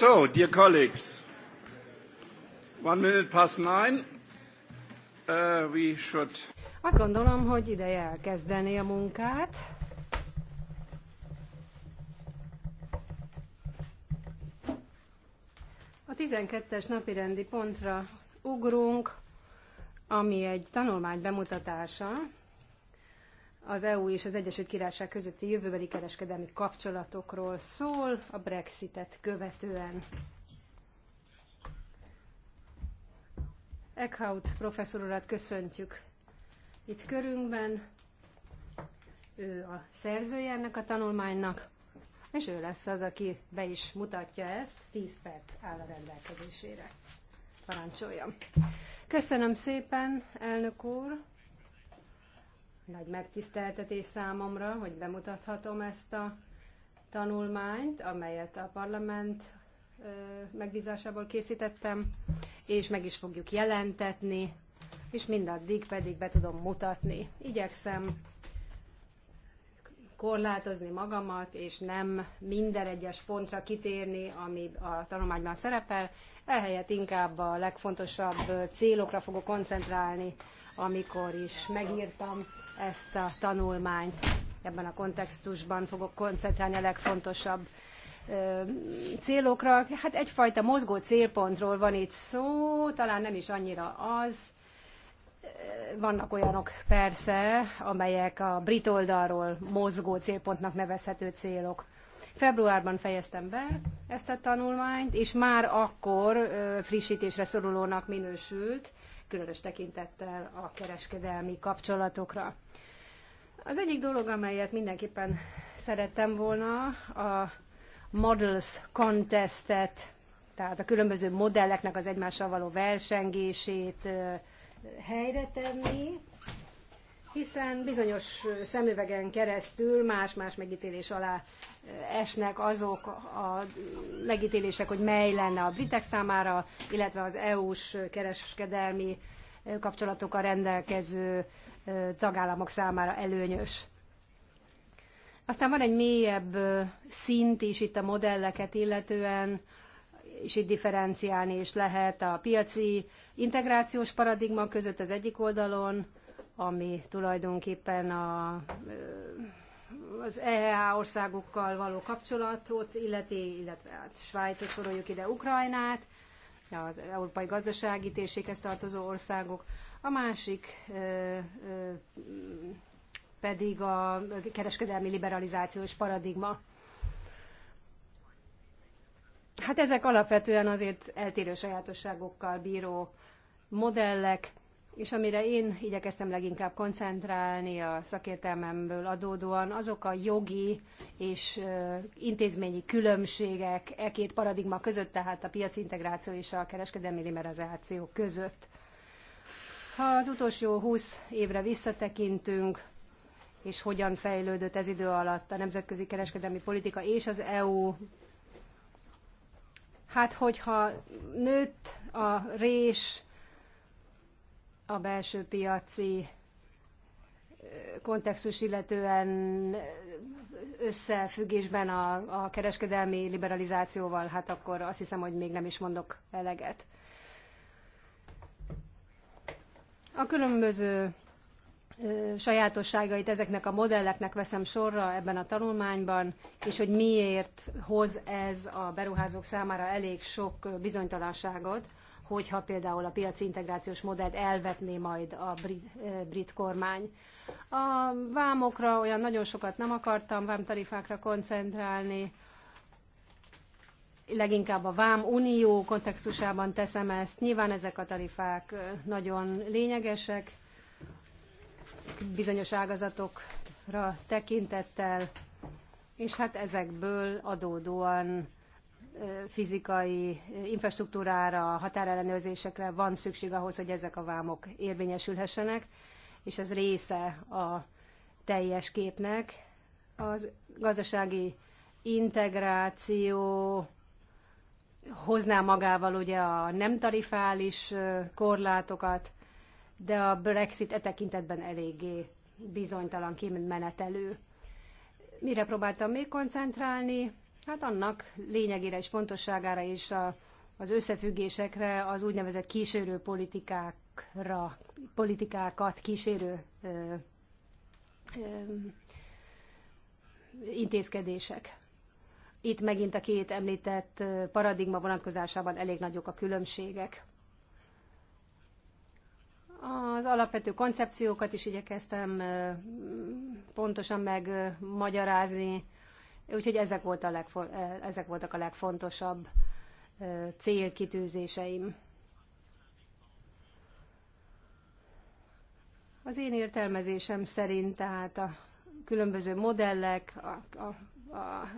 So, dear colleagues, one minute past nine, uh, we should... Azt gondolom, hogy ideje elkezdeni a munkát. A 12-es pontra ugrunk, ami egy tanulmány bemutatása, az EU és az Egyesült Királyság közötti jövőbeli kereskedelmi kapcsolatokról szól a Brexitet követően. Eckhout professzor urat köszöntjük itt körünkben. Ő a szerzője ennek a tanulmánynak, és ő lesz az, aki be is mutatja ezt. 10 perc áll a rendelkezésére. Parancsoljam. Köszönöm szépen, elnök úr! Nagy megtiszteltetés számomra, hogy bemutathatom ezt a tanulmányt, amelyet a parlament megbízásából készítettem, és meg is fogjuk jelentetni, és mindaddig pedig be tudom mutatni. Igyekszem korlátozni magamat, és nem minden egyes pontra kitérni, ami a tanulmányban szerepel, ehelyett inkább a legfontosabb célokra fogok koncentrálni, amikor is megírtam ezt a tanulmányt. Ebben a kontextusban fogok koncentrálni a legfontosabb célokra. Hát egyfajta mozgó célpontról van itt szó, talán nem is annyira az. Vannak olyanok persze, amelyek a brit oldalról mozgó célpontnak nevezhető célok. Februárban fejeztem be ezt a tanulmányt, és már akkor frissítésre szorulónak minősült, különös tekintettel a kereskedelmi kapcsolatokra. Az egyik dolog, amelyet mindenképpen szerettem volna, a Models Contestet, tehát a különböző modelleknek az egymással való versengését helyre tenni, hiszen bizonyos szemüvegen keresztül más-más megítélés alá eh, esnek azok a megítélések, hogy mely lenne a britek számára, illetve az EU-s kereskedelmi eh, kapcsolatokkal rendelkező eh, tagállamok számára előnyös. Aztán van egy mélyebb szint is itt a modelleket illetően, és itt differenciálni is lehet a piaci integrációs paradigma között az egyik oldalon, ami tulajdonképpen a, az EEA országokkal való kapcsolatot illeti, illetve hát Svájcot soroljuk ide, Ukrajnát, az európai gazdasági térséghez tartozó országok, a másik ö, ö, pedig a kereskedelmi liberalizációs paradigma. Hát ezek alapvetően azért eltérő sajátosságokkal bíró modellek, és amire én igyekeztem leginkább koncentrálni a szakértelmemből adódóan, azok a jogi és intézményi különbségek e két paradigma között, tehát a piaci integráció és a kereskedelmi liberalizáció között. Ha az utolsó 20 évre visszatekintünk, és hogyan fejlődött ez idő alatt a nemzetközi kereskedelmi politika és az EU Hát, hogyha nőtt a rés, a belső piaci kontextus illetően összefüggésben a, a kereskedelmi liberalizációval, hát akkor azt hiszem, hogy még nem is mondok eleget. A különböző sajátosságait ezeknek a modelleknek veszem sorra ebben a tanulmányban, és hogy miért hoz ez a beruházók számára elég sok bizonytalanságot hogyha például a piaci integrációs modellt elvetné majd a brit, brit kormány. A vámokra olyan nagyon sokat nem akartam vámtarifákra koncentrálni, leginkább a vám unió kontextusában teszem ezt. Nyilván ezek a tarifák nagyon lényegesek, bizonyos ágazatokra tekintettel, és hát ezekből adódóan fizikai infrastruktúrára, határellenőrzésekre van szükség ahhoz, hogy ezek a vámok érvényesülhessenek, és ez része a teljes képnek. Az gazdasági integráció hozná magával ugye a nem tarifális korlátokat, de a Brexit e tekintetben eléggé bizonytalan kimenetelő. Mire próbáltam még koncentrálni? hát annak lényegére és fontosságára és a, az összefüggésekre, az úgynevezett kísérő politikákra, politikákat kísérő ö, ö, intézkedések. Itt megint a két említett paradigma vonatkozásában elég nagyok a különbségek. Az alapvető koncepciókat is igyekeztem pontosan megmagyarázni, Úgyhogy ezek, volt a legfo- eh, ezek voltak a legfontosabb eh, célkitűzéseim. Az én értelmezésem szerint tehát a különböző modellek, a, a, a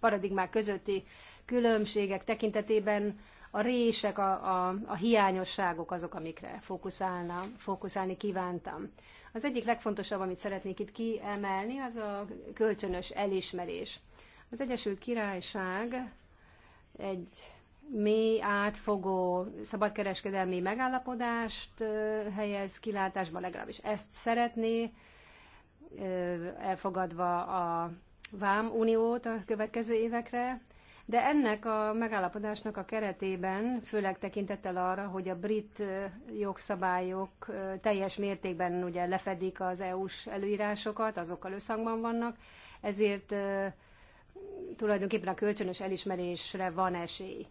paradigmák közötti különbségek tekintetében a rések, a, a, a hiányosságok azok, amikre fókuszálna, fókuszálni kívántam. Az egyik legfontosabb, amit szeretnék itt kiemelni, az a kölcsönös elismerés. Az Egyesült Királyság egy mély átfogó szabadkereskedelmi megállapodást helyez kilátásba, legalábbis ezt szeretné, elfogadva a Vám Uniót a következő évekre, de ennek a megállapodásnak a keretében, főleg tekintettel arra, hogy a brit jogszabályok teljes mértékben ugye lefedik az EU-s előírásokat, azokkal összhangban vannak, ezért tulajdonképpen a kölcsönös elismerésre van esély.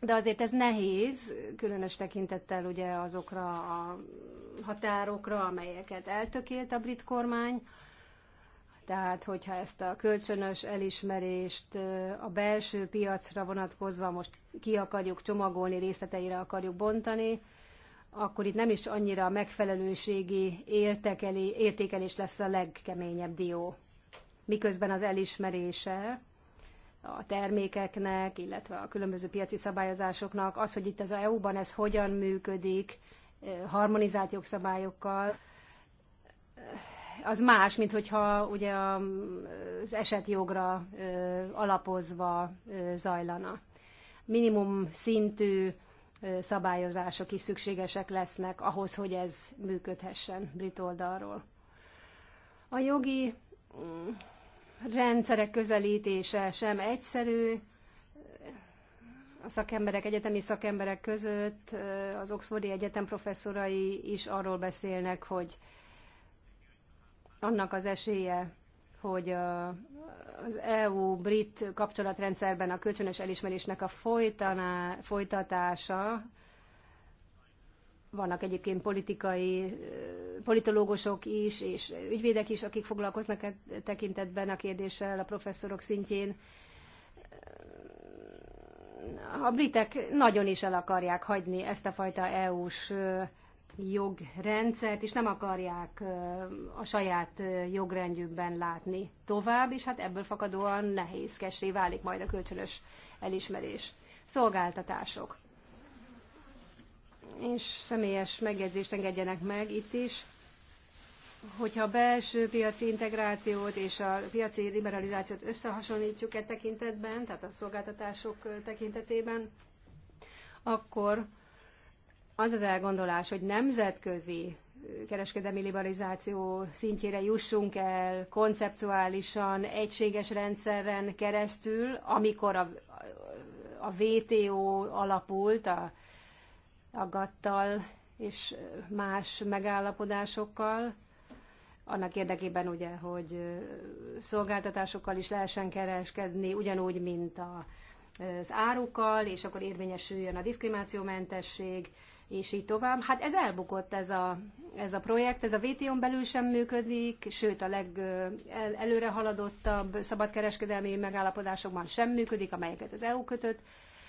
De azért ez nehéz, különös tekintettel ugye azokra a határokra, amelyeket eltökélt a brit kormány, tehát, hogyha ezt a kölcsönös elismerést a belső piacra vonatkozva most ki akarjuk csomagolni, részleteire akarjuk bontani, akkor itt nem is annyira a megfelelőségi értekeli, értékelés lesz a legkeményebb dió. Miközben az elismerése a termékeknek, illetve a különböző piaci szabályozásoknak, az, hogy itt az EU-ban ez hogyan működik, harmonizált jogszabályokkal, az más, mint hogyha ugye az esetjogra alapozva zajlana. Minimum szintű szabályozások is szükségesek lesznek ahhoz, hogy ez működhessen brit oldalról. A jogi mm, rendszerek közelítése sem egyszerű. A szakemberek, egyetemi szakemberek között az Oxfordi Egyetem professzorai is arról beszélnek, hogy annak az esélye, hogy az EU-brit kapcsolatrendszerben a kölcsönös elismerésnek a folytaná, folytatása, vannak egyébként politikai, politológusok is, és ügyvédek is, akik foglalkoznak e tekintetben a kérdéssel a professzorok szintjén. A britek nagyon is el akarják hagyni ezt a fajta EU-s jogrendszert, és nem akarják a saját jogrendjükben látni tovább, és hát ebből fakadóan nehézkessé válik majd a kölcsönös elismerés. Szolgáltatások. És személyes megjegyzést engedjenek meg itt is, hogyha a belső piaci integrációt és a piaci liberalizációt összehasonlítjuk e tekintetben, tehát a szolgáltatások tekintetében, akkor az az elgondolás, hogy nemzetközi kereskedelmi liberalizáció szintjére jussunk el konceptuálisan, egységes rendszeren keresztül, amikor a, a VTO alapult a, a GATT-tal és más megállapodásokkal, annak érdekében ugye, hogy szolgáltatásokkal is lehessen kereskedni, ugyanúgy, mint a, az árukkal, és akkor érvényesüljön a diszkrimációmentesség, és így tovább. Hát ez elbukott ez a, ez a projekt, ez a VTO-n belül sem működik, sőt a legelőre haladottabb szabadkereskedelmi megállapodásokban sem működik, amelyeket az EU kötött.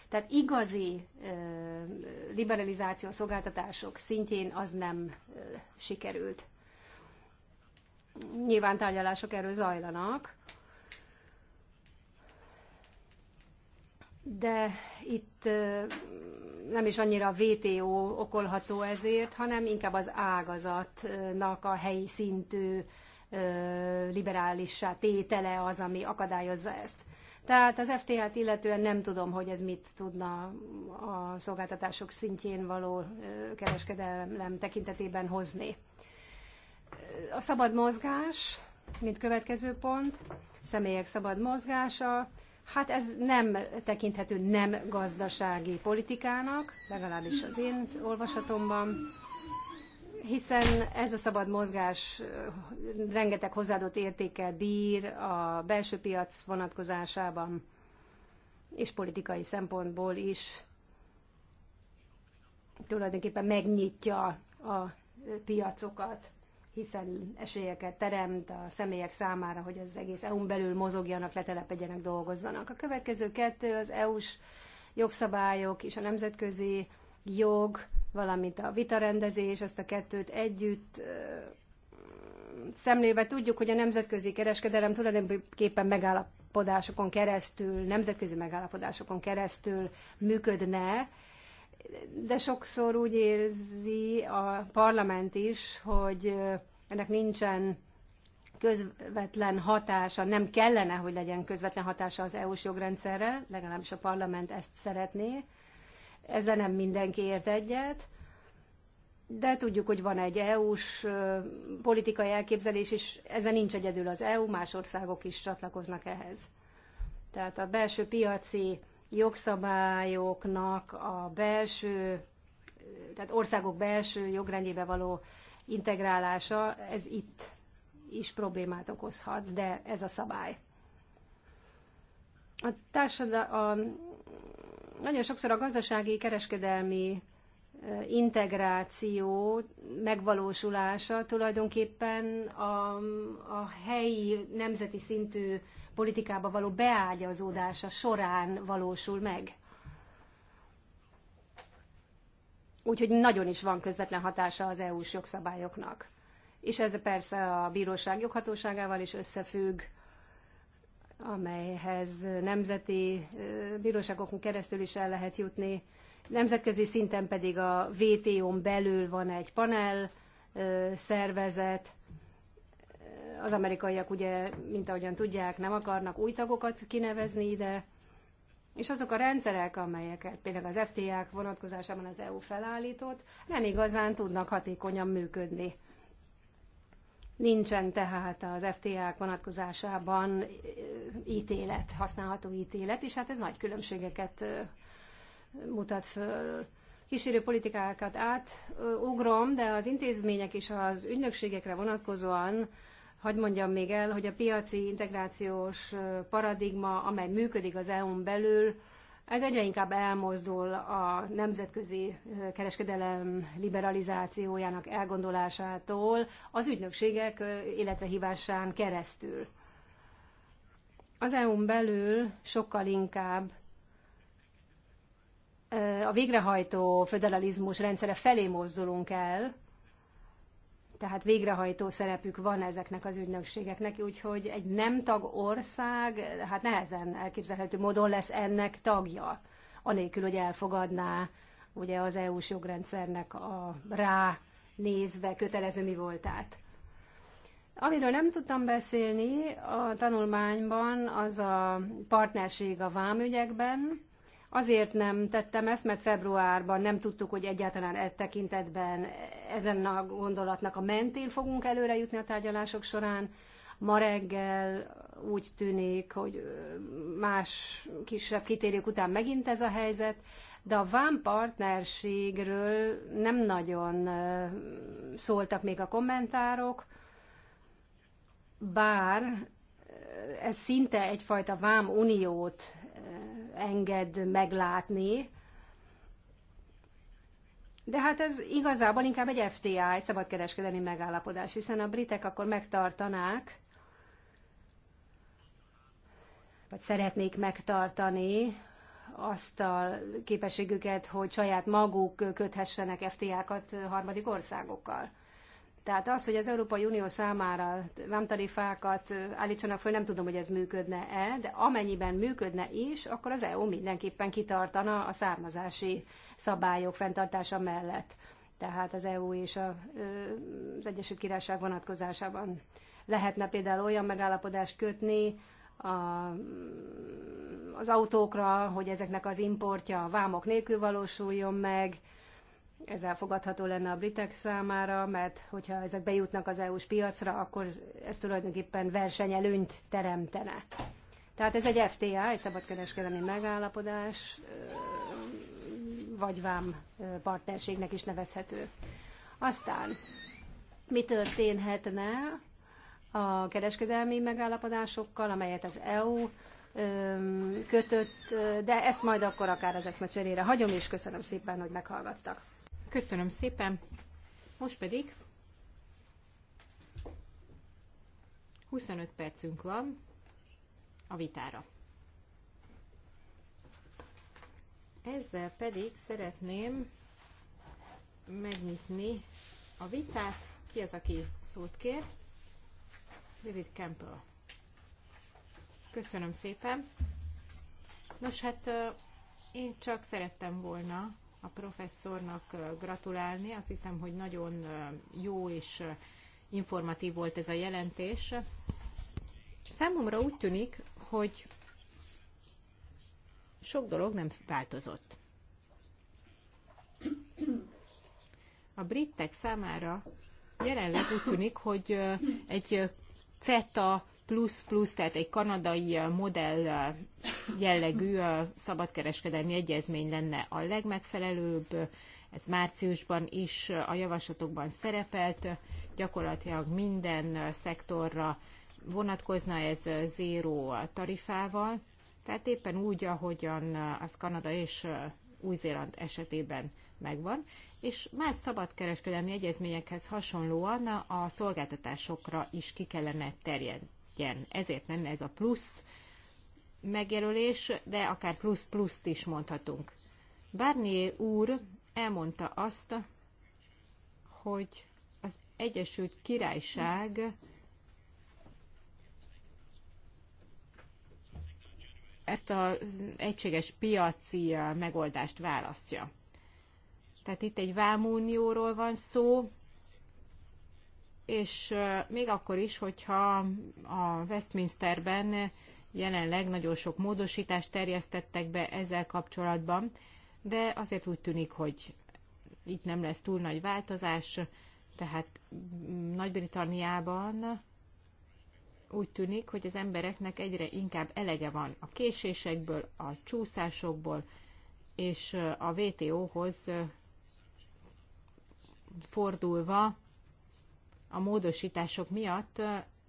Tehát igazi liberalizáció szolgáltatások szintjén az nem sikerült. Nyilván tárgyalások erről zajlanak, de itt nem is annyira a VTO okolható ezért, hanem inkább az ágazatnak a helyi szintű liberálissá tétele az, ami akadályozza ezt. Tehát az FTH-t illetően nem tudom, hogy ez mit tudna a szolgáltatások szintjén való kereskedelem tekintetében hozni. A szabad mozgás, mint következő pont, személyek szabad mozgása, Hát ez nem tekinthető nem gazdasági politikának, legalábbis az én olvasatomban, hiszen ez a szabad mozgás rengeteg hozzáadott értékkel bír a belső piac vonatkozásában, és politikai szempontból is tulajdonképpen megnyitja a piacokat hiszen esélyeket teremt a személyek számára, hogy az egész EU-n belül mozogjanak, letelepedjenek, dolgozzanak. A következő kettő az EU-s jogszabályok és a nemzetközi jog, valamint a vitarendezés, azt a kettőt együtt szemlébe tudjuk, hogy a nemzetközi kereskedelem tulajdonképpen megállapodásokon keresztül, nemzetközi megállapodásokon keresztül működne, de sokszor úgy érzi a parlament is, hogy ennek nincsen közvetlen hatása, nem kellene, hogy legyen közvetlen hatása az EU-s jogrendszerre, legalábbis a parlament ezt szeretné. Ezzel nem mindenki ért egyet, de tudjuk, hogy van egy EU-s politikai elképzelés, és ezen nincs egyedül az EU, más országok is csatlakoznak ehhez. Tehát a belső piaci jogszabályoknak a belső, tehát országok belső jogrendjébe való integrálása, ez itt is problémát okozhat, de ez a szabály. A társadal- a, nagyon sokszor a gazdasági, kereskedelmi integráció megvalósulása tulajdonképpen a, a helyi nemzeti szintű politikába való beágyazódása során valósul meg. Úgyhogy nagyon is van közvetlen hatása az EU-s jogszabályoknak. És ez persze a bíróság joghatóságával is összefügg, amelyhez nemzeti bíróságokon keresztül is el lehet jutni. Nemzetközi szinten pedig a vto n belül van egy panel szervezet, az amerikaiak ugye, mint ahogyan tudják, nem akarnak új tagokat kinevezni ide, és azok a rendszerek, amelyeket például az FTA-k vonatkozásában az EU felállított, nem igazán tudnak hatékonyan működni. Nincsen tehát az FTA-k vonatkozásában ítélet, használható ítélet, és hát ez nagy különbségeket mutat föl. Kísérő politikákat átugrom, de az intézmények és az ügynökségekre vonatkozóan hagyd mondjam még el, hogy a piaci integrációs paradigma, amely működik az EU-n belül, ez egyre inkább elmozdul a nemzetközi kereskedelem liberalizációjának elgondolásától az ügynökségek életrehívásán keresztül. Az EU-n belül sokkal inkább a végrehajtó föderalizmus rendszere felé mozdulunk el, tehát végrehajtó szerepük van ezeknek az ügynökségeknek, úgyhogy egy nem tag ország, hát nehezen elképzelhető módon lesz ennek tagja, anélkül, hogy elfogadná ugye az EU-s jogrendszernek a rá nézve kötelező mi voltát. Amiről nem tudtam beszélni a tanulmányban, az a partnerség a vámügyekben, Azért nem tettem ezt, mert februárban nem tudtuk, hogy egyáltalán e tekintetben ezen a gondolatnak a mentén fogunk előre jutni a tárgyalások során. Ma reggel úgy tűnik, hogy más kisebb kitérők után megint ez a helyzet, de a vám partnerségről nem nagyon szóltak még a kommentárok, bár ez szinte egyfajta vám uniót enged meglátni. De hát ez igazából inkább egy FTA, egy szabadkereskedelmi megállapodás, hiszen a britek akkor megtartanák, vagy szeretnék megtartani azt a képességüket, hogy saját maguk köthessenek FTA-kat harmadik országokkal. Tehát az, hogy az Európai Unió számára vámtarifákat állítsanak föl, nem tudom, hogy ez működne-e, de amennyiben működne is, akkor az EU mindenképpen kitartana a származási szabályok fenntartása mellett. Tehát az EU és a, az Egyesült Királyság vonatkozásában lehetne például olyan megállapodást kötni, a, az autókra, hogy ezeknek az importja a vámok nélkül valósuljon meg, ez elfogadható lenne a britek számára, mert hogyha ezek bejutnak az EU-s piacra, akkor ez tulajdonképpen versenyelőnyt teremtene. Tehát ez egy FTA, egy szabadkereskedelmi megállapodás, vagy vám partnerségnek is nevezhető. Aztán mi történhetne a kereskedelmi megállapodásokkal, amelyet az EU kötött, de ezt majd akkor akár az eszmecserére hagyom, és köszönöm szépen, hogy meghallgattak. Köszönöm szépen. Most pedig 25 percünk van a vitára. Ezzel pedig szeretném megnyitni a vitát. Ki az, aki szót kér? David Campbell. Köszönöm szépen. Nos, hát én csak szerettem volna a professzornak gratulálni. Azt hiszem, hogy nagyon jó és informatív volt ez a jelentés. Számomra úgy tűnik, hogy sok dolog nem változott. A britek számára jelenleg úgy tűnik, hogy egy CETA plusz-plusz, tehát egy kanadai modell jellegű szabadkereskedelmi egyezmény lenne a legmegfelelőbb. Ez márciusban is a javaslatokban szerepelt, gyakorlatilag minden szektorra vonatkozna ez zéró tarifával, tehát éppen úgy, ahogyan az Kanada és Új-Zéland esetében megvan, és más szabadkereskedelmi egyezményekhez hasonlóan a szolgáltatásokra is ki kellene terjed, csökken. Ezért lenne ez a plusz megjelölés, de akár plusz-pluszt is mondhatunk. Barnier úr elmondta azt, hogy az Egyesült Királyság ezt az egységes piaci megoldást választja. Tehát itt egy vámunióról van szó, és még akkor is, hogyha a Westminsterben jelenleg nagyon sok módosítást terjesztettek be ezzel kapcsolatban, de azért úgy tűnik, hogy itt nem lesz túl nagy változás, tehát Nagy-Britanniában úgy tűnik, hogy az embereknek egyre inkább elege van a késésekből, a csúszásokból, és a VTO-hoz fordulva a módosítások miatt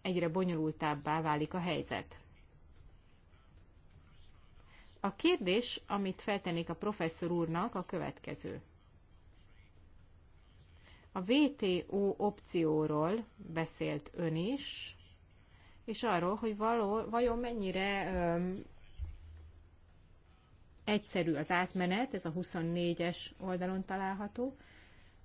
egyre bonyolultábbá válik a helyzet. A kérdés, amit feltennék a professzor úrnak, a következő. A VTO opcióról beszélt ön is, és arról, hogy való, vajon mennyire öm, egyszerű az átmenet, ez a 24-es oldalon található.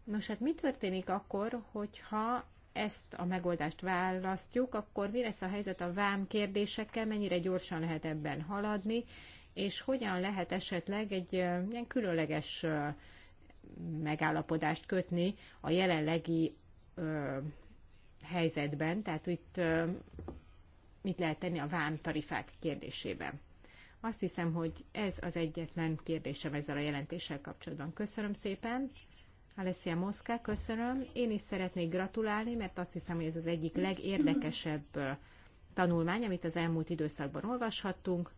Nos, hát mi történik akkor, hogyha ezt a megoldást választjuk, akkor mi lesz a helyzet a vám kérdésekkel, mennyire gyorsan lehet ebben haladni, és hogyan lehet esetleg egy ilyen különleges megállapodást kötni a jelenlegi ö, helyzetben, tehát itt ö, mit lehet tenni a vám tarifák kérdésében. Azt hiszem, hogy ez az egyetlen kérdésem ezzel a jelentéssel kapcsolatban. Köszönöm szépen! Alessia Moszka, köszönöm. Én is szeretnék gratulálni, mert azt hiszem, hogy ez az egyik legérdekesebb tanulmány, amit az elmúlt időszakban olvashattunk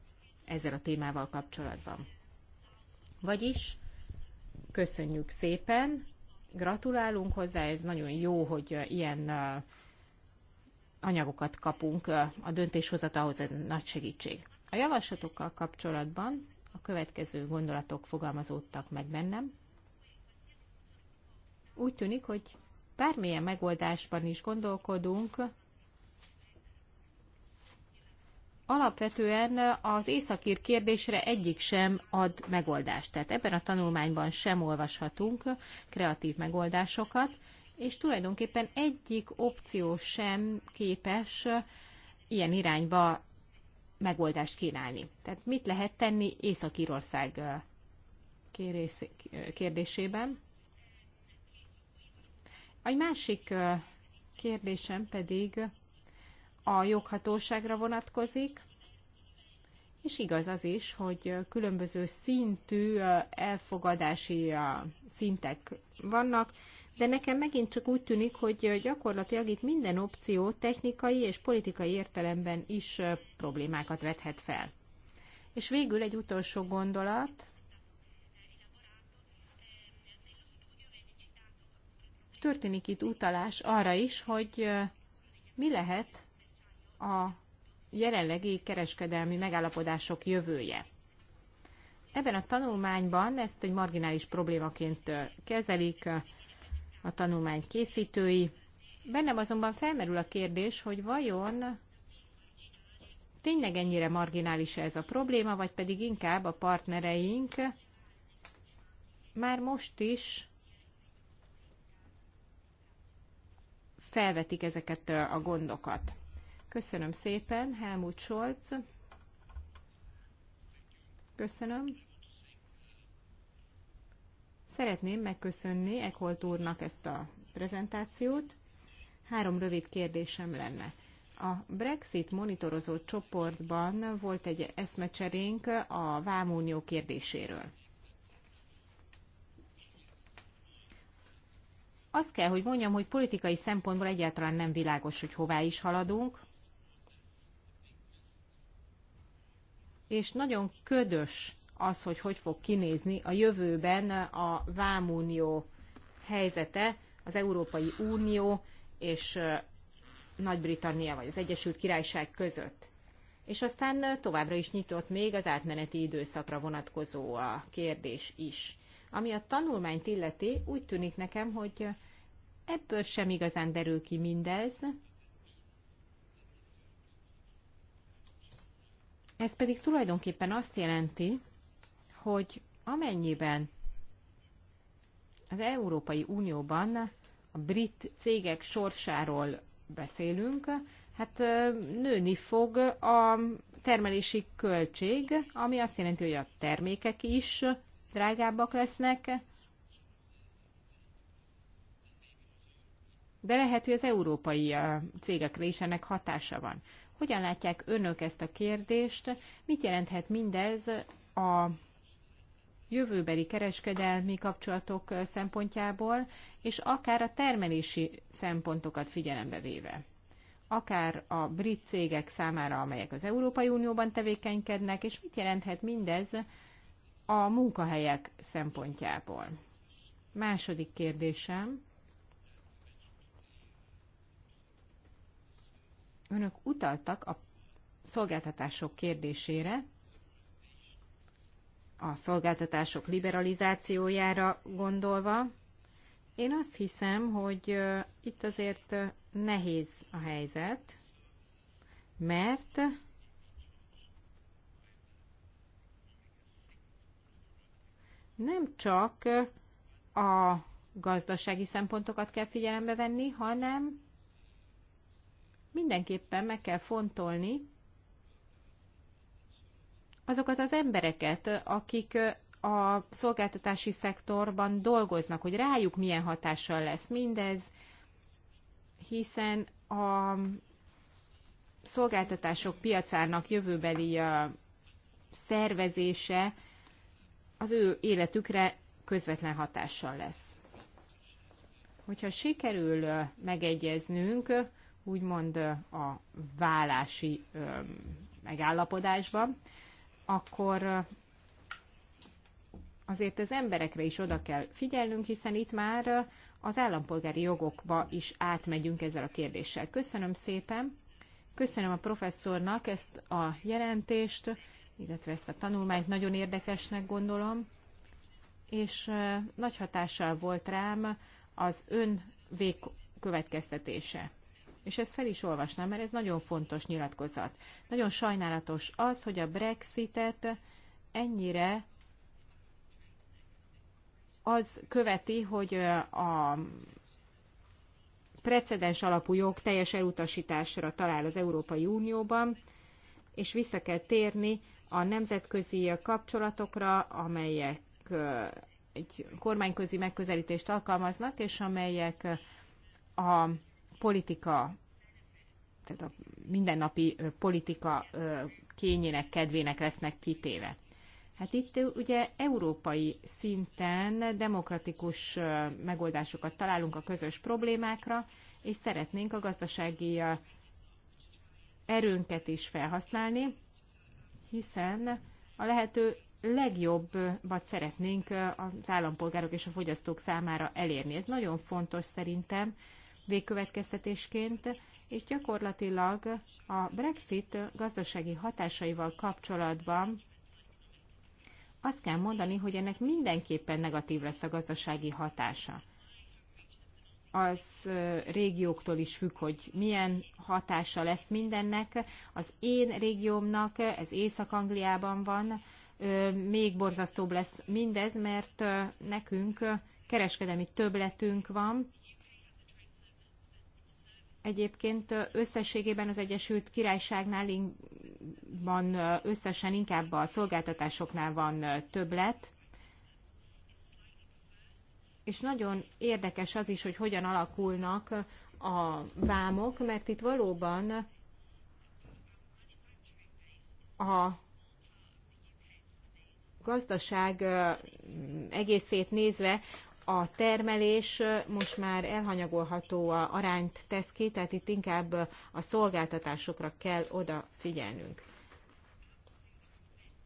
ezzel a témával kapcsolatban. Vagyis köszönjük szépen, gratulálunk hozzá, ez nagyon jó, hogy ilyen anyagokat kapunk a döntéshozatához, ez nagy segítség. A javaslatokkal kapcsolatban a következő gondolatok fogalmazódtak meg bennem úgy tűnik, hogy bármilyen megoldásban is gondolkodunk, alapvetően az északír kérdésre egyik sem ad megoldást. Tehát ebben a tanulmányban sem olvashatunk kreatív megoldásokat, és tulajdonképpen egyik opció sem képes ilyen irányba megoldást kínálni. Tehát mit lehet tenni Észak-Írország eh, eh, kérdésében? A másik kérdésem pedig a joghatóságra vonatkozik, és igaz az is, hogy különböző szintű elfogadási szintek vannak, de nekem megint csak úgy tűnik, hogy gyakorlatilag itt minden opció technikai és politikai értelemben is problémákat vethet fel. És végül egy utolsó gondolat, történik itt utalás arra is, hogy mi lehet a jelenlegi kereskedelmi megállapodások jövője. Ebben a tanulmányban ezt egy marginális problémaként kezelik a tanulmány készítői. Bennem azonban felmerül a kérdés, hogy vajon tényleg ennyire marginális -e ez a probléma, vagy pedig inkább a partnereink már most is felvetik ezeket a gondokat. Köszönöm szépen, Helmut Scholz. Köszönöm. Szeretném megköszönni Ekholt úrnak ezt a prezentációt. Három rövid kérdésem lenne. A Brexit monitorozó csoportban volt egy eszmecserénk a vámunió kérdéséről. azt kell, hogy mondjam, hogy politikai szempontból egyáltalán nem világos, hogy hová is haladunk. És nagyon ködös az, hogy hogy fog kinézni a jövőben a Vámunió helyzete, az Európai Unió és Nagy-Britannia vagy az Egyesült Királyság között. És aztán továbbra is nyitott még az átmeneti időszakra vonatkozó a kérdés is. Ami a tanulmányt illeti, úgy tűnik nekem, hogy ebből sem igazán derül ki mindez. Ez pedig tulajdonképpen azt jelenti, hogy amennyiben az Európai Unióban a brit cégek sorsáról beszélünk, hát nőni fog a termelési költség, ami azt jelenti, hogy a termékek is drágábbak lesznek, de lehet, hogy az európai cégekre is ennek hatása van. Hogyan látják önök ezt a kérdést? Mit jelenthet mindez a jövőbeli kereskedelmi kapcsolatok szempontjából, és akár a termelési szempontokat figyelembe véve? akár a brit cégek számára, amelyek az Európai Unióban tevékenykednek, és mit jelenthet mindez a munkahelyek szempontjából. Második kérdésem. Önök utaltak a szolgáltatások kérdésére, a szolgáltatások liberalizációjára gondolva. Én azt hiszem, hogy itt azért nehéz a helyzet, mert nem csak a gazdasági szempontokat kell figyelembe venni, hanem mindenképpen meg kell fontolni azokat az embereket, akik a szolgáltatási szektorban dolgoznak, hogy rájuk milyen hatással lesz mindez, hiszen a szolgáltatások piacának jövőbeli szervezése az ő életükre közvetlen hatással lesz. Hogyha sikerül megegyeznünk, úgymond a vállási megállapodásban, akkor azért az emberekre is oda kell figyelnünk, hiszen itt már az állampolgári jogokba is átmegyünk ezzel a kérdéssel. Köszönöm szépen, köszönöm a professzornak ezt a jelentést, illetve ezt a tanulmányt nagyon érdekesnek gondolom, és nagy hatással volt rám az ön végkövetkeztetése. És ezt fel is olvasnám, mert ez nagyon fontos nyilatkozat. Nagyon sajnálatos az, hogy a Brexitet ennyire az követi, hogy a precedens alapú jog teljes elutasításra talál az Európai Unióban, és vissza kell térni a nemzetközi kapcsolatokra, amelyek egy kormányközi megközelítést alkalmaznak, és amelyek a politika, tehát a mindennapi politika kényének, kedvének lesznek kitéve. Hát itt ugye európai szinten demokratikus megoldásokat találunk a közös problémákra, és szeretnénk a gazdasági erőnket is felhasználni, hiszen a lehető legjobbat szeretnénk az állampolgárok és a fogyasztók számára elérni. Ez nagyon fontos szerintem végkövetkeztetésként, és gyakorlatilag a Brexit gazdasági hatásaival kapcsolatban azt kell mondani, hogy ennek mindenképpen negatív lesz a gazdasági hatása az régióktól is függ, hogy milyen hatása lesz mindennek. Az én régiómnak, ez Észak-Angliában van, még borzasztóbb lesz mindez, mert nekünk kereskedelmi töbletünk van. Egyébként összességében az Egyesült Királyságnál van összesen inkább a szolgáltatásoknál van többlet, és nagyon érdekes az is, hogy hogyan alakulnak a vámok, mert itt valóban a gazdaság egészét nézve a termelés most már elhanyagolható a arányt tesz ki, tehát itt inkább a szolgáltatásokra kell odafigyelnünk.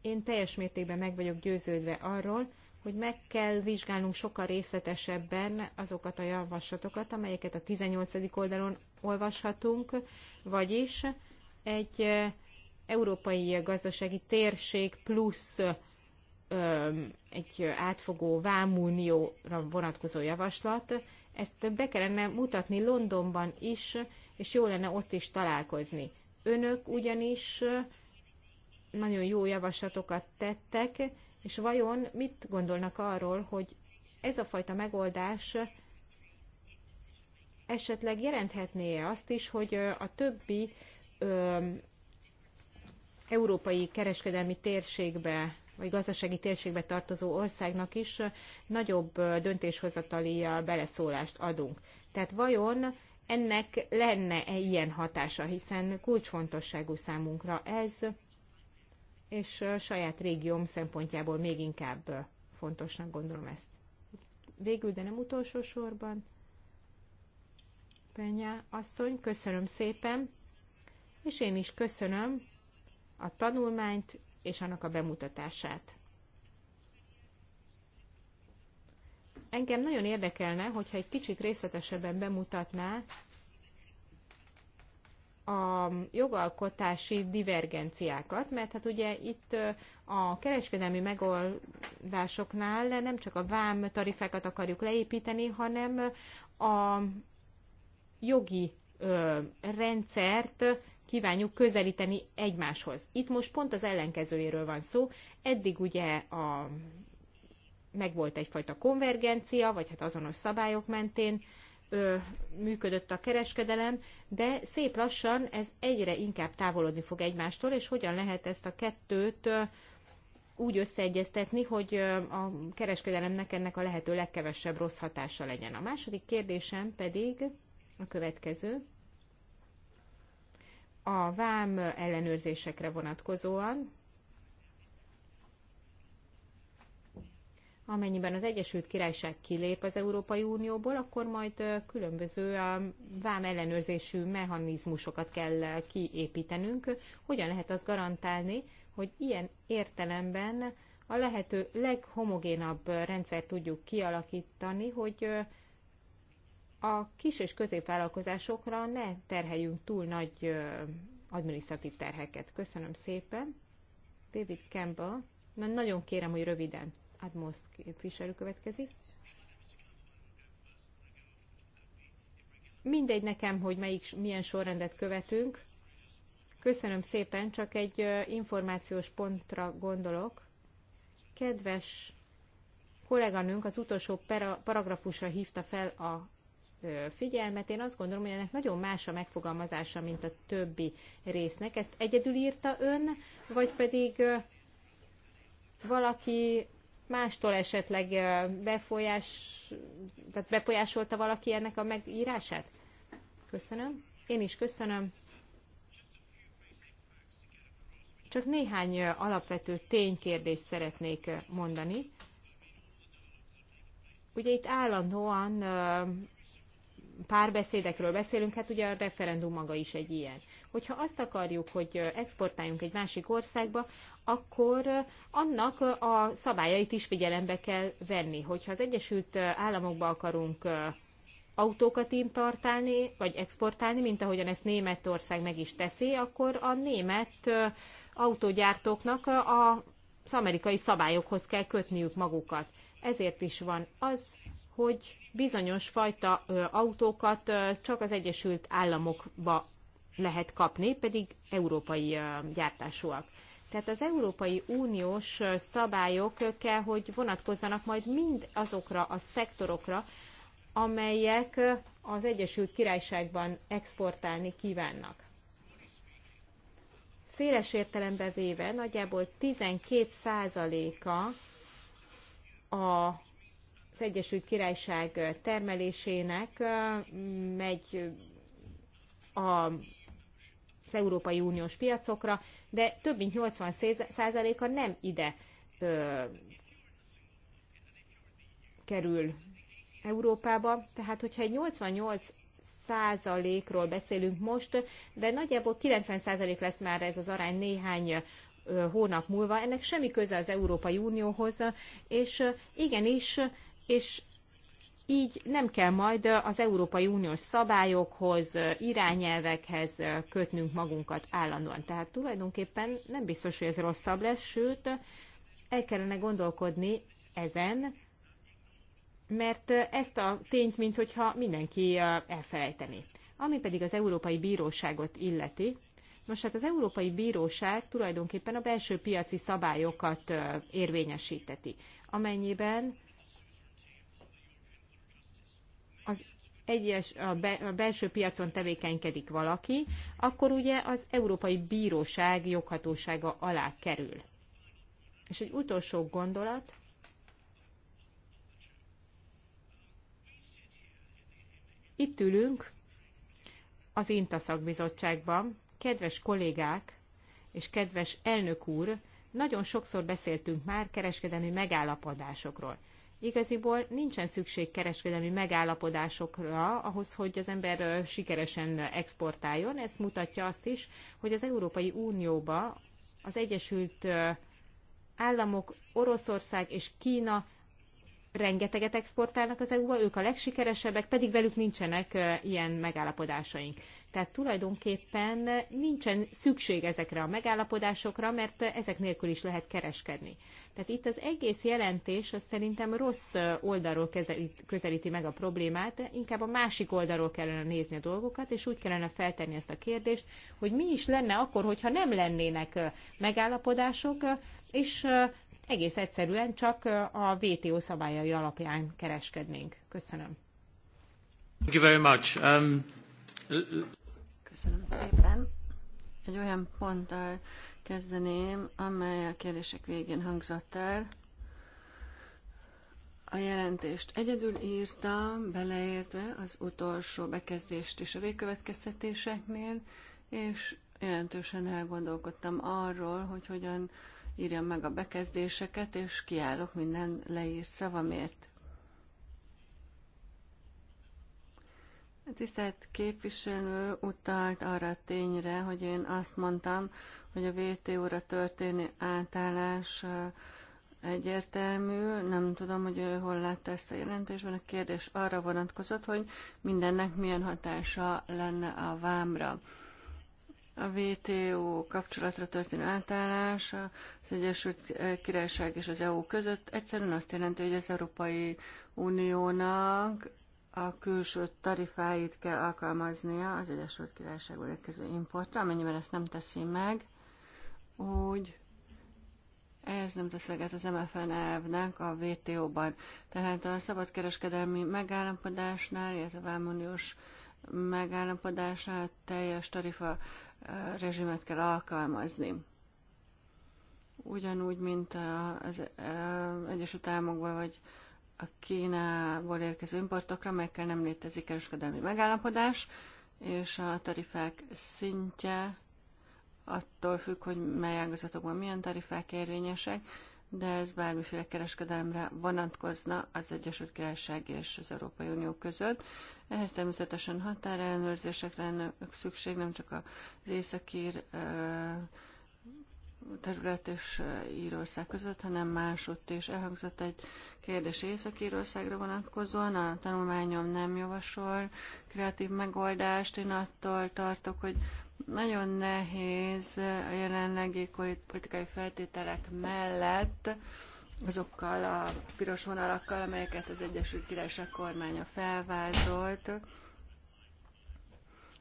Én teljes mértékben meg vagyok győződve arról, hogy meg kell vizsgálnunk sokkal részletesebben azokat a javaslatokat, amelyeket a 18. oldalon olvashatunk, vagyis egy európai gazdasági térség plusz egy átfogó vámunióra vonatkozó javaslat. Ezt be kellene mutatni Londonban is, és jó lenne ott is találkozni. Önök ugyanis nagyon jó javaslatokat tettek, és vajon mit gondolnak arról, hogy ez a fajta megoldás esetleg jelenthetné azt is, hogy a többi ö, európai kereskedelmi térségbe vagy gazdasági térségbe tartozó országnak is nagyobb döntéshozatali beleszólást adunk. Tehát vajon ennek lenne-e ilyen hatása, hiszen kulcsfontosságú számunkra ez, és saját régióm szempontjából még inkább fontosnak gondolom ezt. Végül, de nem utolsó sorban, Penya asszony, köszönöm szépen, és én is köszönöm a tanulmányt és annak a bemutatását. Engem nagyon érdekelne, hogyha egy kicsit részletesebben bemutatná a jogalkotási divergenciákat, mert hát ugye itt a kereskedelmi megoldásoknál nem csak a vám tarifákat akarjuk leépíteni, hanem a jogi rendszert kívánjuk közelíteni egymáshoz. Itt most pont az ellenkezőjéről van szó. Eddig ugye a, meg volt egyfajta konvergencia, vagy hát azonos szabályok mentén ö, működött a kereskedelem, de szép lassan ez egyre inkább távolodni fog egymástól, és hogyan lehet ezt a kettőt ö, úgy összeegyeztetni, hogy ö, a kereskedelemnek ennek a lehető legkevesebb rossz hatása legyen. A második kérdésem pedig a következő. A vám ellenőrzésekre vonatkozóan, amennyiben az Egyesült Királyság kilép az Európai Unióból, akkor majd különböző vám ellenőrzésű mechanizmusokat kell kiépítenünk. Hogyan lehet azt garantálni, hogy ilyen értelemben a lehető leghomogénabb rendszert tudjuk kialakítani, hogy a kis és középvállalkozásokra ne terheljünk túl nagy administratív terheket. Köszönöm szépen. David Campbell. Na, nagyon kérem, hogy röviden. Admost képviselő következik. Mindegy nekem, hogy melyik, milyen sorrendet követünk. Köszönöm szépen, csak egy információs pontra gondolok. Kedves kolléganőnk az utolsó paragrafusra hívta fel a figyelmet. Én azt gondolom, hogy ennek nagyon más a megfogalmazása, mint a többi résznek. Ezt egyedül írta ön, vagy pedig valaki mástól esetleg befolyás, tehát befolyásolta valaki ennek a megírását? Köszönöm. Én is köszönöm. Csak néhány alapvető ténykérdést szeretnék mondani. Ugye itt állandóan párbeszédekről beszélünk, hát ugye a referendum maga is egy ilyen. Hogyha azt akarjuk, hogy exportáljunk egy másik országba, akkor annak a szabályait is figyelembe kell venni. Hogyha az Egyesült Államokba akarunk autókat importálni, vagy exportálni, mint ahogyan ezt Németország meg is teszi, akkor a német autógyártóknak az amerikai szabályokhoz kell kötniük magukat. Ezért is van az, hogy bizonyos fajta autókat csak az Egyesült Államokba lehet kapni, pedig európai gyártásúak. Tehát az Európai Uniós szabályok kell, hogy vonatkozzanak majd mind azokra a szektorokra, amelyek az Egyesült Királyságban exportálni kívánnak. Széles értelembe véve nagyjából 12%-a a az Egyesült Királyság termelésének megy a, az Európai Uniós piacokra, de több mint 80%-a nem ide ö, kerül Európába. Tehát, hogyha egy 88 százalékról beszélünk most, de nagyjából 90 százalék lesz már ez az arány néhány hónap múlva. Ennek semmi köze az Európai Unióhoz, és igenis és így nem kell majd az Európai Uniós szabályokhoz, irányelvekhez kötnünk magunkat állandóan. Tehát tulajdonképpen nem biztos, hogy ez rosszabb lesz, sőt, el kellene gondolkodni ezen, mert ezt a tényt, mint hogyha mindenki elfelejteni. Ami pedig az Európai Bíróságot illeti, most hát az Európai Bíróság tulajdonképpen a belső piaci szabályokat érvényesíteti, amennyiben egyes, a, be, a belső piacon tevékenykedik valaki, akkor ugye az Európai Bíróság joghatósága alá kerül. És egy utolsó gondolat. Itt ülünk az INTA szakbizottságban. Kedves kollégák és kedves elnök úr, nagyon sokszor beszéltünk már kereskedelmi megállapodásokról. Igaziból nincsen szükség kereskedelmi megállapodásokra ahhoz, hogy az ember sikeresen exportáljon. Ez mutatja azt is, hogy az Európai Unióba az Egyesült Államok, Oroszország és Kína rengeteget exportálnak az EU-ba, ők a legsikeresebbek, pedig velük nincsenek ilyen megállapodásaink. Tehát tulajdonképpen nincsen szükség ezekre a megállapodásokra, mert ezek nélkül is lehet kereskedni. Tehát itt az egész jelentés az szerintem rossz oldalról kezelít, közelíti meg a problémát, inkább a másik oldalról kellene nézni a dolgokat, és úgy kellene feltenni ezt a kérdést, hogy mi is lenne akkor, hogyha nem lennének megállapodások, és egész egyszerűen csak a WTO szabályai alapján kereskednénk. Köszönöm. Thank you very much. Um... Köszönöm szépen. Egy olyan ponttal kezdeném, amely a kérdések végén hangzott el. A jelentést egyedül írtam, beleértve az utolsó bekezdést is a végkövetkeztetéseknél, és jelentősen elgondolkodtam arról, hogy hogyan írjam meg a bekezdéseket, és kiállok minden leírt szavamért. Tisztelt képviselő utalt arra a tényre, hogy én azt mondtam, hogy a VTO-ra történő átállás egyértelmű, nem tudom, hogy ő hol látta ezt a jelentésben. A kérdés arra vonatkozott, hogy mindennek milyen hatása lenne a vámra. A VTO kapcsolatra történő átállás az Egyesült Királyság és az EU között egyszerűen azt jelenti, hogy az Európai Uniónak a külső tarifáit kell alkalmaznia az Egyesült Királyságból érkező importra, amennyiben ezt nem teszi meg, úgy ez nem tesz leget az MFN elvnek a WTO-ban. Tehát a szabadkereskedelmi megállapodásnál, ez a vámoniós megállapodásnál teljes tarifa rezsimet kell alkalmazni. Ugyanúgy, mint az Egyesült Államokban vagy a Kínából érkező importokra, melyekkel nem létezik kereskedelmi megállapodás, és a tarifák szintje attól függ, hogy mely ágazatokban milyen tarifák érvényesek, de ez bármiféle kereskedelemre vonatkozna az Egyesült Királyság és az Európai Unió között. Ehhez természetesen határellenőrzések lenne szükség, nem csak az északír terület és Írország között, hanem másutt is elhangzott egy kérdés Észak-Írországra vonatkozóan. A tanulmányom nem javasol kreatív megoldást. Én attól tartok, hogy nagyon nehéz a jelenlegi politikai feltételek mellett azokkal a piros vonalakkal, amelyeket az Egyesült Királyság kormánya felvázolt,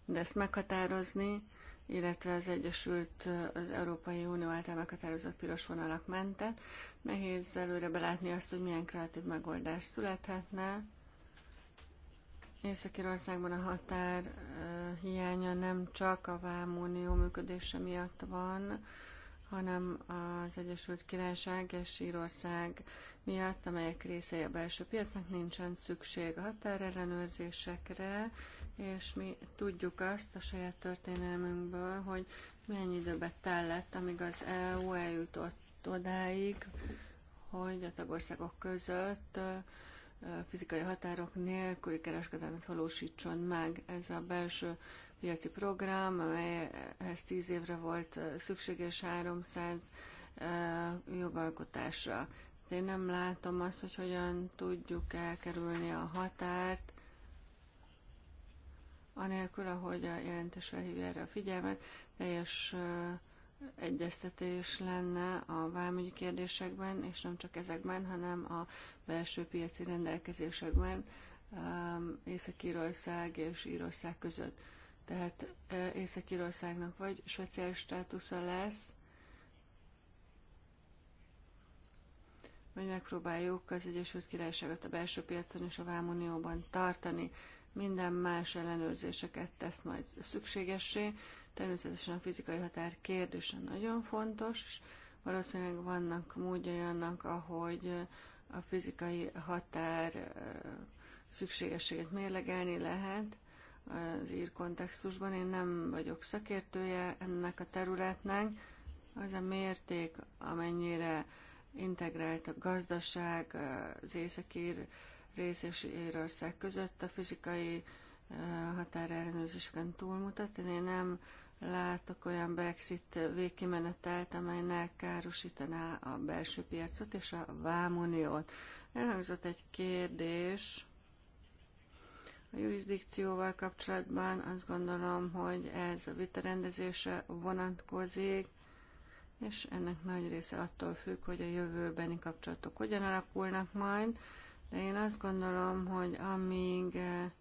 de ezt meghatározni, illetve az Egyesült, az Európai Unió által meghatározott piros vonalak mentett. Nehéz előre belátni azt, hogy milyen kreatív megoldás születhetne. Észak-Irországban a határ hiánya nem csak a Unió működése miatt van, hanem az Egyesült Királyság és Írország miatt, amelyek részei a belső piacnak, nincsen szükség a határellenőrzésekre, és mi tudjuk azt a saját történelmünkből, hogy mennyi időbe tellett, amíg az EU eljutott odáig, hogy a tagországok között fizikai határok nélküli kereskedelmet valósítson meg. Ez a belső piaci program, amelyhez tíz évre volt szükséges 300 jogalkotásra. De én nem látom azt, hogy hogyan tudjuk elkerülni a határt, anélkül, ahogy a jelentés felhívja erre a figyelmet, teljes egyeztetés lenne a vámügyi kérdésekben, és nem csak ezekben, hanem a belső piaci rendelkezésekben Észak-Írország és Írország között. Tehát Észak-Írországnak vagy speciális státusza lesz, vagy megpróbáljuk az Egyesült Királyságot a belső piacon és a Vámunióban tartani minden más ellenőrzéseket tesz majd szükségessé. Természetesen a fizikai határ kérdése nagyon fontos, és valószínűleg vannak módjai annak, ahogy a fizikai határ szükségességét mérlegelni lehet az ír kontextusban. Én nem vagyok szakértője ennek a területnek. Az a mérték, amennyire integrált a gazdaság az északír Észak-Rész és Írország között a fizikai eh, határellenőrzéseken túlmutat. Én nem látok olyan Brexit végkimenetelt, amely ne károsítaná a belső piacot és a vámuniót. Elhangzott egy kérdés a jurisdikcióval kapcsolatban. Azt gondolom, hogy ez a vitarendezése vonatkozik, és ennek nagy része attól függ, hogy a jövőbeni kapcsolatok hogyan alakulnak majd de én azt gondolom, hogy amíg eh,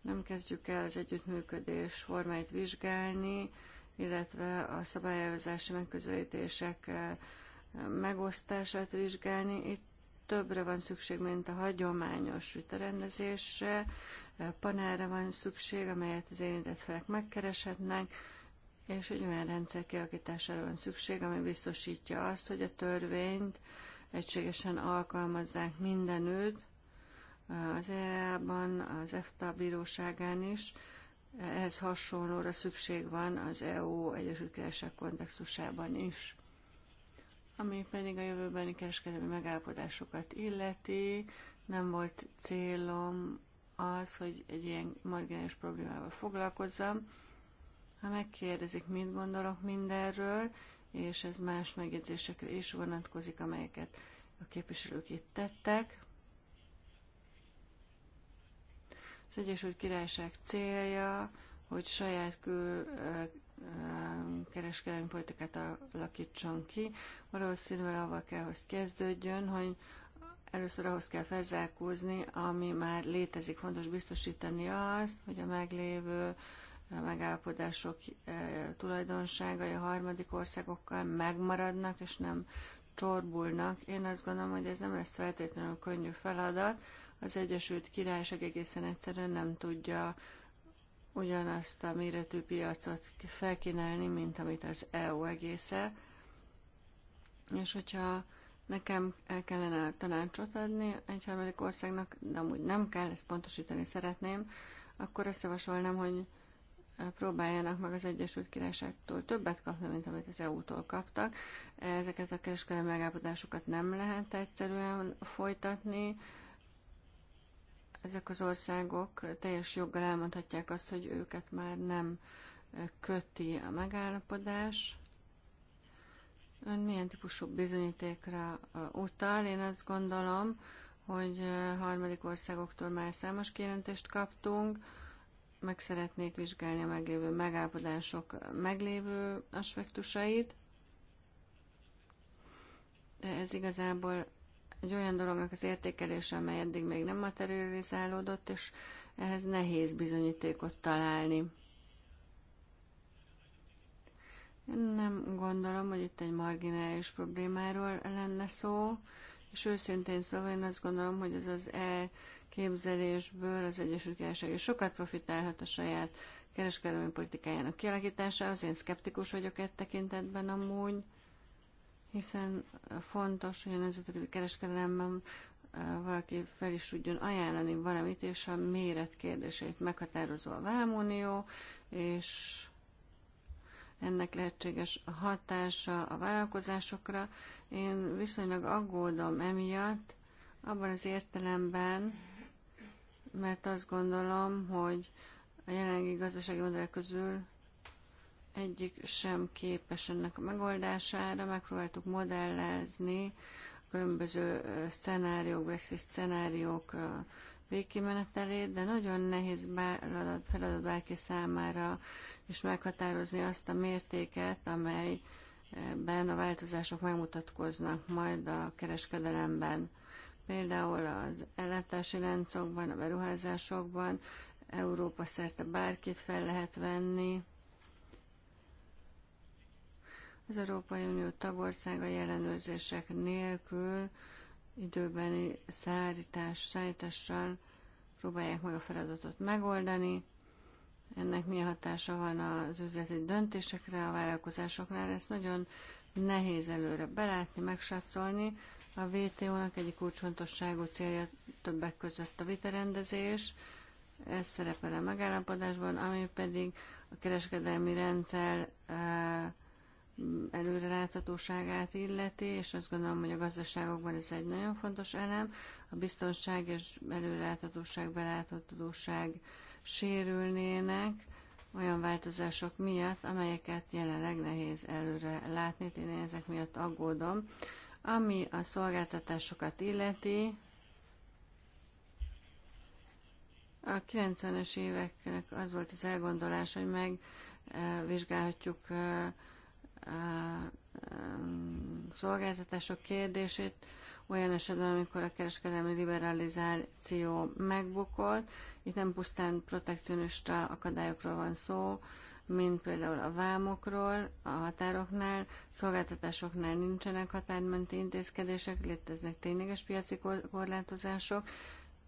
nem kezdjük el az együttműködés formáit vizsgálni, illetve a szabályozási megközelítések eh, megosztását vizsgálni, itt többre van szükség, mint a hagyományos rendezésre. Eh, panára van szükség, amelyet az érintett felek megkereshetnek, és egy olyan rendszer kialakítására van szükség, ami biztosítja azt, hogy a törvényt egységesen alkalmazzák mindenütt, az EA-ban, az EFTA bíróságán is. Ehhez hasonlóra szükség van az EU Egyesült Királyság kontextusában is. Ami pedig a jövőbeni kereskedelmi megállapodásokat illeti, nem volt célom az, hogy egy ilyen marginális problémával foglalkozzam. Ha megkérdezik, mit gondolok mindenről, és ez más megjegyzésekre is vonatkozik, amelyeket a képviselők itt tettek. Az Egyesült Királyság célja, hogy saját kül kereskedelmi politikát alakítson ki. Valószínűleg avval kell, hogy kezdődjön, hogy először ahhoz kell felzárkózni, ami már létezik. Fontos biztosítani azt, hogy a meglévő megállapodások tulajdonságai a harmadik országokkal megmaradnak, és nem csorbulnak. Én azt gondolom, hogy ez nem lesz feltétlenül könnyű feladat. Az Egyesült Királyság egészen egyszerűen nem tudja ugyanazt a méretű piacot felkínálni, mint amit az EU egésze. És hogyha nekem el kellene tanácsot adni egy harmadik országnak, de amúgy nem kell, ezt pontosítani szeretném, akkor azt javasolnám, hogy próbáljanak meg az Egyesült Királyságtól többet kapni, mint amit az EU-tól kaptak. Ezeket a kereskedelmi megállapodásokat nem lehet egyszerűen folytatni. Ezek az országok teljes joggal elmondhatják azt, hogy őket már nem köti a megállapodás. Ön milyen típusú bizonyítékra utal? Én azt gondolom, hogy harmadik országoktól már számos kijelentést kaptunk, meg szeretnék vizsgálni a meglévő megállapodások meglévő aspektusait. De ez igazából egy olyan dolognak az értékelése, amely eddig még nem materializálódott, és ehhez nehéz bizonyítékot találni. Én nem gondolom, hogy itt egy marginális problémáról lenne szó, és őszintén szóval én azt gondolom, hogy ez az e képzelésből az Egyesült Királyság is sokat profitálhat a saját kereskedelmi politikájának az Én szkeptikus vagyok egy tekintetben amúgy, hiszen fontos, hogy a nemzetközi kereskedelemben valaki fel is tudjon ajánlani valamit, és a méret kérdését meghatározó a vámunió, és ennek lehetséges hatása a vállalkozásokra. Én viszonylag aggódom emiatt, abban az értelemben, mert azt gondolom, hogy a jelenlegi gazdasági modellek közül egyik sem képes ennek a megoldására. Megpróbáltuk modellezni a különböző szenáriók, Brexit szenáriók végkimenetelét, de nagyon nehéz feladat, feladat bárki számára is meghatározni azt a mértéket, amelyben a változások megmutatkoznak majd a kereskedelemben például az ellátási láncokban, a beruházásokban, Európa szerte bárkit fel lehet venni. Az Európai Unió tagországai ellenőrzések nélkül időbeni szállítás szállítással próbálják meg a feladatot megoldani. Ennek milyen hatása van az üzleti döntésekre, a vállalkozásoknál, ezt nagyon nehéz előre belátni, megsatszolni, a WTO-nak egyik kulcsfontosságú célja többek között a vitarendezés, ez szerepel a megállapodásban, ami pedig a kereskedelmi rendszer e, előreláthatóságát illeti, és azt gondolom, hogy a gazdaságokban ez egy nagyon fontos elem. A biztonság és előreláthatóság, beláthatóság sérülnének olyan változások miatt, amelyeket jelenleg nehéz előre látni. Én ezek miatt aggódom. Ami a szolgáltatásokat illeti, a 90-es éveknek az volt az elgondolás, hogy megvizsgálhatjuk eh, a eh, eh, szolgáltatások kérdését olyan esetben, amikor a kereskedelmi liberalizáció megbukott. Itt nem pusztán protekcionista akadályokról van szó, mint például a vámokról, a határoknál, szolgáltatásoknál nincsenek határmenti intézkedések, léteznek tényleges piaci korlátozások,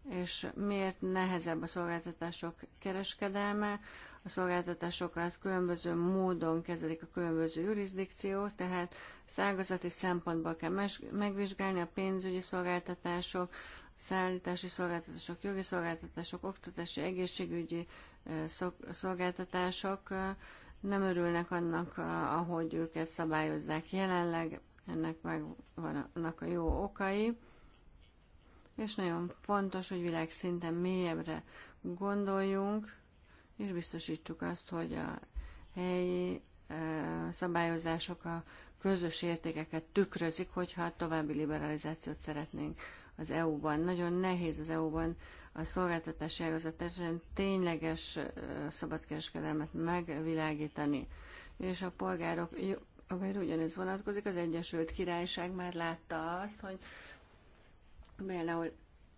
és miért nehezebb a szolgáltatások kereskedelme, a szolgáltatásokat különböző módon kezelik a különböző jurisdikciók, tehát szágazati szempontból kell megvizsgálni a pénzügyi szolgáltatások, szállítási szolgáltatások, jogi szolgáltatások, oktatási, egészségügyi szolgáltatások nem örülnek annak, ahogy őket szabályozzák jelenleg, ennek meg vannak a jó okai, és nagyon fontos, hogy világszinten mélyebbre gondoljunk, és biztosítsuk azt, hogy a helyi szabályozások a közös értékeket tükrözik, hogyha további liberalizációt szeretnénk az EU-ban. Nagyon nehéz az EU-ban a szolgáltatás ágazatesen tényleges szabadkereskedelmet megvilágítani. És a polgárok, amelyre ugyanez vonatkozik, az Egyesült Királyság már látta azt, hogy például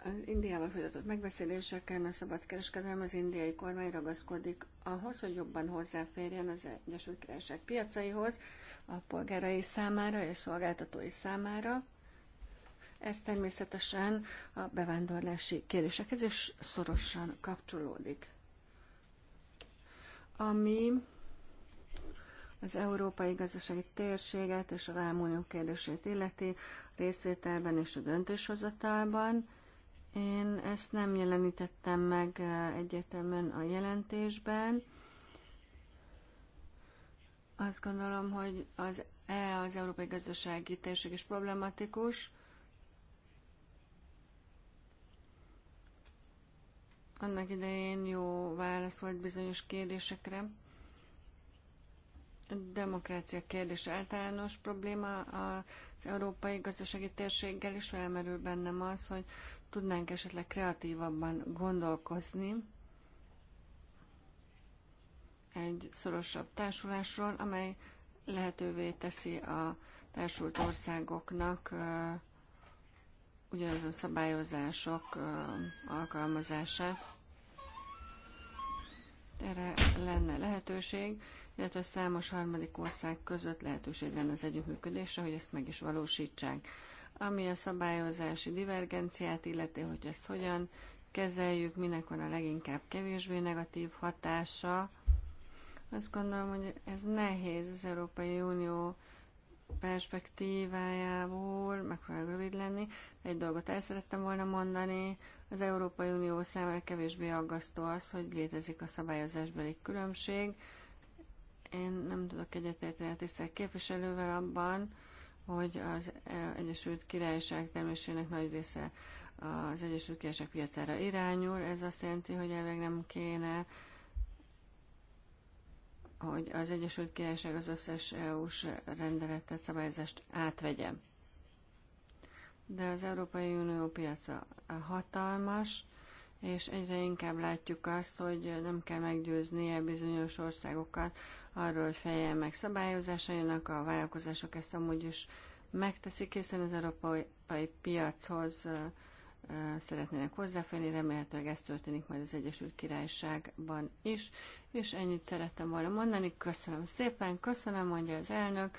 az Indiával folytatott megbeszéléseken a szabadkereskedelem az indiai kormány ragaszkodik ahhoz, hogy jobban hozzáférjen az Egyesült Királyság piacaihoz, a polgárai számára és szolgáltatói számára, ez természetesen a bevándorlási kérdésekhez is szorosan kapcsolódik. Ami az európai gazdasági térséget és a vámunió kérdését illeti részvételben és a döntéshozatalban. Én ezt nem jelenítettem meg eh, egyértelműen a jelentésben. Azt gondolom, hogy az E az európai gazdasági térség is problematikus, annak idején jó válasz volt bizonyos kérdésekre. A demokrácia kérdés általános probléma az európai gazdasági térséggel is felmerül bennem az, hogy tudnánk esetleg kreatívabban gondolkozni egy szorosabb társulásról, amely lehetővé teszi a társult országoknak ugyanazon szabályozások alkalmazását erre lenne lehetőség, illetve számos harmadik ország között lehetőség lenne az együttműködésre, hogy ezt meg is valósítsák. Ami a szabályozási divergenciát illeti, hogy ezt hogyan kezeljük, minek van a leginkább kevésbé negatív hatása, azt gondolom, hogy ez nehéz az Európai Unió perspektívájából, megpróbálok rövid lenni, egy dolgot el szerettem volna mondani, az Európai Unió számára kevésbé aggasztó az, hogy létezik a szabályozásbeli különbség. Én nem tudok egyetérteni a tisztelt képviselővel abban, hogy az e, Egyesült Királyság termésének nagy része az Egyesült Királyság piacára irányul. Ez azt jelenti, hogy elvég nem kéne, hogy az Egyesült Királyság az összes EU-s rendeletet, szabályozást átvegye de az Európai Unió piaca hatalmas, és egyre inkább látjuk azt, hogy nem kell meggyőznie bizonyos országokat arról, hogy fejjel meg szabályozásainak, a vállalkozások ezt amúgy is megteszik, hiszen az európai piachoz szeretnének hozzáférni, remélhetőleg ez történik majd az Egyesült Királyságban is, és ennyit szerettem volna mondani. Köszönöm szépen, köszönöm, mondja az elnök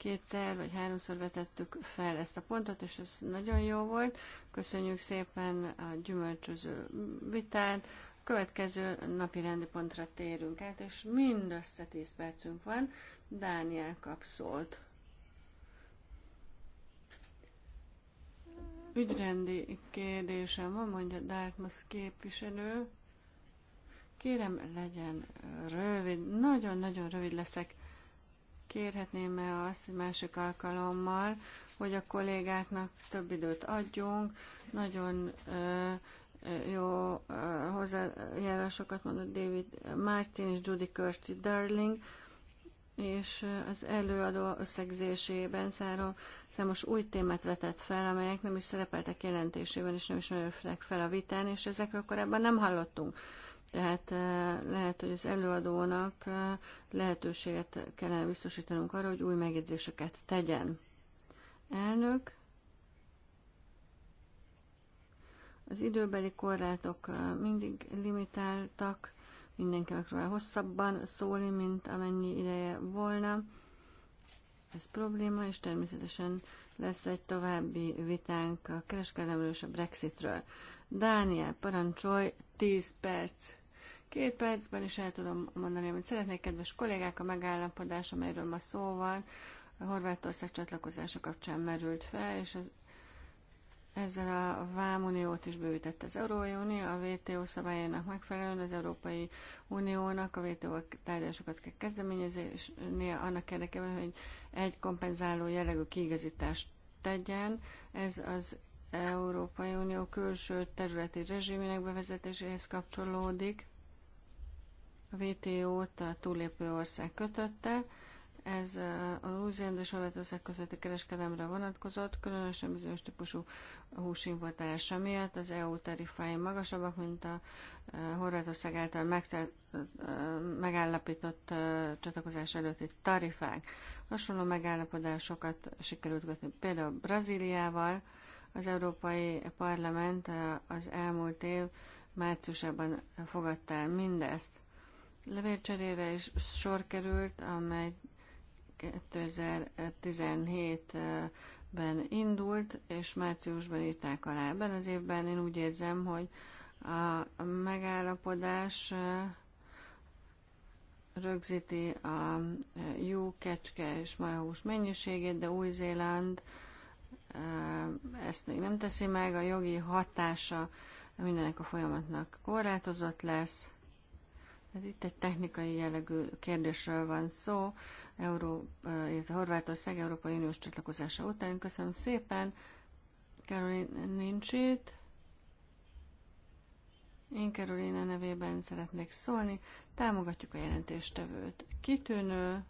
kétszer vagy háromszor vetettük fel ezt a pontot, és ez nagyon jó volt. Köszönjük szépen a gyümölcsöző vitát. A következő napi rendi pontra térünk át, és mindössze 10 percünk van. Dániel kap szólt. Ügyrendi kérdésem van, mondja Dartmouth képviselő. Kérem, legyen rövid, nagyon-nagyon rövid leszek. Kérhetném-e azt egy másik alkalommal, hogy a kollégáknak több időt adjunk. Nagyon jó hozzájárásokat mondott David Martin és Judy Curti Darling, és az előadó összegzésében száró számos új témát vetett fel, amelyek nem is szerepeltek jelentésében, és nem is merültek fel a vitán, és ezekről korábban nem hallottunk. Tehát eh, lehet, hogy az előadónak eh, lehetőséget kellene biztosítanunk arra, hogy új megjegyzéseket tegyen. Elnök, az időbeli korlátok eh, mindig limitáltak, mindenki megpróbál hosszabban szólni, mint amennyi ideje volna. Ez probléma, és természetesen lesz egy további vitánk a kereskedelmről és a Brexitről. Dániel, parancsolj, 10 perc. Két percben is el tudom mondani, amit szeretnék, kedves kollégák, a megállapodás, amelyről ma szó van, a Horvátország csatlakozása kapcsán merült fel, és az, ezzel a Vámuniót is bővített az Európai Unió, a WTO szabályának megfelelően az Európai Uniónak a WTO tárgyalásokat kell kezdeményezni, annak érdekében, hogy egy kompenzáló jellegű kiigazítást tegyen. Ez az Európai Unió külső területi rezsimének bevezetéséhez kapcsolódik. A WTO-t a túlépő ország kötötte, ez a Louisiana és Olaszország közötti kereskedelemre vonatkozott, különösen bizonyos típusú húsimportálása miatt az EU tarifái magasabbak, mint a Horvátország által megállapított csatlakozás előtti tarifák. Hasonló megállapodásokat sikerült kötni például Brazíliával. Az Európai Parlament az elmúlt év márciusában fogadta el mindezt levélcserére is sor került, amely 2017-ben indult, és márciusban írták alá. Ebben az évben én úgy érzem, hogy a megállapodás rögzíti a jó kecske és marahús mennyiségét, de Új-Zéland ezt még nem teszi meg, a jogi hatása mindenek a folyamatnak korlátozott lesz, ez itt egy technikai jellegű kérdésről van szó, Európa, eh, illetve Horvátország Európai Uniós csatlakozása után. Köszönöm szépen. Karolin nincs itt. Én Karolina nevében szeretnék szólni. Támogatjuk a jelentéstevőt. Kitűnő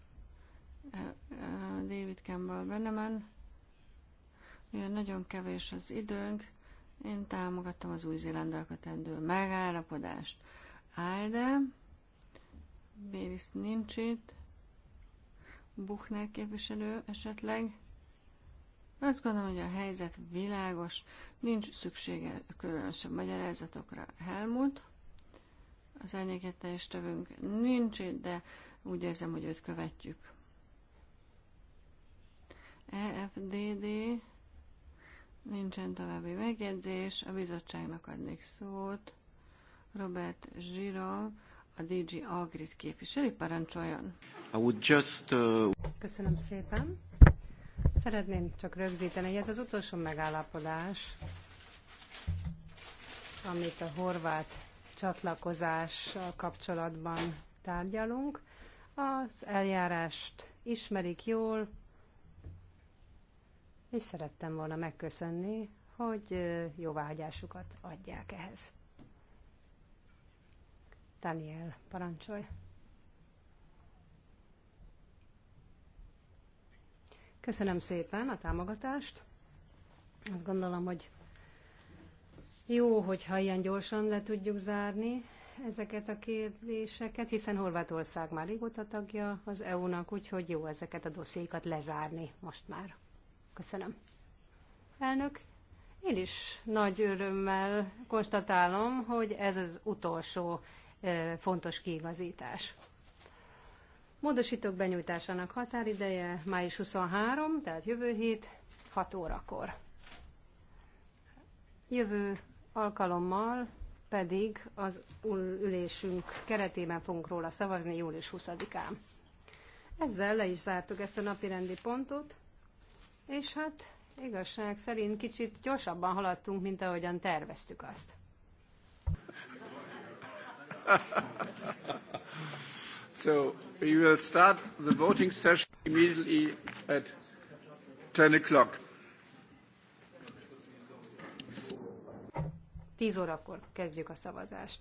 eh, eh, David Campbell Benneman. Milyen nagyon kevés az időnk, én támogattam az új zélandal megállapodást. Áldám, Béris nincs itt. Buchner képviselő esetleg. Azt gondolom, hogy a helyzet világos, nincs szüksége különösebb magyarázatokra. Helmut, az teljes tövünk nincs itt, de úgy érzem, hogy őt követjük. EFDD, nincsen további megjegyzés, a bizottságnak adnék szót. Robert Zsirov, a DG Agrit képviseli, parancsoljon. I would just, uh... Köszönöm szépen. Szeretném csak rögzíteni, hogy ez az utolsó megállapodás, amit a horvát csatlakozás kapcsolatban tárgyalunk. Az eljárást ismerik jól, és szerettem volna megköszönni, hogy jóváhagyásukat adják ehhez. Daniel, parancsolj! Köszönöm szépen a támogatást. Azt gondolom, hogy jó, hogyha ilyen gyorsan le tudjuk zárni ezeket a kérdéseket, hiszen Horvátország már régóta tagja az EU-nak, úgyhogy jó ezeket a dossziékat lezárni most már. Köszönöm. Elnök, én is nagy örömmel konstatálom, hogy ez az utolsó fontos kiigazítás. Módosítók benyújtásának határideje május 23, tehát jövő hét 6 órakor. Jövő alkalommal pedig az ülésünk keretében fogunk róla szavazni július 20-án. Ezzel le is zártuk ezt a napi rendi pontot, és hát igazság szerint kicsit gyorsabban haladtunk, mint ahogyan terveztük azt. so we will start the voting session immediately at 10 o'clock. 10 órakor kezdjük a szavazást.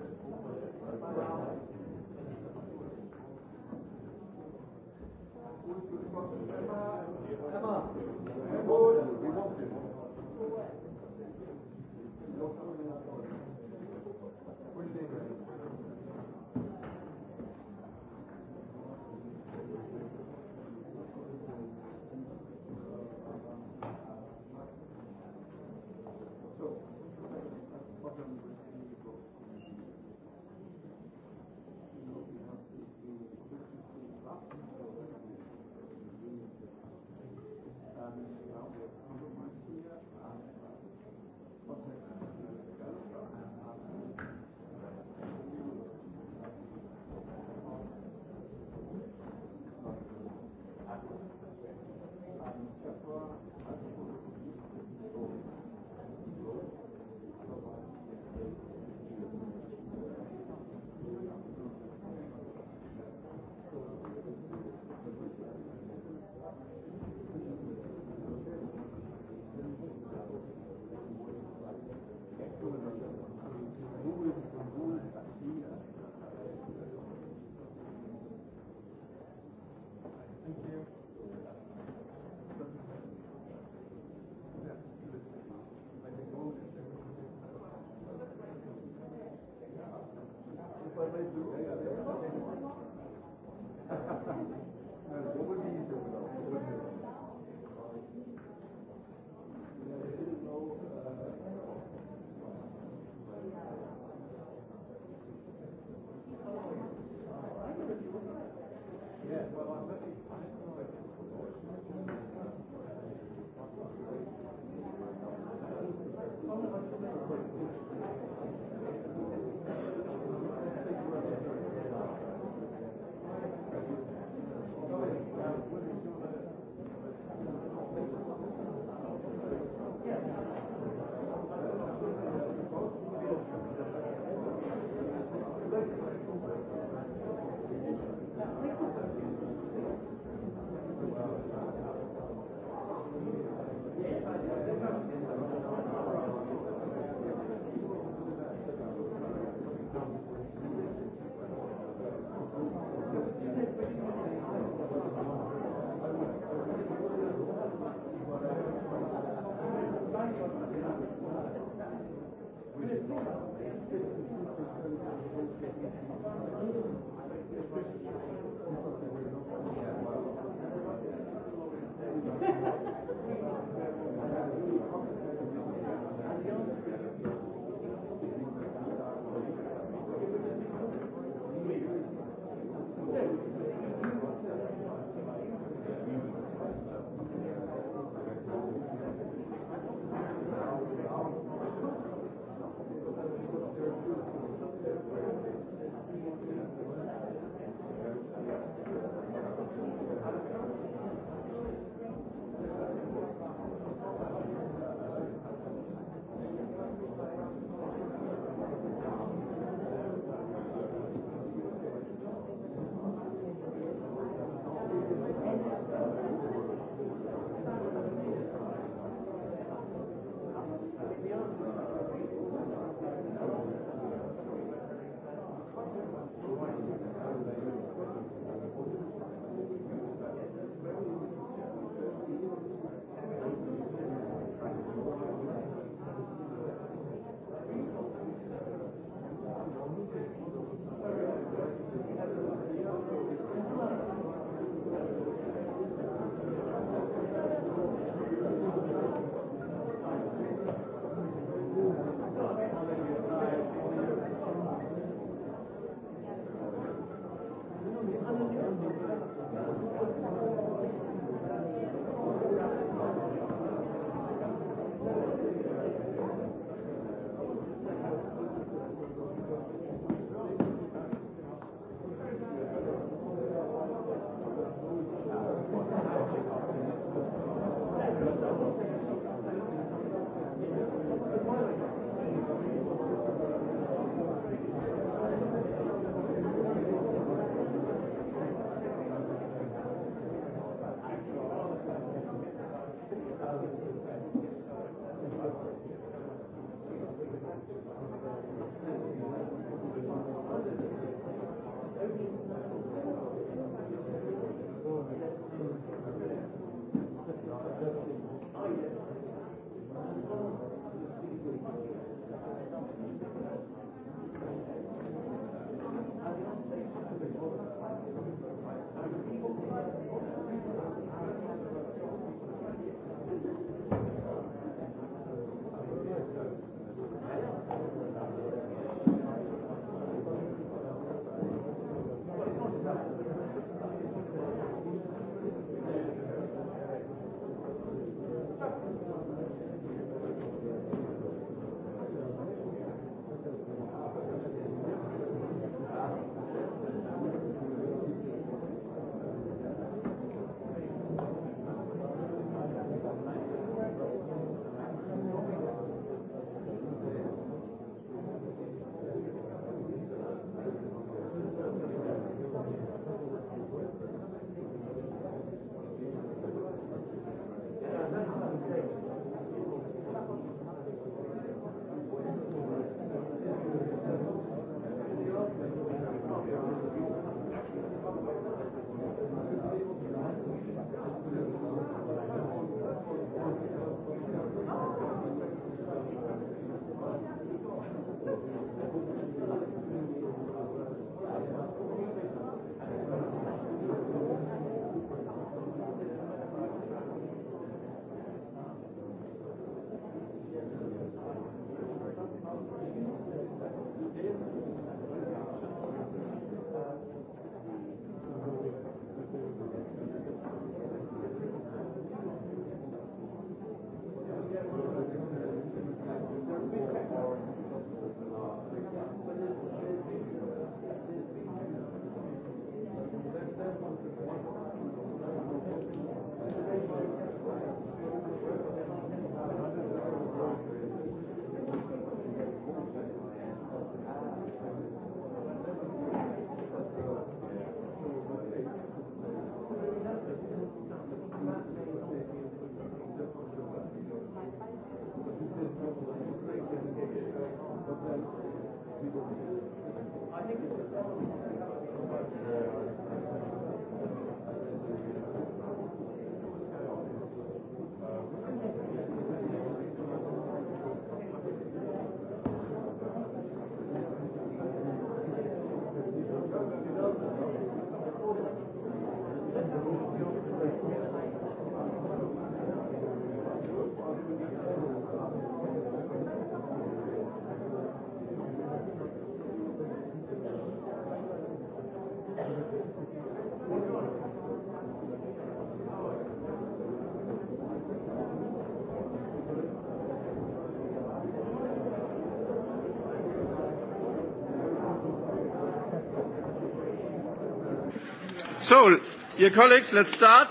So, dear colleagues, let's start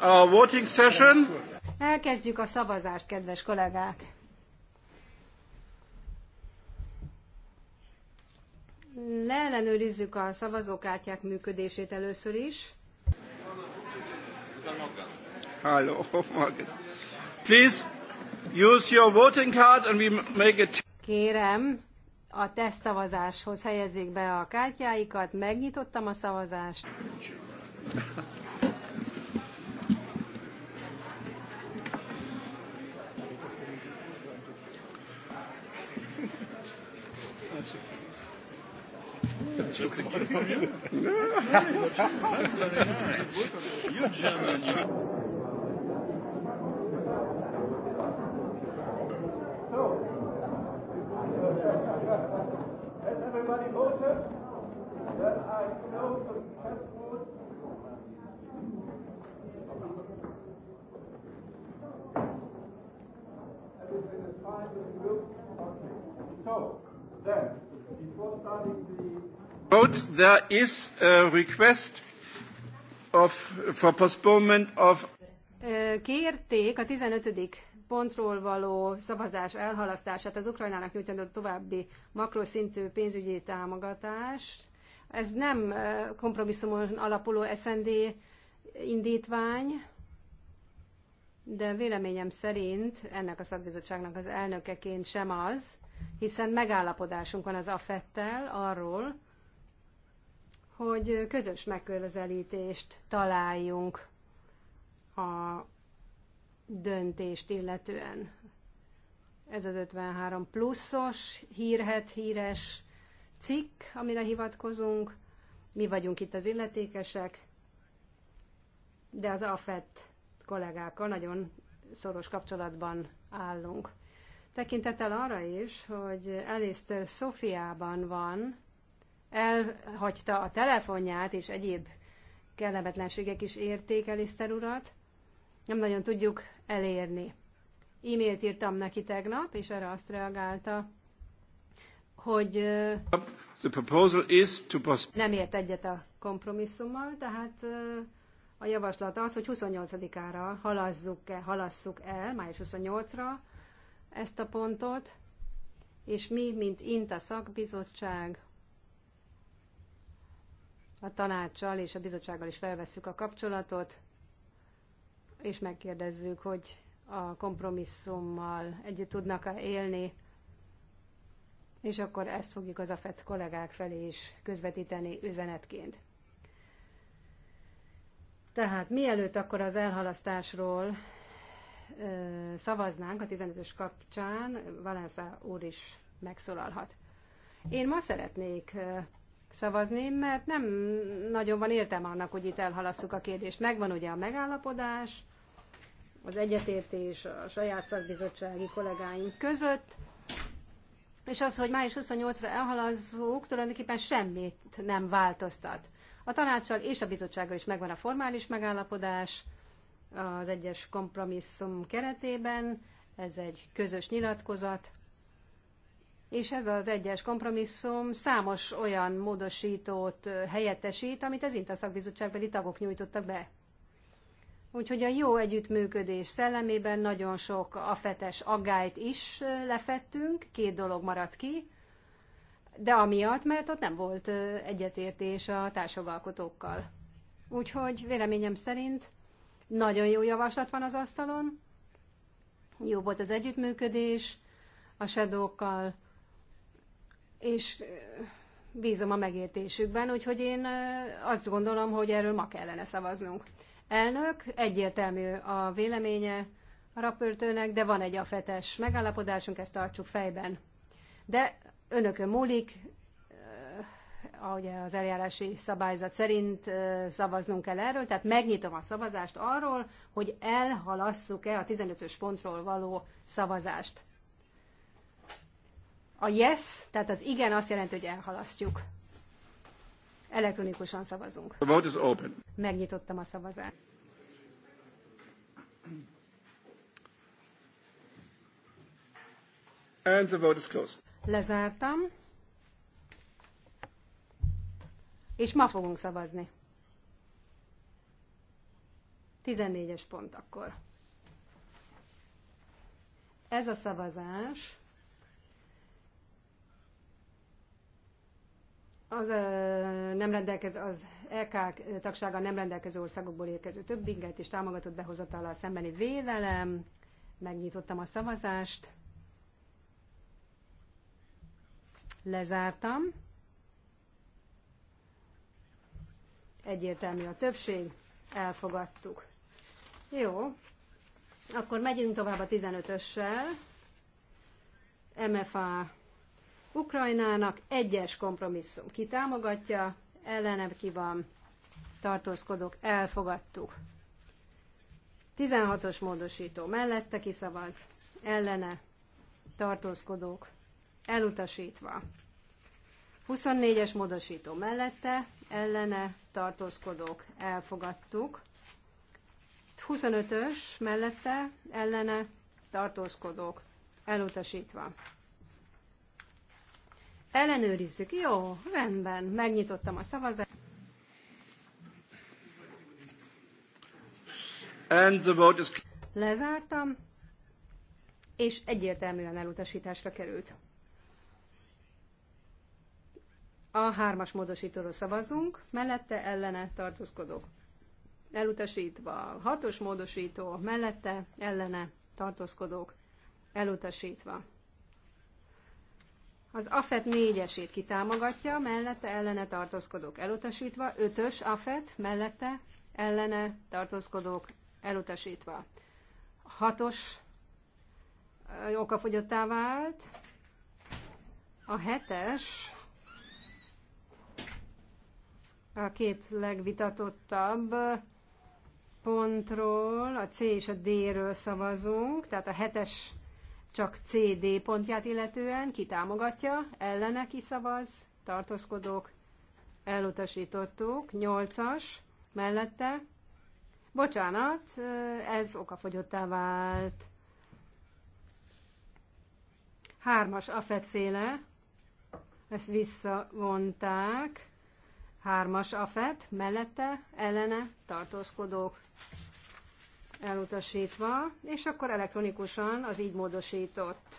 our voting session. Elkezdjük a szavazást, kedves kollégák. Leellenőrizzük a szavazókártyák működését először is. Hello, Margaret. Please use your voting card and we make it. Kérem, a tesztszavazáshoz helyezzék be a kártyáikat. Megnyitottam a szavazást. You're German. You vote, there is a request of, for postponement of Kérték a 15. pontról való szavazás elhalasztását az Ukrajnának nyújtandó további makroszintű pénzügyi támogatást. Ez nem kompromisszumon alapuló SND indítvány, de véleményem szerint ennek a szakbizottságnak az elnökeként sem az, hiszen megállapodásunk van az AFET-tel arról, hogy közös megközelítést találjunk a döntést illetően. Ez az 53 pluszos, hírhet, híres cikk, amire hivatkozunk. Mi vagyunk itt az illetékesek, de az AFET kollégákkal nagyon szoros kapcsolatban állunk. Tekintettel arra is, hogy Alistair Szofiában van, elhagyta a telefonját és egyéb kellemetlenségek is érték Alistair urat, nem nagyon tudjuk elérni. E-mailt írtam neki tegnap, és erre azt reagálta, hogy The proposal is to nem ért egyet a kompromisszummal, tehát a javaslat az, hogy 28-ára halasszuk-e, halasszuk el, május 28-ra ezt a pontot, és mi, mint INTA szakbizottság, a tanácssal és a bizottsággal is felvesszük a kapcsolatot, és megkérdezzük, hogy a kompromisszummal együtt tudnak-e élni, és akkor ezt fogjuk az AFET kollégák felé is közvetíteni üzenetként. Tehát mielőtt akkor az elhalasztásról szavaznánk a 15-ös kapcsán, Valensza úr is megszólalhat. Én ma szeretnék szavazni, mert nem nagyon van értelme annak, hogy itt elhalasszuk a kérdést. Megvan ugye a megállapodás, az egyetértés a saját szakbizottsági kollégáink között, és az, hogy május 28-ra elhalazzuk, tulajdonképpen semmit nem változtat. A tanácssal és a bizottsággal is megvan a formális megállapodás, az egyes kompromisszum keretében, ez egy közös nyilatkozat, és ez az egyes kompromisszum számos olyan módosítót helyettesít, amit az INTA tagok nyújtottak be. Úgyhogy a jó együttműködés szellemében nagyon sok afetes aggályt is lefettünk, két dolog maradt ki, de amiatt, mert ott nem volt egyetértés a társogalkotókkal. Úgyhogy véleményem szerint nagyon jó javaslat van az asztalon, jó volt az együttműködés a sedókkal, és bízom a megértésükben, úgyhogy én azt gondolom, hogy erről ma kellene szavaznunk. Elnök, egyértelmű a véleménye a rapörtőnek, de van egy afetes megállapodásunk, ezt tartsuk fejben. De önökön múlik, ahogy az eljárási szabályzat szerint szavaznunk kell erről, tehát megnyitom a szavazást arról, hogy elhalasszuk-e a 15-ös pontról való szavazást. A yes, tehát az igen azt jelenti, hogy elhalasztjuk. Elektronikusan szavazunk. The vote is open. Megnyitottam a szavazást. And the vote is closed. Lezártam. és ma fogunk szavazni. 14-es pont akkor. Ez a szavazás az nem rendelkez, az LK tagsága nem rendelkező országokból érkező több és támogatott behozatala szembeni vélelem. Megnyitottam a szavazást. Lezártam. egyértelmű a többség, elfogadtuk. Jó, akkor megyünk tovább a 15-össel. MFA Ukrajnának egyes kompromisszum. Ki támogatja, ellenem ki van, tartózkodok, elfogadtuk. 16-os módosító mellette kiszavaz, ellene tartózkodók, elutasítva. 24-es módosító mellette, ellene tartózkodók elfogadtuk. 25-ös mellette, ellene tartózkodók elutasítva. Ellenőrizzük. Jó, rendben, megnyitottam a szavazást. And the vote is... Lezártam, és egyértelműen elutasításra került. A hármas módosítóról szavazunk, mellette ellene tartózkodok. elutasítva. A Hatos módosító, mellette ellene tartózkodok. elutasítva. Az AFET négyesét kitámogatja, mellette ellene tartózkodok. elutasítva, ötös AFET, mellette ellene tartózkodok. elutasítva. Hatos okafogyottá vált, a hetes a két legvitatottabb pontról, a C és a D-ről szavazunk, tehát a hetes csak CD pontját illetően, ki támogatja, ellene ki szavaz, tartózkodók, elutasítottuk, 8-as, mellette, bocsánat, ez okafogyottá vált. Hármas afetféle, ezt visszavonták, Hármas afet, mellette, ellene, tartózkodók elutasítva, és akkor elektronikusan az így módosított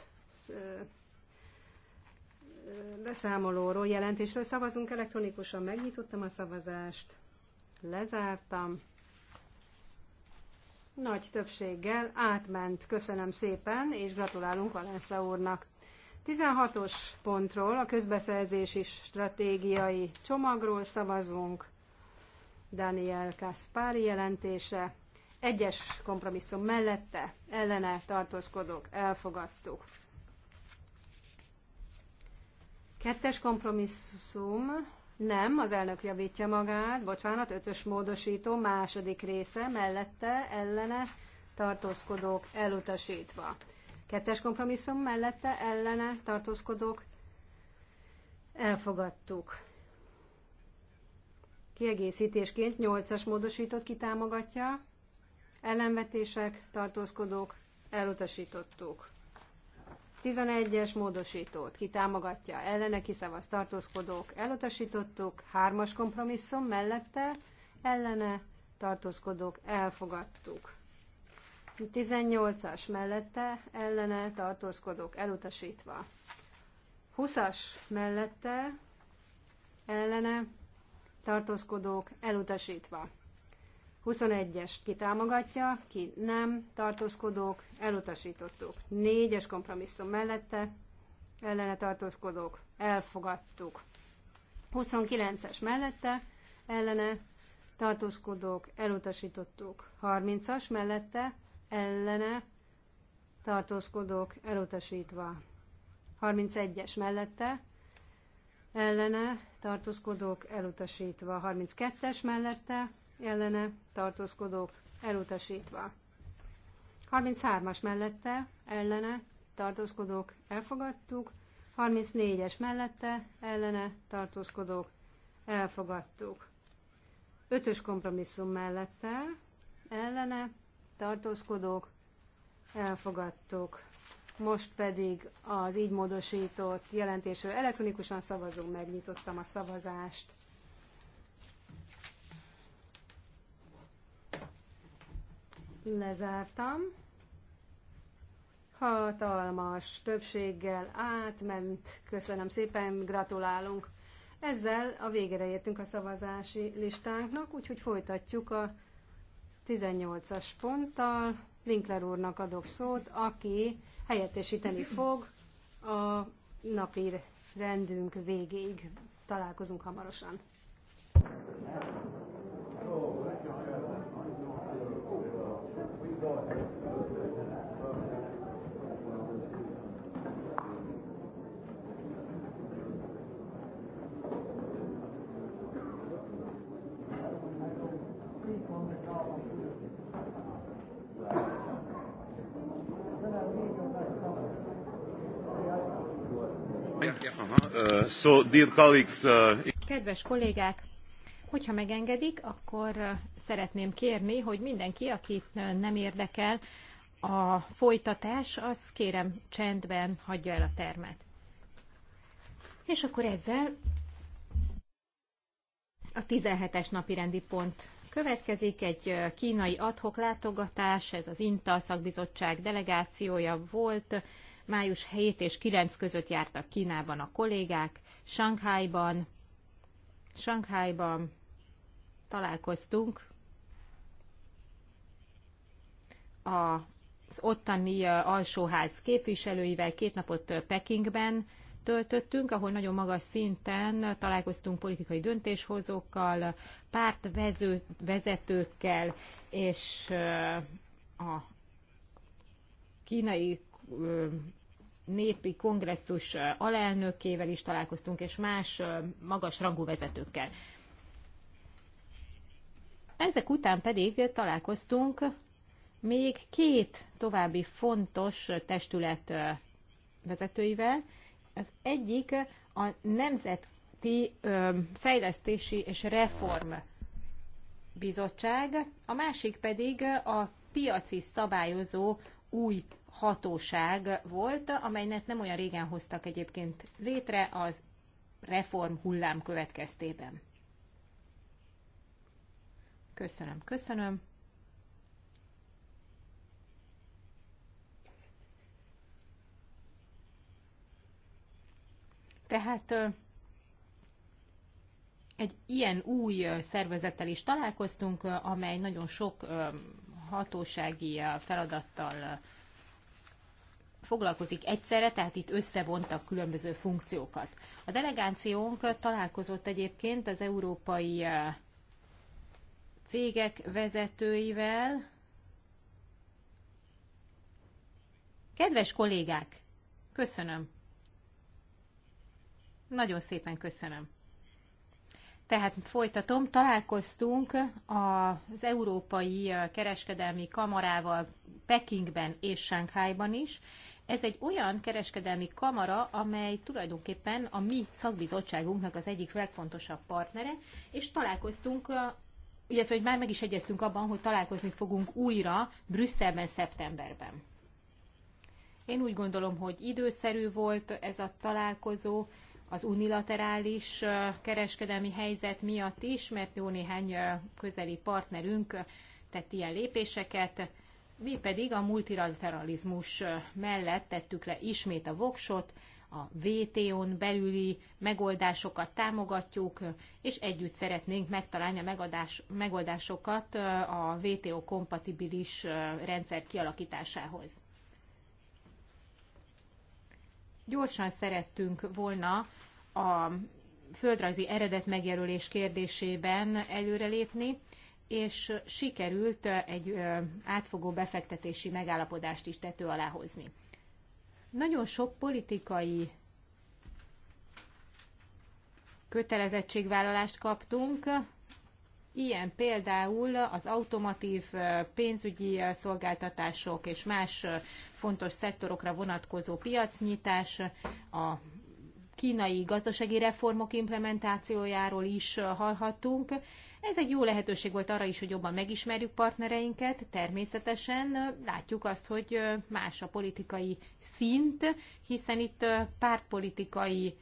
beszámolóról, jelentésről szavazunk elektronikusan. Megnyitottam a szavazást, lezártam. Nagy többséggel átment. Köszönöm szépen, és gratulálunk Valensza úrnak. 16-os pontról, a közbeszerzési stratégiai csomagról szavazunk, Daniel Kaspari jelentése, egyes kompromisszum mellette, ellene tartózkodók, elfogadtuk. Kettes kompromisszum, nem, az elnök javítja magát, bocsánat, ötös módosító, második része, mellette, ellene tartózkodók elutasítva. Kettes kompromisszum mellette ellene tartózkodók elfogadtuk. Kiegészítésként 8-as módosított kitámogatja, ellenvetések, tartózkodók elutasítottuk. 11-es módosítót kitámogatja, ellene kiszavaz tartózkodók elutasítottuk, 3-as kompromisszum mellette ellene tartózkodók elfogadtuk. 18-as mellette ellene tartózkodók elutasítva. 20-as mellette ellene tartózkodók elutasítva. 21-es kitámogatja, ki nem, tartózkodók, elutasítottuk. 4-es kompromisszum mellette, ellene tartózkodók, elfogadtuk. 29-es mellette, ellene tartózkodók, elutasítottuk. 30-as mellette, ellene tartózkodók elutasítva. 31-es mellette ellene tartózkodók elutasítva. 32-es mellette ellene tartózkodók elutasítva. 33-as mellette ellene tartózkodók elfogadtuk. 34-es mellette ellene tartózkodók elfogadtuk. 5-ös kompromisszum mellette ellene tartózkodók, elfogadtuk. Most pedig az így módosított jelentésről elektronikusan szavazunk, megnyitottam a szavazást. Lezártam. Hatalmas többséggel átment. Köszönöm szépen, gratulálunk. Ezzel a végére értünk a szavazási listánknak, úgyhogy folytatjuk a 18-as ponttal Winkler úrnak adok szót, aki helyettesíteni fog a napi rendünk végéig. Találkozunk hamarosan. Thank you. so, dear colleagues, uh, Kedves kollégák, hogyha megengedik, akkor uh, szeretném kérni, hogy mindenki, akit uh, nem érdekel a folytatás, az kérem csendben hagyja el a termet. És akkor ezzel a 17-es napi rendi pont következik egy kínai adhok látogatás, ez az INTA szakbizottság delegációja volt, Május 7 és 9 között jártak Kínában a kollégák, Shanghaiban, Shanghaiban találkoztunk az ottani alsóház képviselőivel két napot Pekingben töltöttünk, ahol nagyon magas szinten találkoztunk politikai döntéshozókkal, pártvezetőkkel és a kínai népi kongresszus alelnökével is találkoztunk, és más magas rangú vezetőkkel. Ezek után pedig találkoztunk még két további fontos testület vezetőivel. Az egyik a Nemzeti Fejlesztési és Reform Bizottság, a másik pedig a piaci szabályozó új hatóság volt, amelynek nem olyan régen hoztak egyébként létre az reform hullám következtében. Köszönöm, köszönöm. Tehát egy ilyen új szervezettel is találkoztunk, amely nagyon sok hatósági feladattal foglalkozik egyszerre, tehát itt összevontak különböző funkciókat. A delegációnk találkozott egyébként az európai eh, cégek vezetőivel. Kedves kollégák, köszönöm. Nagyon szépen köszönöm. Tehát folytatom, találkoztunk az Európai Kereskedelmi Kamarával Pekingben és Sánkhájban is. Ez egy olyan kereskedelmi kamara, amely tulajdonképpen a mi szakbizottságunknak az egyik legfontosabb partnere, és találkoztunk illetve hogy már meg is egyeztünk abban, hogy találkozni fogunk újra Brüsszelben szeptemberben. Én úgy gondolom, hogy időszerű volt ez a találkozó, az unilaterális kereskedelmi helyzet miatt is, mert jó néhány közeli partnerünk tett ilyen lépéseket. Mi pedig a multilateralizmus mellett tettük le ismét a voksot, a WTO-n belüli megoldásokat támogatjuk, és együtt szeretnénk megtalálni a megadás, megoldásokat a WTO kompatibilis rendszer kialakításához. Gyorsan szerettünk volna a földrajzi eredet megjelölés kérdésében előrelépni, és sikerült egy átfogó befektetési megállapodást is tető alá hozni. Nagyon sok politikai kötelezettségvállalást kaptunk, ilyen például az automatív pénzügyi szolgáltatások és más fontos szektorokra vonatkozó piacnyitás, a kínai gazdasági reformok implementációjáról is hallhattunk. Ez egy jó lehetőség volt arra is, hogy jobban megismerjük partnereinket. Természetesen látjuk azt, hogy más a politikai szint, hiszen itt pártpolitikai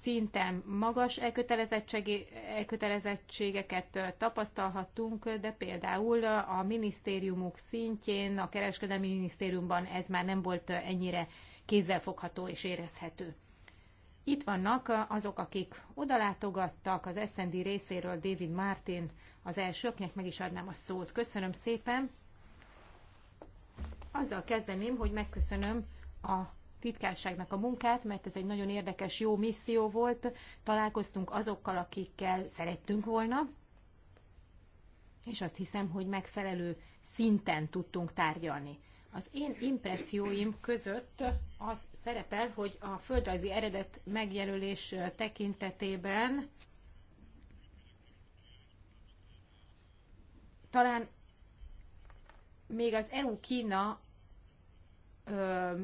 szinten magas elkötelezettségeket tapasztalhattunk, de például a minisztériumok szintjén, a kereskedelmi minisztériumban ez már nem volt ennyire kézzelfogható és érezhető. Itt vannak azok, akik odalátogattak az SND részéről, David Martin az első, akinek meg is adnám a szót. Köszönöm szépen. Azzal kezdeném, hogy megköszönöm a titkárságnak a munkát, mert ez egy nagyon érdekes, jó misszió volt. Találkoztunk azokkal, akikkel szerettünk volna, és azt hiszem, hogy megfelelő szinten tudtunk tárgyalni. Az én impresszióim között az szerepel, hogy a földrajzi eredet megjelölés tekintetében talán még az EU-Kína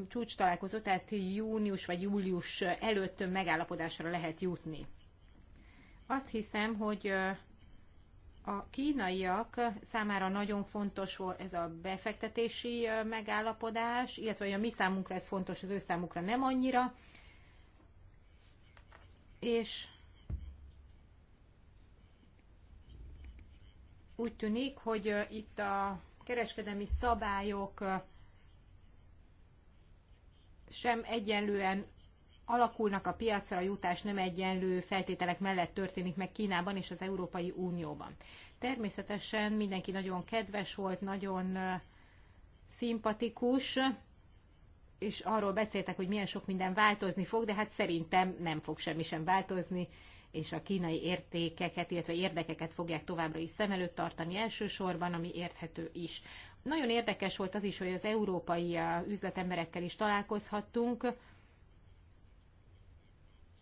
csúcs találkozó, tehát június vagy július előtt megállapodásra lehet jutni. Azt hiszem, hogy a kínaiak számára nagyon fontos volt ez a befektetési megállapodás, illetve a mi számunkra ez fontos, az ő számukra nem annyira. És úgy tűnik, hogy itt a kereskedelmi szabályok sem egyenlően alakulnak a piacra jutás nem egyenlő feltételek mellett történik meg Kínában és az Európai Unióban. Természetesen mindenki nagyon kedves volt, nagyon szimpatikus, és arról beszéltek, hogy milyen sok minden változni fog, de hát szerintem nem fog semmi sem változni, és a kínai értékeket, illetve érdekeket fogják továbbra is szem előtt tartani elsősorban, ami érthető is. Nagyon érdekes volt az is, hogy az európai uh, üzletemberekkel is találkozhattunk,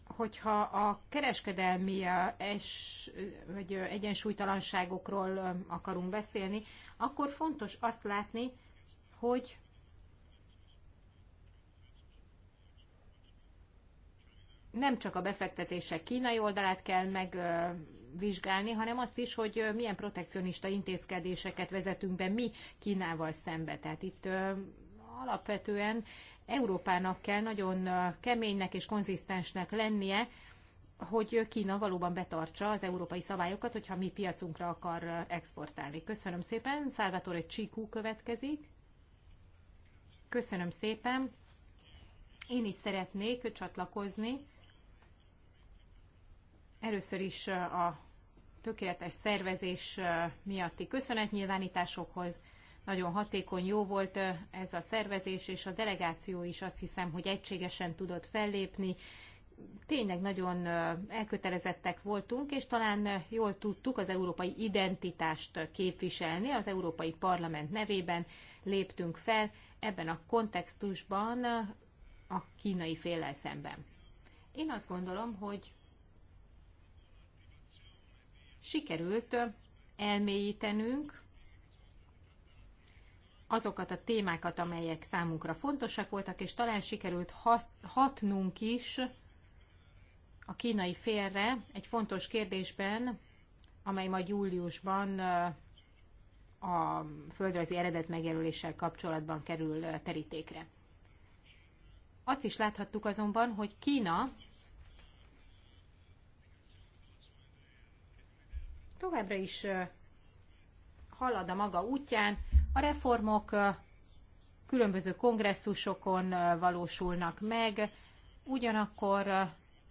hogyha a kereskedelmi uh, es, vagy uh, egyensúlytalanságokról um, akarunk beszélni, akkor fontos azt látni, hogy nem csak a befektetések kínai oldalát kell meg vizsgálni, hanem azt is, hogy milyen protekcionista intézkedéseket vezetünk be mi Kínával szembe. Tehát itt alapvetően Európának kell nagyon keménynek és konzisztensnek lennie, hogy Kína valóban betartsa az európai szabályokat, hogyha mi piacunkra akar exportálni. Köszönöm szépen. Salvatore csíkú következik. Köszönöm szépen. Én is szeretnék csatlakozni. Először is a tökéletes szervezés miatti köszönetnyilvánításokhoz. Nagyon hatékony, jó volt ez a szervezés, és a delegáció is azt hiszem, hogy egységesen tudott fellépni. Tényleg nagyon elkötelezettek voltunk, és talán jól tudtuk az európai identitást képviselni, az Európai Parlament nevében léptünk fel ebben a kontextusban a kínai féllel szemben. Én azt gondolom, hogy sikerült elmélyítenünk azokat a témákat, amelyek számunkra fontosak voltak, és talán sikerült hatnunk is a kínai félre egy fontos kérdésben, amely majd júliusban a földrajzi eredet megjelöléssel kapcsolatban kerül terítékre. Azt is láthattuk azonban, hogy Kína továbbra is halad a maga útján. A reformok különböző kongresszusokon valósulnak meg, ugyanakkor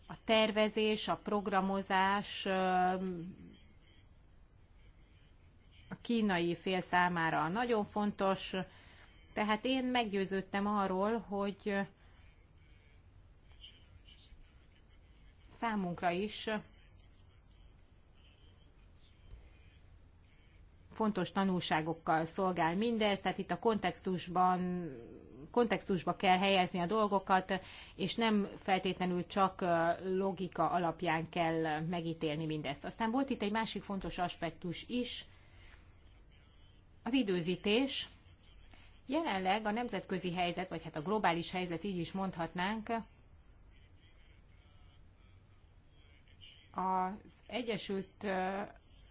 a tervezés, a programozás a kínai fél számára nagyon fontos, tehát én meggyőződtem arról, hogy számunkra is fontos tanulságokkal szolgál mindez, tehát itt a kontextusban kontextusba kell helyezni a dolgokat, és nem feltétlenül csak logika alapján kell megítélni mindezt. Aztán volt itt egy másik fontos aspektus is, az időzítés. Jelenleg a nemzetközi helyzet, vagy hát a globális helyzet, így is mondhatnánk, az Egyesült,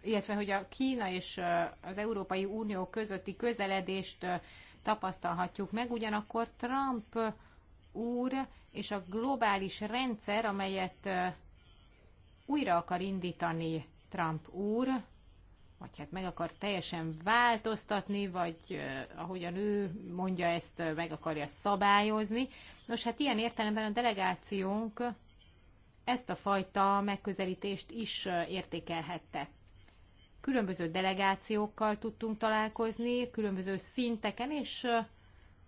illetve hogy a Kína és az Európai Unió közötti közeledést tapasztalhatjuk meg, ugyanakkor Trump úr és a globális rendszer, amelyet újra akar indítani Trump úr, vagy hát meg akar teljesen változtatni, vagy ahogyan ő mondja ezt, meg akarja szabályozni. Nos, hát ilyen értelemben a delegációnk ezt a fajta megközelítést is értékelhette. Különböző delegációkkal tudtunk találkozni, különböző szinteken, és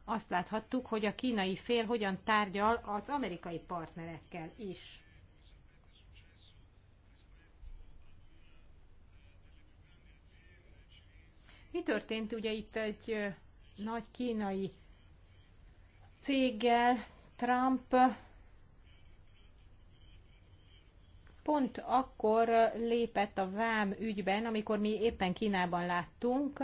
azt láthattuk, hogy a kínai fél hogyan tárgyal az amerikai partnerekkel is. Mi történt ugye itt egy nagy kínai céggel, Trump pont akkor lépett a vám ügyben, amikor mi éppen Kínában láttunk.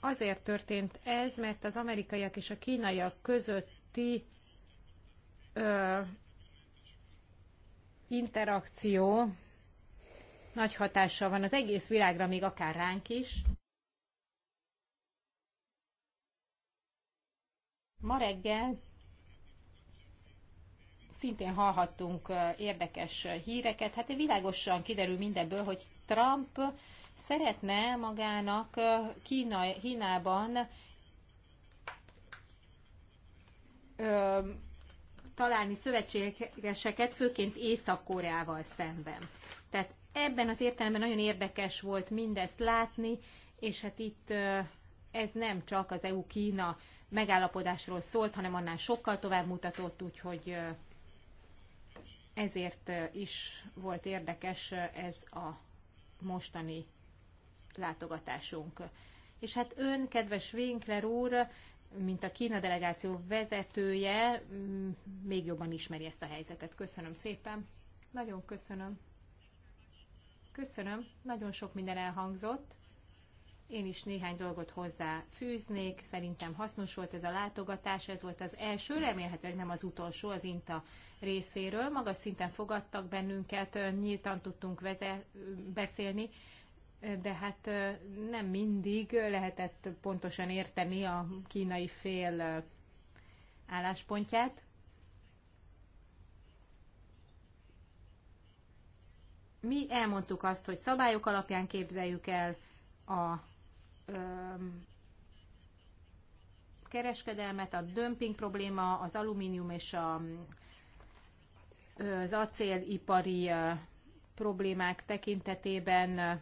Azért történt ez, mert az amerikaiak és a kínaiak közötti ö, interakció nagy hatással van az egész világra, még akár ránk is. Ma reggel szintén hallhattunk érdekes híreket. Hát világosan kiderül mindebből, hogy Trump szeretne magának Kína, Kínában ö, találni szövetségeseket, főként Észak-Koreával szemben. Tehát ebben az értelemben nagyon érdekes volt mindezt látni, és hát itt ez nem csak az EU-Kína megállapodásról szólt, hanem annál sokkal tovább mutatott, úgyhogy ezért is volt érdekes ez a mostani látogatásunk. És hát ön, kedves Winkler úr, mint a Kína delegáció vezetője, még jobban ismeri ezt a helyzetet. Köszönöm szépen. Nagyon köszönöm. Köszönöm. Nagyon sok minden elhangzott. Én is néhány dolgot hozzá fűznék. Szerintem hasznos volt ez a látogatás, ez volt az első, remélhetőleg nem az utolsó az INTA részéről. Magas szinten fogadtak bennünket, nyíltan tudtunk veze- beszélni, de hát nem mindig lehetett pontosan érteni a kínai fél álláspontját. Mi elmondtuk azt, hogy szabályok alapján képzeljük el a kereskedelmet, a dömping probléma, az alumínium és a, az acélipari problémák tekintetében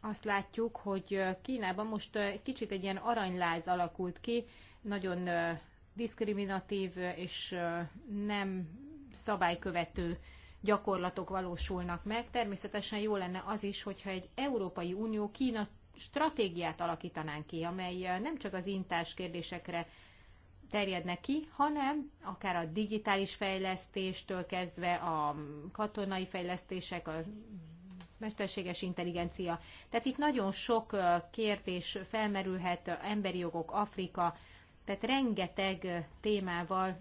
azt látjuk, hogy Kínában most kicsit egy ilyen aranyláz alakult ki, nagyon diszkriminatív és nem szabálykövető gyakorlatok valósulnak meg. Természetesen jó lenne az is, hogyha egy Európai Unió Kína stratégiát alakítanánk ki, amely eh, nem csak az intás kérdésekre terjedne ki, hanem akár a digitális fejlesztéstől kezdve a katonai fejlesztések, a mesterséges intelligencia. Tehát itt nagyon sok eh, kérdés felmerülhet, eh, emberi jogok, Afrika, tehát rengeteg témával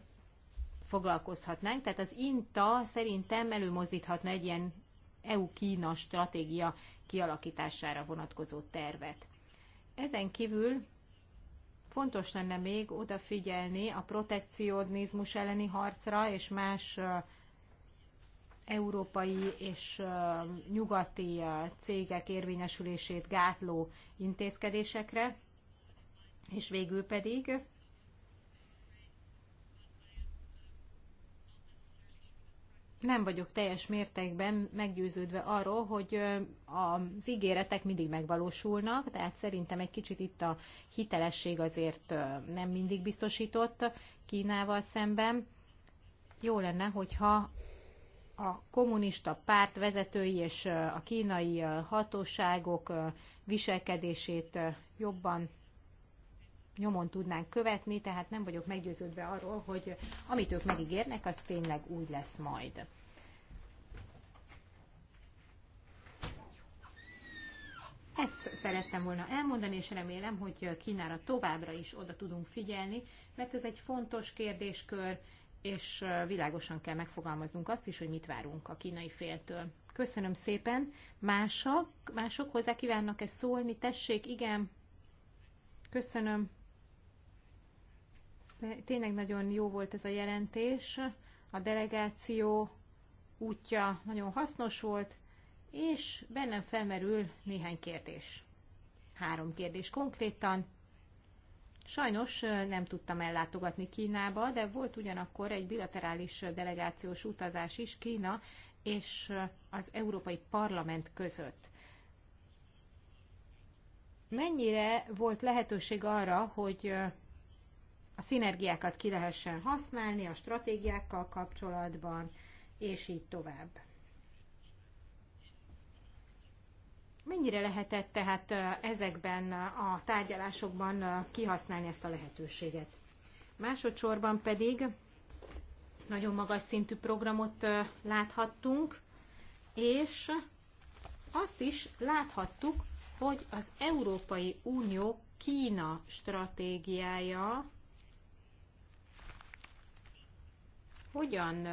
foglalkozhatnánk. Tehát az INTA szerintem előmozdíthatna egy ilyen EU-Kína stratégia kialakítására vonatkozó tervet. Ezen kívül fontos lenne még odafigyelni a protekcionizmus elleni harcra és más európai és nyugati cégek érvényesülését gátló intézkedésekre, és végül pedig nem vagyok teljes mértékben meggyőződve arról, hogy az ígéretek mindig megvalósulnak, tehát szerintem egy kicsit itt a hitelesség azért nem mindig biztosított Kínával szemben. Jó lenne, hogyha a kommunista párt vezetői és a kínai hatóságok viselkedését jobban nyomon tudnánk követni, tehát nem vagyok meggyőződve arról, hogy amit ők megígérnek, az tényleg úgy lesz majd. Ezt szerettem volna elmondani, és remélem, hogy Kínára továbbra is oda tudunk figyelni, mert ez egy fontos kérdéskör, és világosan kell megfogalmaznunk azt is, hogy mit várunk a kínai féltől. Köszönöm szépen. Mások, mások hozzá kívánnak-e szólni? Tessék, igen. Köszönöm. Tényleg nagyon jó volt ez a jelentés, a delegáció útja nagyon hasznos volt, és bennem felmerül néhány kérdés. Három kérdés konkrétan. Sajnos nem tudtam ellátogatni Kínába, de volt ugyanakkor egy bilaterális delegációs utazás is Kína és az Európai Parlament között. Mennyire volt lehetőség arra, hogy a szinergiákat ki lehessen használni a stratégiákkal kapcsolatban, és így tovább. Mennyire lehetett tehát ezekben a tárgyalásokban kihasználni ezt a lehetőséget? Másodszorban pedig nagyon magas szintű programot láthattunk, és azt is láthattuk, hogy az Európai Unió Kína stratégiája hogyan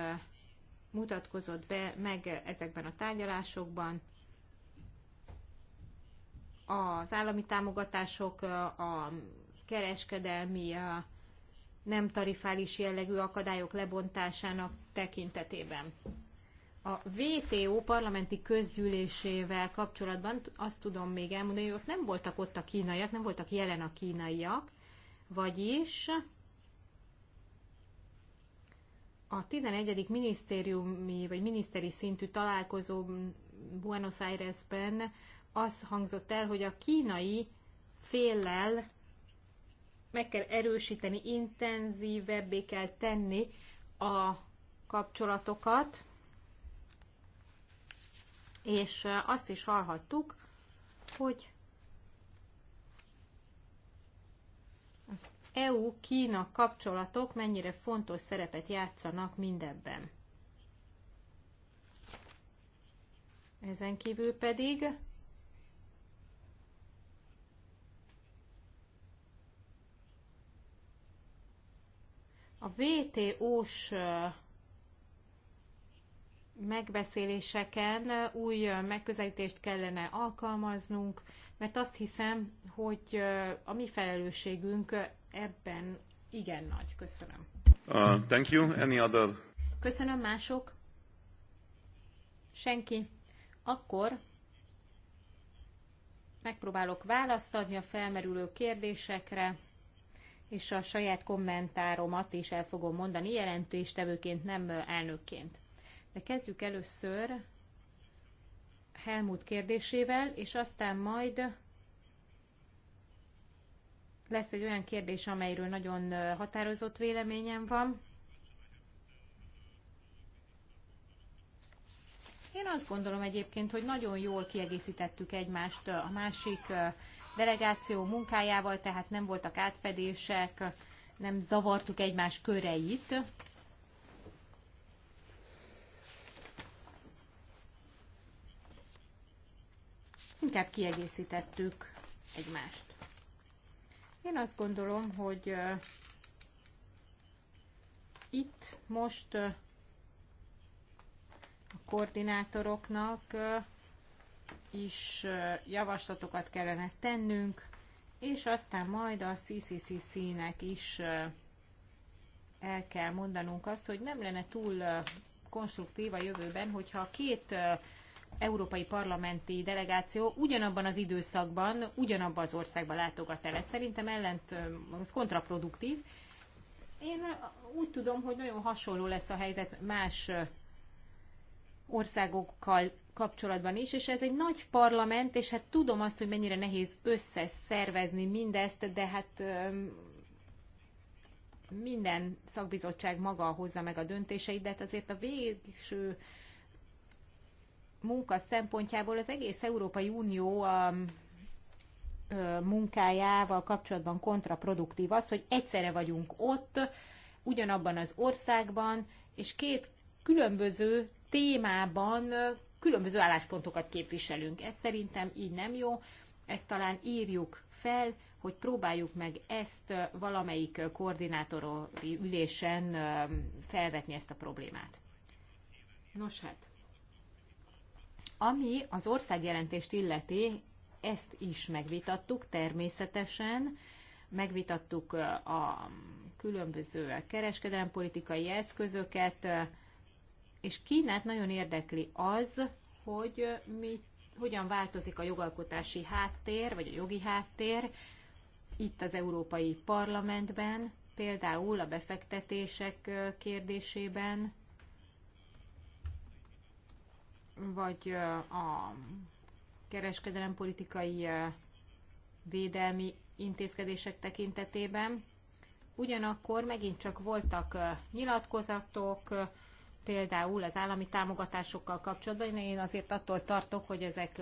mutatkozott be meg ezekben a tárgyalásokban az állami támogatások, a kereskedelmi, a nem tarifális jellegű akadályok lebontásának tekintetében. A VTO parlamenti közgyűlésével kapcsolatban azt tudom még elmondani, hogy ott nem voltak ott a kínaiak, nem voltak jelen a kínaiak, vagyis a 11. minisztériumi vagy miniszteri szintű találkozó Buenos Airesben az hangzott el, hogy a kínai féllel meg kell erősíteni, intenzívebbé kell tenni a kapcsolatokat, és azt is hallhattuk, hogy EU-Kína kapcsolatok mennyire fontos szerepet játszanak mindebben. Ezen kívül pedig a wto s megbeszéléseken új megközelítést kellene alkalmaznunk, mert azt hiszem, hogy a mi felelősségünk ebben igen nagy. Köszönöm. Uh, thank you. Any other? Köszönöm mások. Senki. Akkor megpróbálok választ adni a felmerülő kérdésekre, és a saját kommentáromat is el fogom mondani jelentéstevőként, nem elnökként. De kezdjük először Helmut kérdésével, és aztán majd lesz egy olyan kérdés, amelyről nagyon határozott véleményem van. Én azt gondolom egyébként, hogy nagyon jól kiegészítettük egymást a másik delegáció munkájával, tehát nem voltak átfedések, nem zavartuk egymás köreit. Inkább kiegészítettük egymást. Én azt gondolom, hogy itt most a koordinátoroknak is javaslatokat kellene tennünk, és aztán majd a CCCC-nek is el kell mondanunk azt, hogy nem lenne túl konstruktív a jövőben, hogyha két európai parlamenti delegáció ugyanabban az időszakban, ugyanabban az országban látogat el. Ez szerintem ellent, az kontraproduktív. Én úgy tudom, hogy nagyon hasonló lesz a helyzet más országokkal kapcsolatban is, és ez egy nagy parlament, és hát tudom azt, hogy mennyire nehéz összeszervezni mindezt, de hát minden szakbizottság maga hozza meg a döntéseit, de hát azért a végső munka szempontjából az egész Európai Unió munkájával kapcsolatban kontraproduktív az, hogy egyszerre vagyunk ott, ugyanabban az országban, és két különböző témában különböző álláspontokat képviselünk. Ez szerintem így nem jó, ezt talán írjuk fel, hogy próbáljuk meg ezt valamelyik koordinátori ülésen felvetni ezt a problémát. Nos hát, ami az országjelentést illeti, ezt is megvitattuk természetesen, megvitattuk a különböző kereskedelempolitikai eszközöket, és Kínát nagyon érdekli az, hogy mi, hogyan változik a jogalkotási háttér, vagy a jogi háttér itt az Európai Parlamentben, például a befektetések kérdésében, vagy a kereskedelempolitikai védelmi intézkedések tekintetében. Ugyanakkor megint csak voltak nyilatkozatok, például az állami támogatásokkal kapcsolatban. Én azért attól tartok, hogy ezek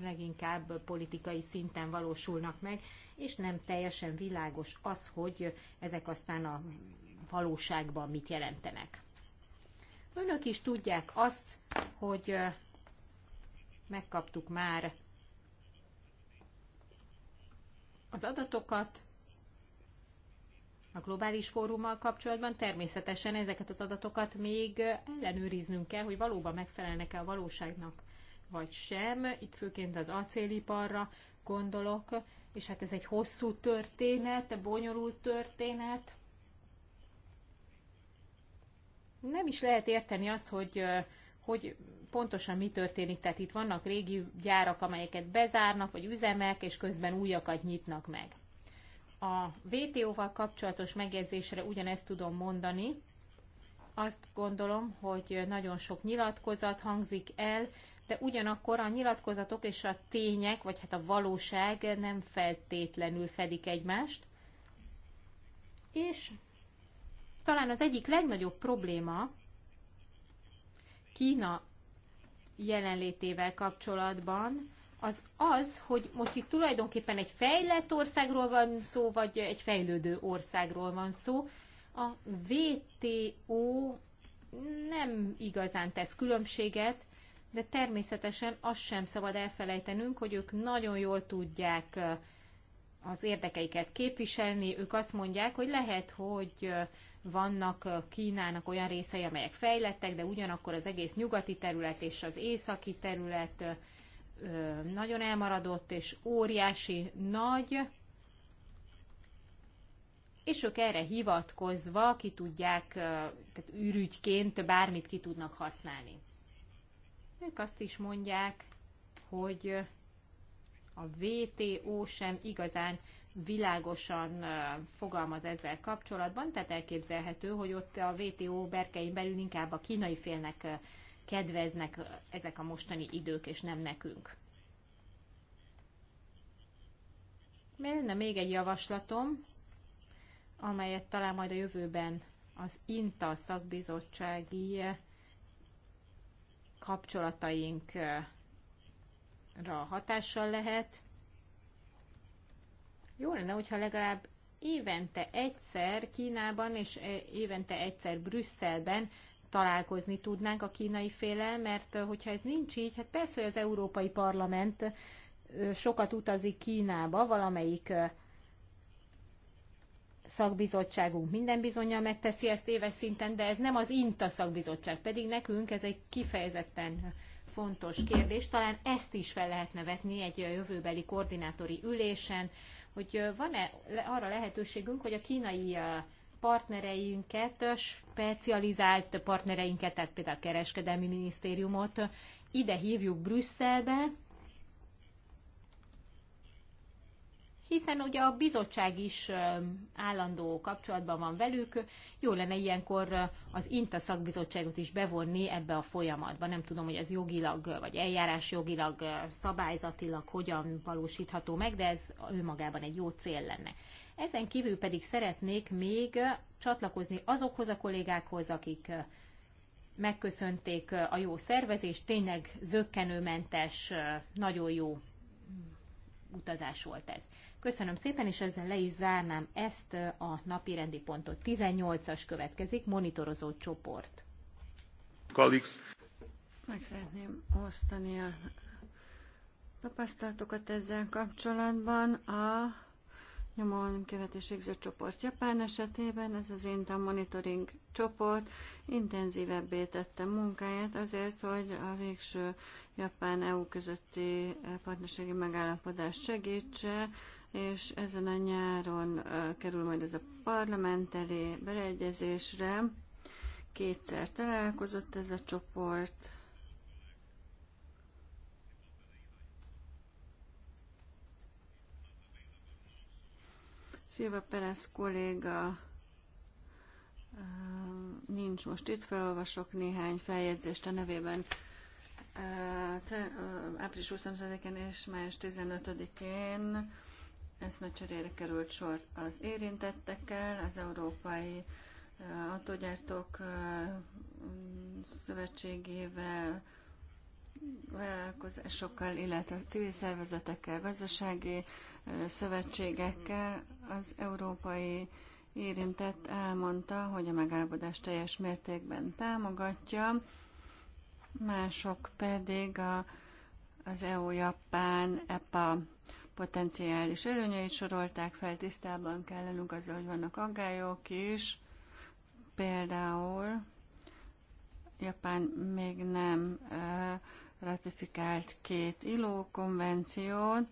leginkább politikai szinten valósulnak meg, és nem teljesen világos az, hogy ezek aztán a valóságban mit jelentenek. Önök is tudják azt, hogy megkaptuk már az adatokat a globális fórummal kapcsolatban. Természetesen ezeket az adatokat még ellenőriznünk kell, hogy valóban megfelelnek-e a valóságnak vagy sem. Itt főként az acéliparra gondolok, és hát ez egy hosszú történet, bonyolult történet nem is lehet érteni azt, hogy hogy pontosan mi történik. Tehát itt vannak régi gyárak, amelyeket bezárnak, vagy üzemek, és közben újakat nyitnak meg. A VTO-val kapcsolatos megjegyzésre ugyanezt tudom mondani. Azt gondolom, hogy nagyon sok nyilatkozat hangzik el, de ugyanakkor a nyilatkozatok és a tények, vagy hát a valóság nem feltétlenül fedik egymást. És talán az egyik legnagyobb probléma Kína jelenlétével kapcsolatban az az, hogy most itt tulajdonképpen egy fejlett országról van szó, vagy egy fejlődő országról van szó. A WTO nem igazán tesz különbséget, de természetesen azt sem szabad elfelejtenünk, hogy ők nagyon jól tudják az érdekeiket képviselni. Ők azt mondják, hogy lehet, hogy vannak Kínának olyan részei, amelyek fejlettek, de ugyanakkor az egész nyugati terület és az északi terület nagyon elmaradott és óriási nagy, és ők erre hivatkozva ki tudják, tehát ürügyként bármit ki tudnak használni. Ők azt is mondják, hogy a VTO sem igazán világosan fogalmaz ezzel kapcsolatban, tehát elképzelhető, hogy ott a WTO berkein belül inkább a kínai félnek kedveznek ezek a mostani idők, és nem nekünk. Lenne még egy javaslatom, amelyet talán majd a jövőben az INTA szakbizottsági kapcsolatainkra hatással lehet. Jó lenne, hogyha legalább évente egyszer Kínában és eh, évente egyszer Brüsszelben találkozni tudnánk a kínai féle, mert eh, hogyha ez nincs így, hát persze, hogy az Európai Parlament eh, sokat utazik Kínába, valamelyik szakbizottságunk minden bizonyja megteszi ezt éves szinten, de ez nem az INTA szakbizottság, pedig nekünk ez egy kifejezetten fontos kérdés. Talán ezt is fel lehetne vetni egy jövőbeli koordinátori ülésen, hogy van-e arra lehetőségünk, hogy a kínai partnereinket, specializált partnereinket, tehát például a kereskedelmi minisztériumot ide hívjuk Brüsszelbe, hiszen ugye a bizottság is állandó kapcsolatban van velük, jó lenne ilyenkor az INTA szakbizottságot is bevonni ebbe a folyamatba. Nem tudom, hogy ez jogilag, vagy eljárás jogilag, szabályzatilag hogyan valósítható meg, de ez önmagában egy jó cél lenne. Ezen kívül pedig szeretnék még csatlakozni azokhoz a kollégákhoz, akik megköszönték a jó szervezést, tényleg zöggenőmentes, nagyon jó mm, utazás volt ez. Köszönöm szépen, és ezzel le is zárnám ezt a napi rendi pontot. 18-as következik, monitorozó csoport. Kalix. Meg szeretném osztani a tapasztalatokat ezzel kapcsolatban. A nyomon követés végző csoport Japán esetében, ez az INTA Monitoring csoport intenzívebbé tette munkáját azért, hogy a végső Japán-EU közötti partnerségi megállapodás segítse, és ezen a nyáron kerül majd ez a parlament elé beleegyezésre. Kétszer találkozott ez a csoport. Szilva Perez kolléga nincs most itt, felolvasok néhány feljegyzést a nevében. Április 25-én és május 15-én eszmecserére került sor az érintettekkel, az Európai Autógyártók Szövetségével, vállalkozásokkal, illetve civil szervezetekkel, gazdasági szövetségekkel. Az európai érintett elmondta, hogy a megállapodás teljes mértékben támogatja, mások pedig a, az EU-Japán EPA potenciális előnyeit sorolták fel, tisztában kell lennünk azzal, hogy vannak aggályok is, például Japán még nem ratifikált két ILO konvenciót,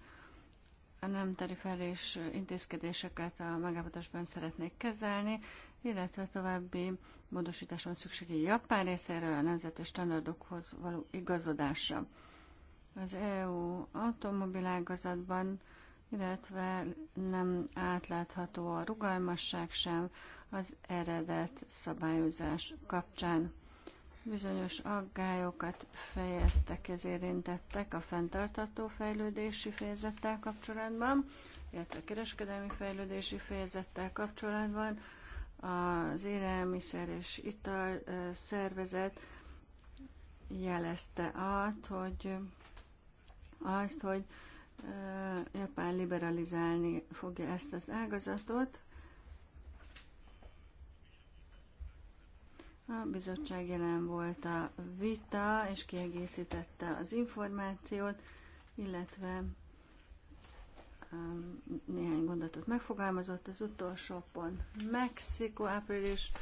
a nem tarifális intézkedéseket a megállapodásban szeretnék kezelni, illetve további módosításon szükségi Japán részéről a nemzeti standardokhoz való igazodásra az EU automobilágazatban, illetve nem átlátható a rugalmasság sem az eredet szabályozás kapcsán. Bizonyos aggályokat fejeztek ez érintettek a fenntartató fejlődési fejezettel kapcsolatban, illetve a kereskedelmi fejlődési fejezettel kapcsolatban. Az élelmiszer és ital szervezet jelezte át, hogy azt, hogy Japán liberalizálni fogja ezt az ágazatot. A bizottság jelen volt a vita, és kiegészítette az információt, illetve néhány gondatot. megfogalmazott. Az utolsó pont Mexikó április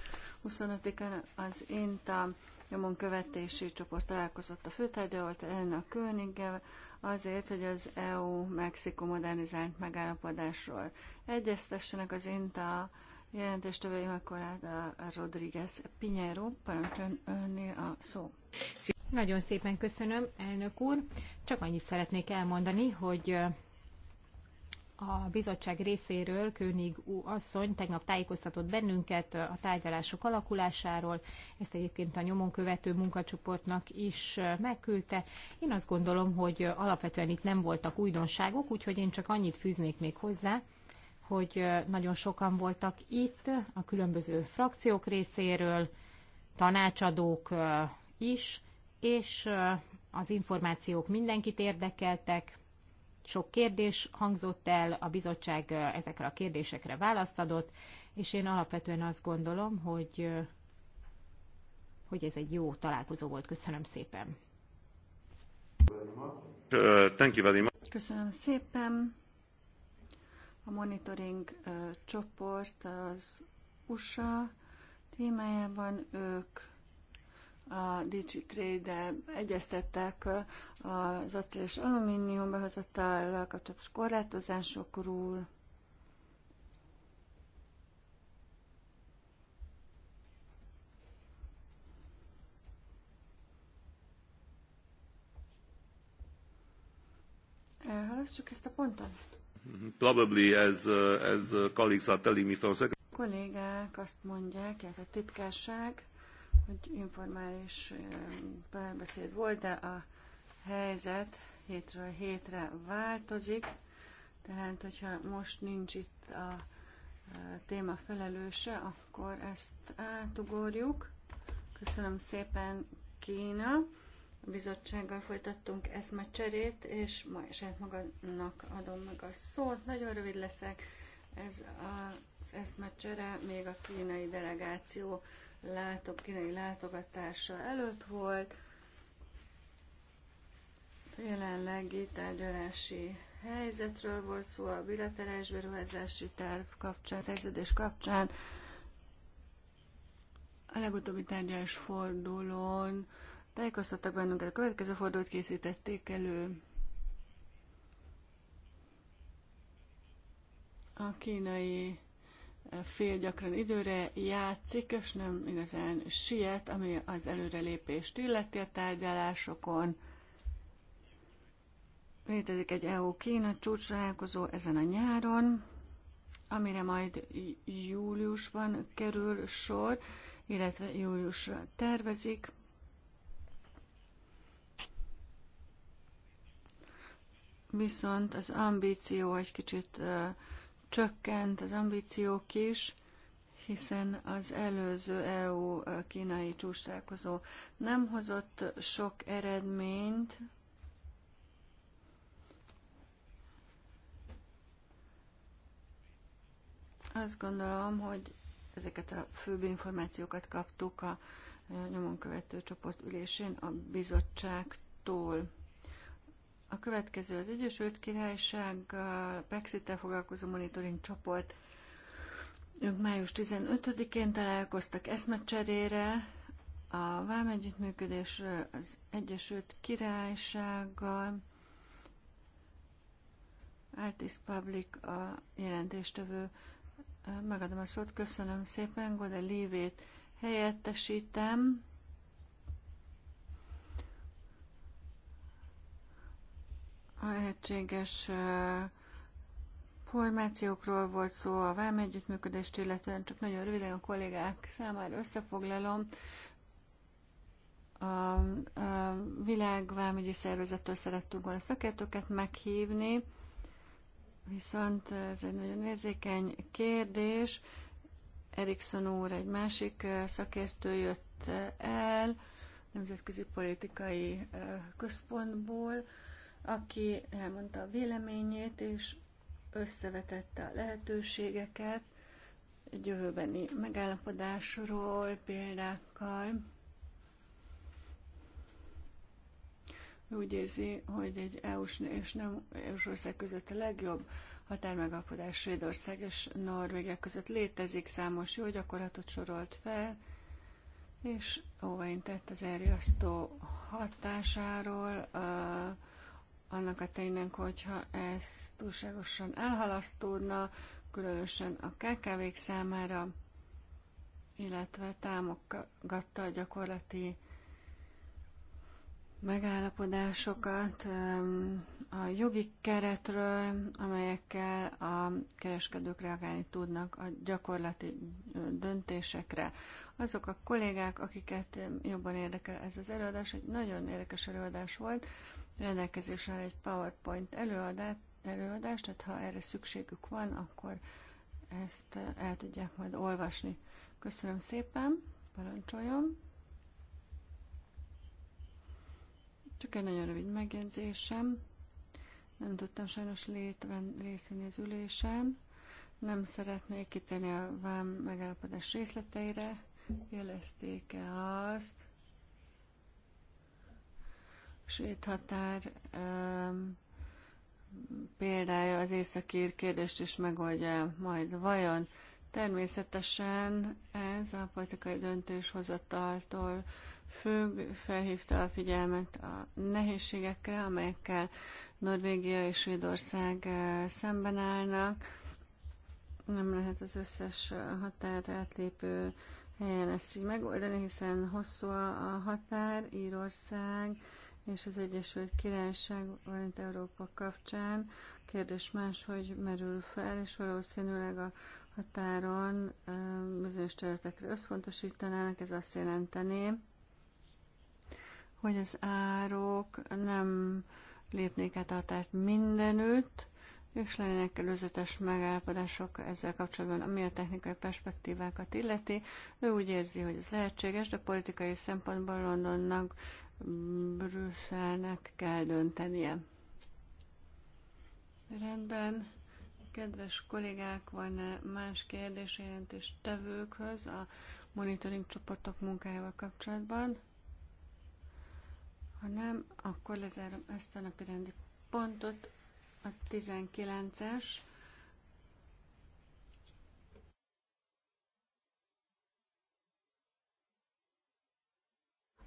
25-án az Intam nyomon követési csoport találkozott a főtárgyalt a Königgel azért, hogy az EU-Mexikó modernizált megállapodásról egyeztessenek az INTA jelentéstevői Makoláda Rodriguez Pinheiro. parancsön önni a szó. Nagyon szépen köszönöm, elnök úr. Csak annyit szeretnék elmondani, hogy a bizottság részéről König U. asszony tegnap tájékoztatott bennünket a tárgyalások alakulásáról, ezt egyébként a nyomon követő munkacsoportnak is megküldte. Én azt gondolom, hogy alapvetően itt nem voltak újdonságok, úgyhogy én csak annyit fűznék még hozzá, hogy nagyon sokan voltak itt a különböző frakciók részéről, tanácsadók is, és az információk mindenkit érdekeltek, sok kérdés hangzott el, a bizottság ezekre a kérdésekre választ adott, és én alapvetően azt gondolom, hogy, hogy ez egy jó találkozó volt. Köszönöm szépen. Köszönöm szépen. A monitoring csoport az USA témájában ők a DG trade egyeztettek az acél és alumínium behozatallal kapcsolatos korlátozásokról. Elhalasszuk ezt a pontot? Probably as, uh, as colleagues are telling me for a second. Kollégák azt mondják, ez a titkárság, hogy informális párbeszéd volt, de a helyzet hétről hétre változik, tehát hogyha most nincs itt a téma felelőse, akkor ezt átugorjuk. Köszönöm szépen, Kína. A bizottsággal folytattunk eszmecserét, és ma saját magadnak adom meg a szót. Nagyon rövid leszek. Ez az eszmecsere még a kínai delegáció látok, kínai látogatása előtt volt. A jelenlegi tárgyalási helyzetről volt szó a bilaterális beruházási terv kapcsán, szerződés kapcsán. A legutóbbi tárgyalás fordulón tájékoztattak bennünket, a következő fordulót készítették elő. A kínai fél gyakran időre játszik, és nem igazán siet, ami az előrelépést illeti a tárgyalásokon. Létezik egy EU-Kína csúcsrálkozó ezen a nyáron, amire majd júliusban kerül sor, illetve júliusra tervezik. Viszont az ambíció egy kicsit uh, csökkent az ambíciók is, hiszen az előző EU-kínai csúcsálkozó nem hozott sok eredményt, Azt gondolom, hogy ezeket a főbb információkat kaptuk a nyomon követő csoport ülésén a bizottságtól. A következő az Egyesült Királyság Brexit-tel foglalkozó monitoring csoport. Ők május 15-én találkoztak eszmecserére a együttműködés az Egyesült Királysággal. Altis Public a jelentéstevő. Megadom a szót, köszönöm szépen, Gode Lévét helyettesítem. A lehetséges formációkról volt szó, a vám együttműködést illetően, csak nagyon röviden a kollégák számára összefoglalom. A, a világ vámügyi szervezettől szerettünk volna szakértőket meghívni, viszont ez egy nagyon érzékeny kérdés. Erikson úr, egy másik szakértő jött el, nemzetközi politikai központból, aki elmondta a véleményét, és összevetette a lehetőségeket egy jövőbeni megállapodásról, példákkal. Úgy érzi, hogy egy eu és nem EU-s ország között a legjobb határmegállapodás Svédország és Norvégia között létezik, számos jó gyakorlatot sorolt fel, és óvaintett az erjasztó hatásáról, uh, annak a ténynek, hogyha ez túlságosan elhalasztódna, különösen a KKV-k számára, illetve támogatta a gyakorlati megállapodásokat a jogi keretről, amelyekkel a kereskedők reagálni tudnak a gyakorlati döntésekre. Azok a kollégák, akiket jobban érdekel ez az előadás, egy nagyon érdekes előadás volt, rendelkezésre egy PowerPoint előadást, előadást, tehát ha erre szükségük van, akkor ezt el tudják majd olvasni. Köszönöm szépen, parancsoljon! Csak egy nagyon rövid megjegyzésem. Nem tudtam sajnos létven részt az ülésen. Nem szeretnék kitenni a vám megállapodás részleteire. Jelezték-e azt, svéd határ példája az északír kérdést is megoldja majd. Vajon természetesen ez a politikai döntéshozataltól függ, felhívta a figyelmet a nehézségekre, amelyekkel Norvégia és Svédország szemben állnak. Nem lehet az összes határ átlépő helyen ezt így megoldani, hiszen hosszú a határ, Írország, és az Egyesült Királyság, valamint Európa kapcsán. Kérdés más, hogy merül fel, és valószínűleg a határon bizonyos területekre összpontosítanának, ez azt jelenteni, hogy az árok nem lépnék át a határt mindenütt, és lennének előzetes megállapodások ezzel kapcsolatban, ami a technikai perspektívákat illeti. Ő úgy érzi, hogy ez lehetséges, de politikai szempontból Londonnak Brüsszelnek kell döntenie. Rendben, kedves kollégák, van -e más kérdés jelentés tevőkhöz a monitoring csoportok munkájával kapcsolatban? Ha nem, akkor lezárom ezt a napi rendi pontot, a 19-es.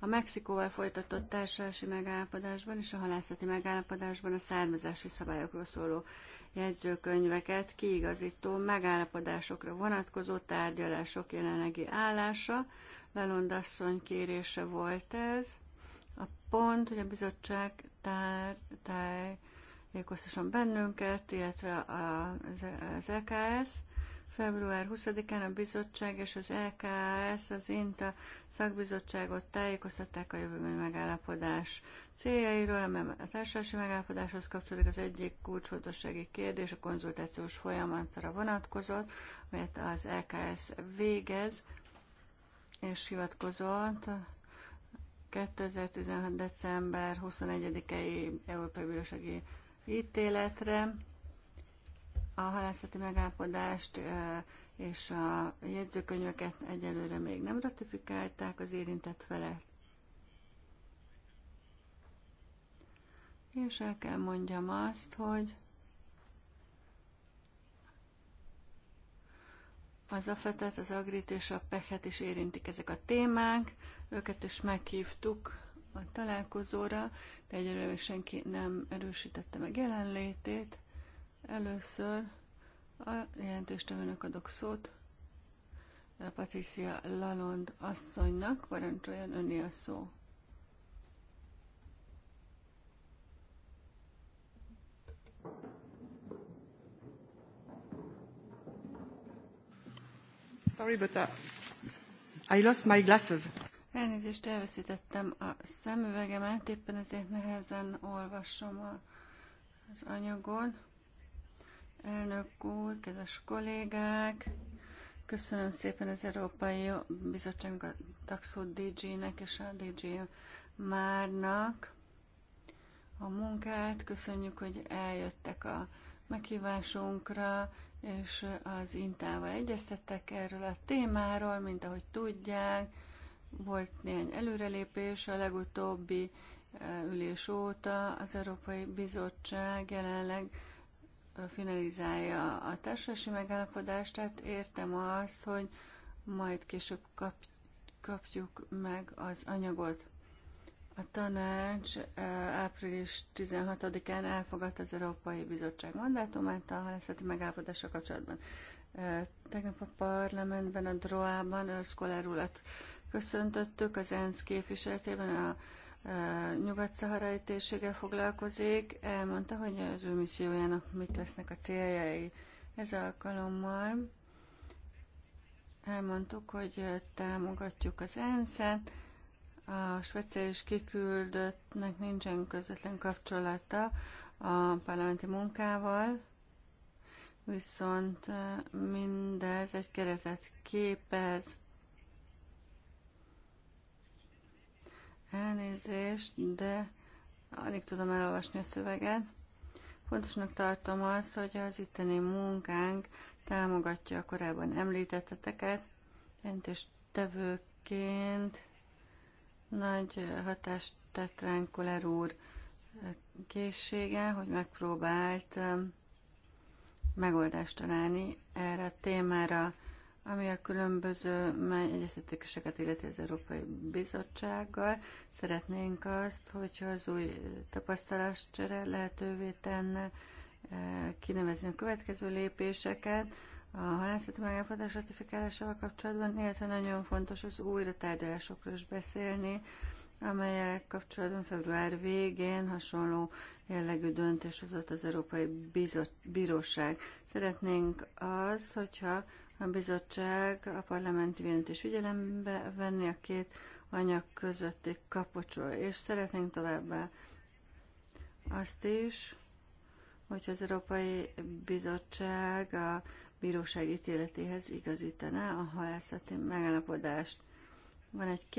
A Mexikóval folytatott társadalmi megállapodásban és a halászati megállapodásban a származási szabályokról szóló jegyzőkönyveket kiigazító megállapodásokra vonatkozó tárgyalások jelenlegi állása. Lelondasszony kérése volt ez. A pont, hogy a bizottság tár, tár bennünket, illetve az, az EKS Február 20-án a bizottság és az LKS az INTA szakbizottságot tájékoztatták a jövőbeni megállapodás céljairól, amely a társadalmi megállapodáshoz kapcsolódik az egyik kulcsfontossági kérdés, a konzultációs folyamatra vonatkozott, amelyet az LKS végez, és hivatkozott 2016. december 21-i Európai Bírósági ítéletre, a halászati megállapodást és a jegyzőkönyveket egyelőre még nem ratifikálták az érintett felek. És el kell mondjam azt, hogy az afetet, az agrit és a pehet is érintik ezek a témák. Őket is meghívtuk a találkozóra, de egyelőre még senki nem erősítette meg jelenlétét. Először a jelentéstevőnek adok szót Patricia Lalond asszonynak, parancsoljon önni a szó. Sorry, but uh, I lost my glasses. Elnézést, elveszítettem a szemüvegemet, éppen ezért nehezen olvasom a, az anyagot. Elnök úr, kedves kollégák! Köszönöm szépen az Európai Bizottságnak, a Taxo DG-nek és a DG Márnak a munkát. Köszönjük, hogy eljöttek a meghívásunkra, és az Intával egyeztettek erről a témáról, mint ahogy tudják. Volt néhány előrelépés a legutóbbi eh, ülés óta. Az Európai Bizottság jelenleg finalizálja a társasi megállapodást, tehát értem azt, hogy majd később kap, kapjuk meg az anyagot. A tanács eh, április 16-án elfogadta az Európai Bizottság mandátumát a halászati megállapodásra kapcsolatban. Eh, tegnap a parlamentben, a Droában ban őrszkolárulat köszöntöttük az ENSZ képviseletében, a nyugat-szaharai térséggel foglalkozik, elmondta, hogy az ő missziójának mit lesznek a céljai. Ez alkalommal elmondtuk, hogy támogatjuk az ensz -et. a speciális kiküldöttnek nincsen közvetlen kapcsolata a parlamenti munkával, viszont mindez egy keretet képez Elnézést, de alig tudom elolvasni a szöveget. Fontosnak tartom azt, hogy az itteni munkánk támogatja a korábban említetteteket, jelentéstevőként nagy hatást tett ránk Koller úr készsége, hogy megpróbált um, megoldást találni erre a témára ami a különböző egyeztetéseket illeti az Európai Bizottsággal. Szeretnénk azt, hogyha az új tapasztaláscsere lehetővé tenne eh, kinevezni a következő lépéseket a halászati megállapodás ratifikálásával kapcsolatban, illetve nagyon fontos az újra tárgyalásokról is beszélni, amelyek kapcsolatban február végén hasonló jellegű döntés hozott az Európai Bizot- Bíróság. Szeretnénk az, hogyha a bizottság a parlamenti véleményt is figyelembe venni a két anyag közötti kapocsol, és szeretnénk továbbá azt is, hogy az Európai Bizottság a bíróság ítéletéhez igazítaná a halászati megállapodást. Van egy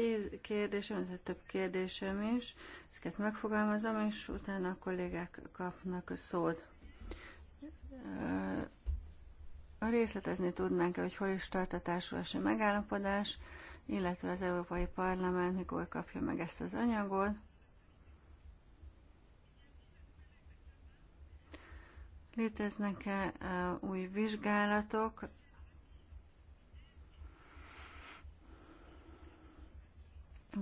kérdésem, tehát több kérdésem is, ezeket megfogalmazom, és utána a kollégák kapnak a szót részletezni tudnánk-e, hogy hol is tart a társulási megállapodás, illetve az Európai Parlament mikor kapja meg ezt az anyagot. Léteznek-e uh, új vizsgálatok?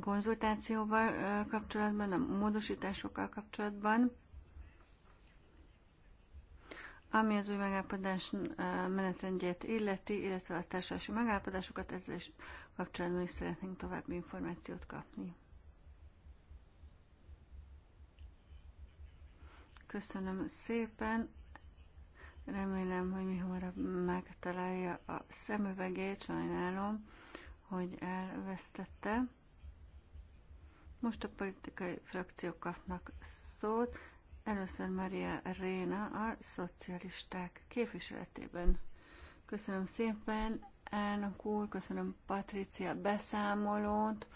konzultációval uh, kapcsolatban, a módosításokkal kapcsolatban. Ami az új megállapodás menetrendjét illeti, illetve a társadalmi megállapodásokat, ezzel is kapcsolatban is szeretnénk további információt kapni. Köszönöm szépen. Remélem, hogy mi hamarabb megtalálja a szemüvegét, sajnálom, hogy elvesztette. Most a politikai frakciók kapnak szót. Először Maria Réna a szocialisták képviseletében. Köszönöm szépen, elnök úr, köszönöm Patricia beszámolót.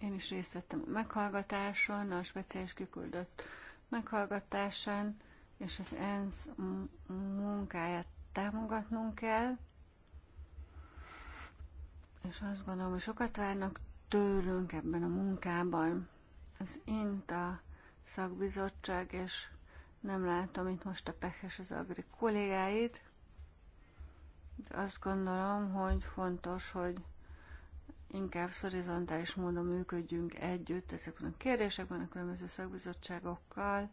Én is részt vettem a meghallgatáson, a speciális kiküldött meghallgatásán, és az ENSZ munkáját támogatnunk kell. És azt gondolom, hogy sokat várnak tőlünk ebben a munkában. Az INTA szakbizottság, és nem látom itt most a pehes az agri kollégáit. De azt gondolom, hogy fontos, hogy inkább horizontális módon működjünk együtt ezekben a kérdésekben, a különböző szakbizottságokkal.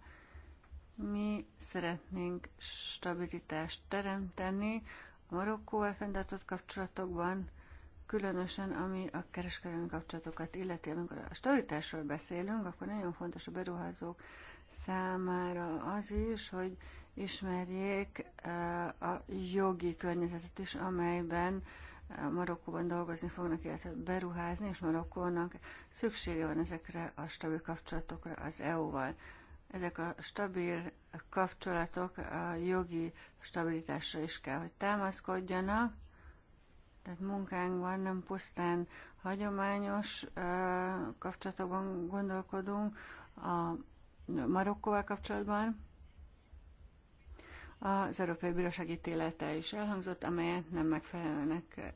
Mi szeretnénk stabilitást teremteni a Marokkóval fenntartott kapcsolatokban, különösen ami a kereskedelmi kapcsolatokat illeti, amikor a stabilitásról beszélünk, akkor nagyon fontos a beruházók számára az is, hogy ismerjék eh, a jogi környezetet is, amelyben eh, Marokkóban dolgozni fognak, illetve beruházni, és Marokkónak szüksége van ezekre a stabil kapcsolatokra az EU-val. Ezek a stabil kapcsolatok a jogi stabilitásra is kell, hogy támaszkodjanak, tehát munkánkban nem pusztán hagyományos kapcsolatokban gondolkodunk a Marokkóval kapcsolatban. Az Európai Bíróság ítélete is elhangzott, amelyet nem megfelelőnek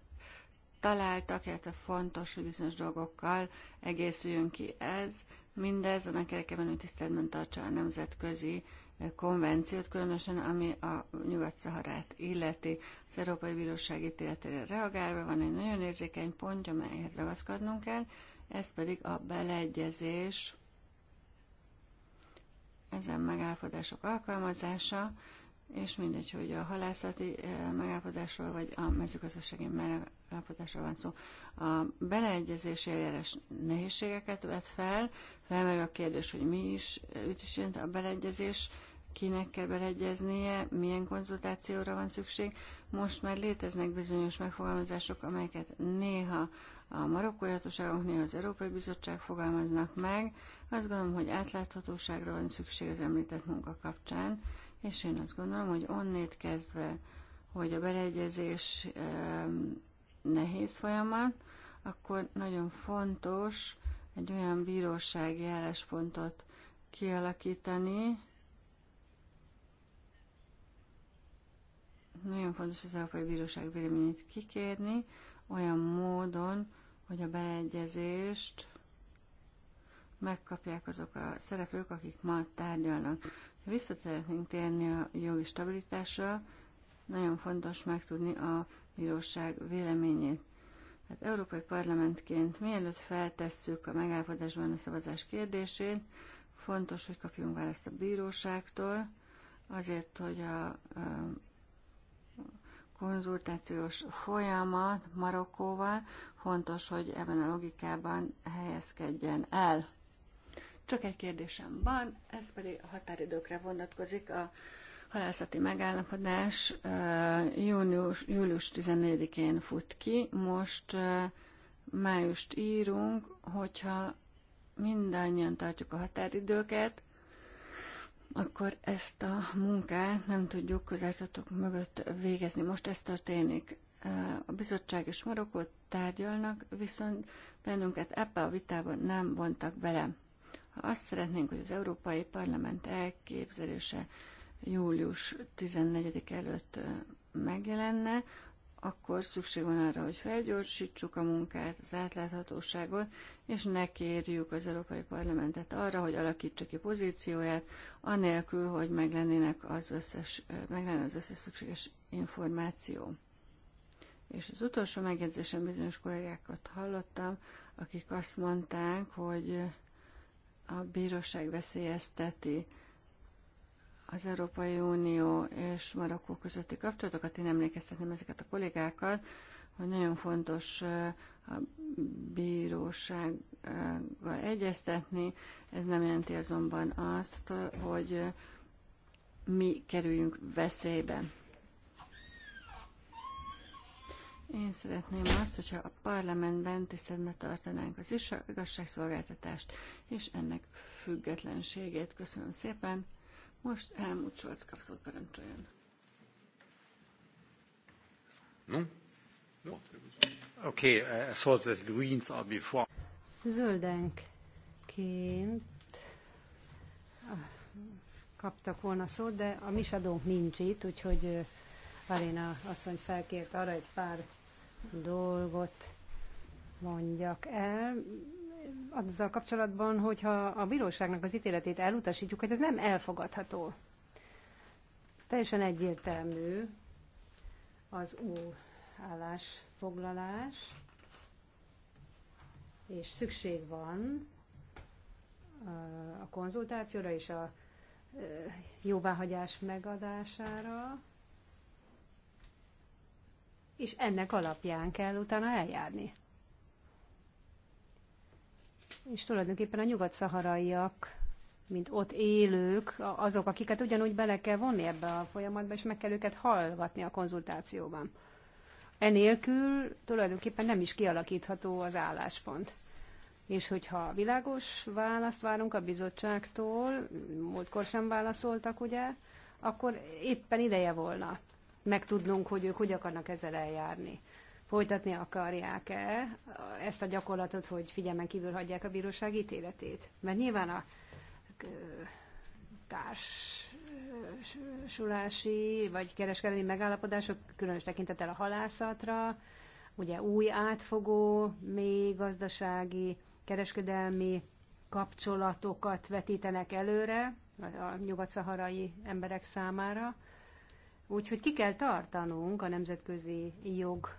találtak, illetve fontos, hogy bizonyos dolgokkal egészüljön ki ez. Mindez annak érdekében, hogy tiszteletben tartsa a nemzetközi konvenciót, különösen ami a Nyugat-Szaharát illeti. Az Európai Bíróság ítéletére reagálva van egy nagyon érzékeny pont, amelyhez ragaszkodnunk kell, ez pedig a beleegyezés, ezen megállapodások alkalmazása, és mindegy, hogy a halászati eh, megállapodásról vagy a mezőgazdasági megállapodásról van szó. A beleegyezési eljárás nehézségeket vet fel, felmerül a kérdés, hogy mi is, mit is jelent a beleegyezés, kinek kell beleegyeznie, milyen konzultációra van szükség. Most már léteznek bizonyos megfogalmazások, amelyeket néha a marokkói hatóságok, néha az Európai Bizottság fogalmaznak meg. Azt gondolom, hogy átláthatóságra van szükség az említett munka kapcsán, és én azt gondolom, hogy onnét kezdve, hogy a beleegyezés eh, nehéz folyamat, akkor nagyon fontos egy olyan bírósági álláspontot kialakítani, Nagyon fontos az Európai Bíróság véleményét kikérni olyan módon, hogy a beleegyezést megkapják azok a szereplők, akik ma tárgyalnak. Ha visszatérnénk térni a jogi stabilitásra, nagyon fontos megtudni a bíróság véleményét. Hát Európai Parlamentként mielőtt feltesszük a megállapodásban a szavazás kérdését, fontos, hogy kapjunk választ a bíróságtól, azért, hogy a, a konzultációs folyamat Marokkóval, fontos, hogy ebben a logikában helyezkedjen el. Csak egy kérdésem van, ez pedig a határidőkre vonatkozik a halászati megállapodás június, július 14-én fut ki, most májust írunk, hogyha mindannyian tartjuk a határidőket, akkor ezt a munkát nem tudjuk közártatok mögött végezni. Most ez történik. A bizottság és Marokkot tárgyalnak, viszont bennünket ebbe a vitában nem vontak bele. Ha azt szeretnénk, hogy az Európai Parlament elképzelése július 14 előtt megjelenne, akkor szükség van arra, hogy felgyorsítsuk a munkát, az átláthatóságot, és ne kérjük az Európai Parlamentet arra, hogy alakítsa ki pozícióját, anélkül, hogy meg, lennének az összes, meg lenne az összes szükséges információ. És az utolsó megjegyzésen bizonyos kollégákat hallottam, akik azt mondták, hogy a bíróság veszélyezteti az Európai Unió és Marokkó közötti kapcsolatokat. Én emlékeztetném ezeket a kollégákat, hogy nagyon fontos eh, a bírósággal egyeztetni. Ez nem jelenti azonban azt, hogy eh, mi kerüljünk veszélybe. Én szeretném azt, hogyha a parlamentben tiszteletben tartanánk az igazságszolgáltatást és ennek függetlenségét. Köszönöm szépen! Most Helmut Scholz kapszót parancsoljon. No? No. Oké, ez so Greens are before. Zöldenként uh, kaptak volna szót, de a misadónk nincs itt, úgyhogy uh, Aréna asszony felkért arra egy pár dolgot mondjak el azzal kapcsolatban, hogyha a bíróságnak az ítéletét elutasítjuk, hogy ez nem elfogadható. Teljesen egyértelmű az ú állásfoglalás, és szükség van a konzultációra és a jóváhagyás megadására, és ennek alapján kell utána eljárni és tulajdonképpen a nyugat-szaharaiak, mint ott élők, azok, akiket ugyanúgy bele kell vonni ebbe a folyamatba, és meg kell őket hallgatni a konzultációban. Enélkül tulajdonképpen nem is kialakítható az álláspont. És hogyha világos választ várunk a bizottságtól, múltkor sem válaszoltak, ugye, akkor éppen ideje volna megtudnunk, hogy ők hogy akarnak ezzel eljárni folytatni akarják-e ezt a gyakorlatot, hogy figyelmen kívül hagyják a bíróság ítéletét. Mert nyilván a társulási vagy kereskedelmi megállapodások, különös tekintettel a halászatra, ugye új átfogó, még gazdasági, kereskedelmi kapcsolatokat vetítenek előre a nyugat-szaharai emberek számára. Úgyhogy ki kell tartanunk a nemzetközi jog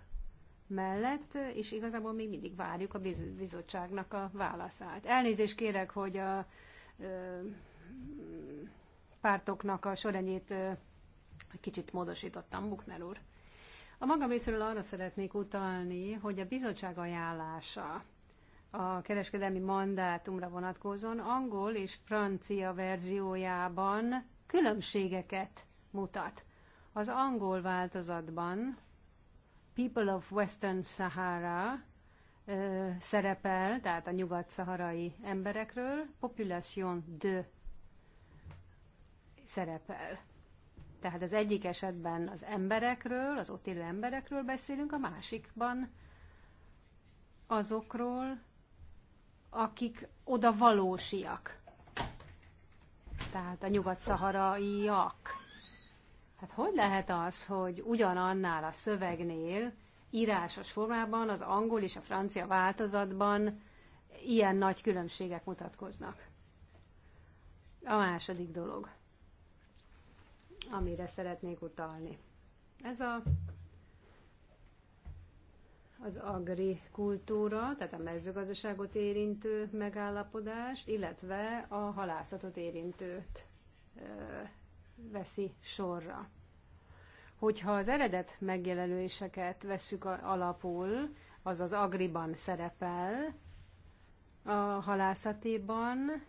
mellett, és igazából még mindig várjuk a bizottságnak a válaszát. Elnézést kérek, hogy a ö, pártoknak a sorrendjét kicsit módosítottam, Bukner úr. A magam részéről arra szeretnék utalni, hogy a bizottság ajánlása a kereskedelmi mandátumra vonatkozóan angol és francia verziójában különbségeket mutat. Az angol változatban People of Western Sahara uh, szerepel, tehát a nyugat-szaharai emberekről, Population de szerepel. Tehát az egyik esetben az emberekről, az ott élő emberekről beszélünk, a másikban azokról, akik oda valósiak. Tehát a nyugat-szaharaiak Hát hogy lehet az, hogy ugyanannál a szövegnél, írásos formában, az angol és a francia változatban ilyen nagy különbségek mutatkoznak? A második dolog, amire szeretnék utalni. Ez a az agrikultúra, tehát a mezőgazdaságot érintő megállapodás, illetve a halászatot érintőt veszi sorra. Hogyha az eredet megjelöléseket vesszük alapul, az az agriban szerepel, a halászatéban,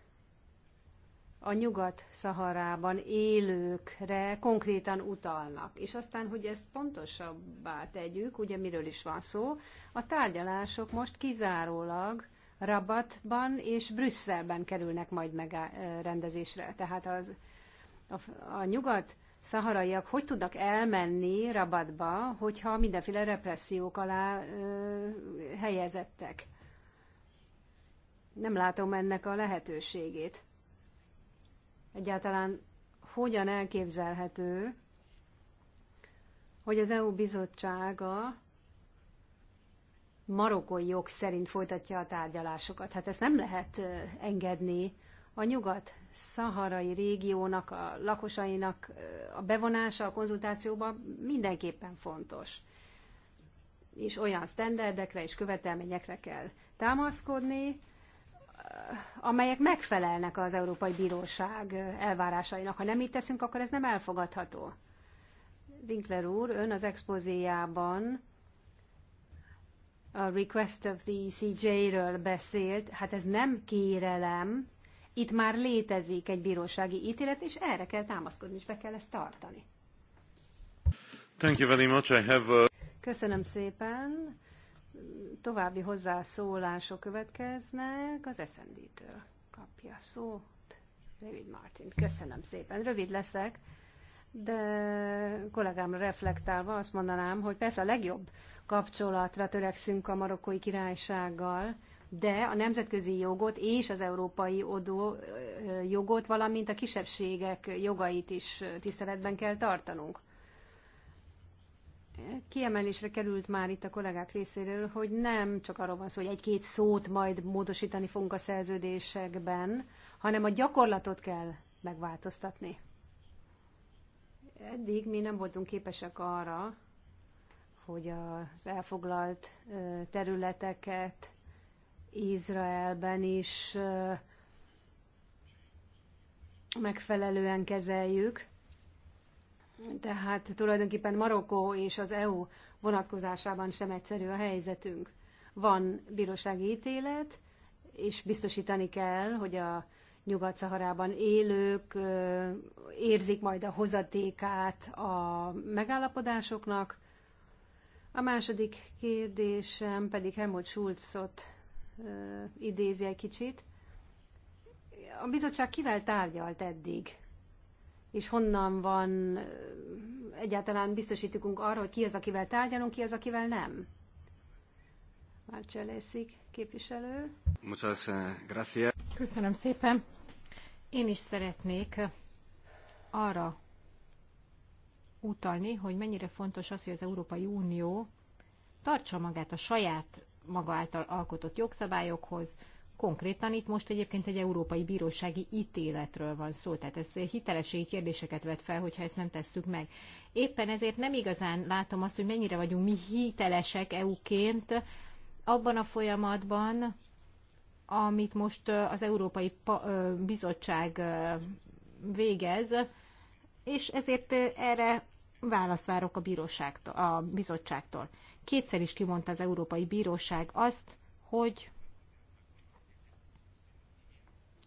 a nyugat-szaharában élőkre konkrétan utalnak. És aztán, hogy ezt pontosabbá tegyük, ugye miről is van szó, a tárgyalások most kizárólag Rabatban és Brüsszelben kerülnek majd megrendezésre. Tehát az a, a nyugat szaharaiak hogy tudnak elmenni Rabatba, hogyha mindenféle repressziók alá ö, helyezettek. Nem látom ennek a lehetőségét. Egyáltalán hogyan elképzelhető, hogy az EU bizottsága marokkói jog szerint folytatja a tárgyalásokat. Hát ezt nem lehet engedni a nyugat-szaharai régiónak, a lakosainak a bevonása a konzultációba mindenképpen fontos. És olyan sztenderdekre és követelményekre kell támaszkodni, amelyek megfelelnek az Európai Bíróság elvárásainak. Ha nem így teszünk, akkor ez nem elfogadható. Winkler úr, ön az expozéjában a request of the ECJ-ről beszélt, hát ez nem kérelem, itt már létezik egy bírósági ítélet, és erre kell támaszkodni, és be kell ezt tartani. Thank you very much. I have a... Uh, Köszönöm szépen. További hozzászólások következnek. Az SND-től kapja szót. David Martin. Köszönöm szépen. Rövid leszek, de kollégámra reflektálva azt mondanám, hogy persze a legjobb kapcsolatra törekszünk a marokkói királysággal, de a nemzetközi jogot és az európai odó jogot, valamint a kisebbségek jogait is tiszteletben kell tartanunk. Kiemelésre került már itt a kollégák részéről, hogy nem csak arról van szó, hogy egy-két szót majd módosítani fogunk a szerződésekben, hanem a gyakorlatot kell megváltoztatni. Eddig mi nem voltunk képesek arra, hogy az elfoglalt területeket Izraelben is megfelelően kezeljük. Tehát tulajdonképpen Marokkó és az EU vonatkozásában sem egyszerű a helyzetünk. Van bírósági ítélet, és biztosítani kell, hogy a Nyugat-Szaharában élők érzik majd a hozatékát a megállapodásoknak. A második kérdésem pedig Helmut Schulzot idézi egy kicsit. A bizottság kivel tárgyalt eddig? És honnan van egyáltalán biztosítikunk arra, hogy ki az, akivel tárgyalunk, ki az, akivel nem? cselészik képviselő. Muchas eh, gracias. Köszönöm szépen. Én is szeretnék arra utalni, hogy mennyire fontos az, hogy az Európai Unió tartsa magát a saját maga által alkotott jogszabályokhoz. Konkrétan itt most egyébként egy európai bírósági ítéletről van szó, tehát ez hitelességi kérdéseket vet fel, hogyha ezt nem tesszük meg. Éppen ezért nem igazán látom azt, hogy mennyire vagyunk mi hitelesek EU-ként abban a folyamatban, amit most az Európai Bizottság végez, és ezért erre választ várok a, bíróságtól, a bizottságtól. Kétszer is kimondta az Európai Bíróság azt, hogy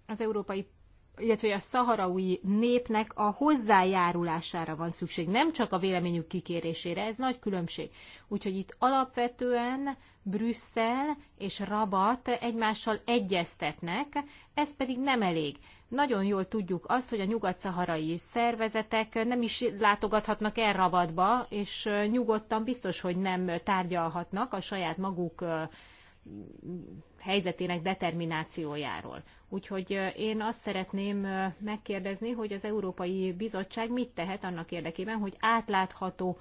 az Európai illetve a szaharaui népnek a hozzájárulására van szükség, nem csak a véleményük kikérésére, ez nagy különbség. Úgyhogy itt alapvetően Brüsszel és Rabat egymással egyeztetnek, ez pedig nem elég. Nagyon jól tudjuk azt, hogy a nyugat-szaharai szervezetek nem is látogathatnak el Rabatba, és nyugodtan biztos, hogy nem tárgyalhatnak a saját maguk helyzetének determinációjáról. Úgyhogy én azt szeretném megkérdezni, hogy az Európai Bizottság mit tehet annak érdekében, hogy átlátható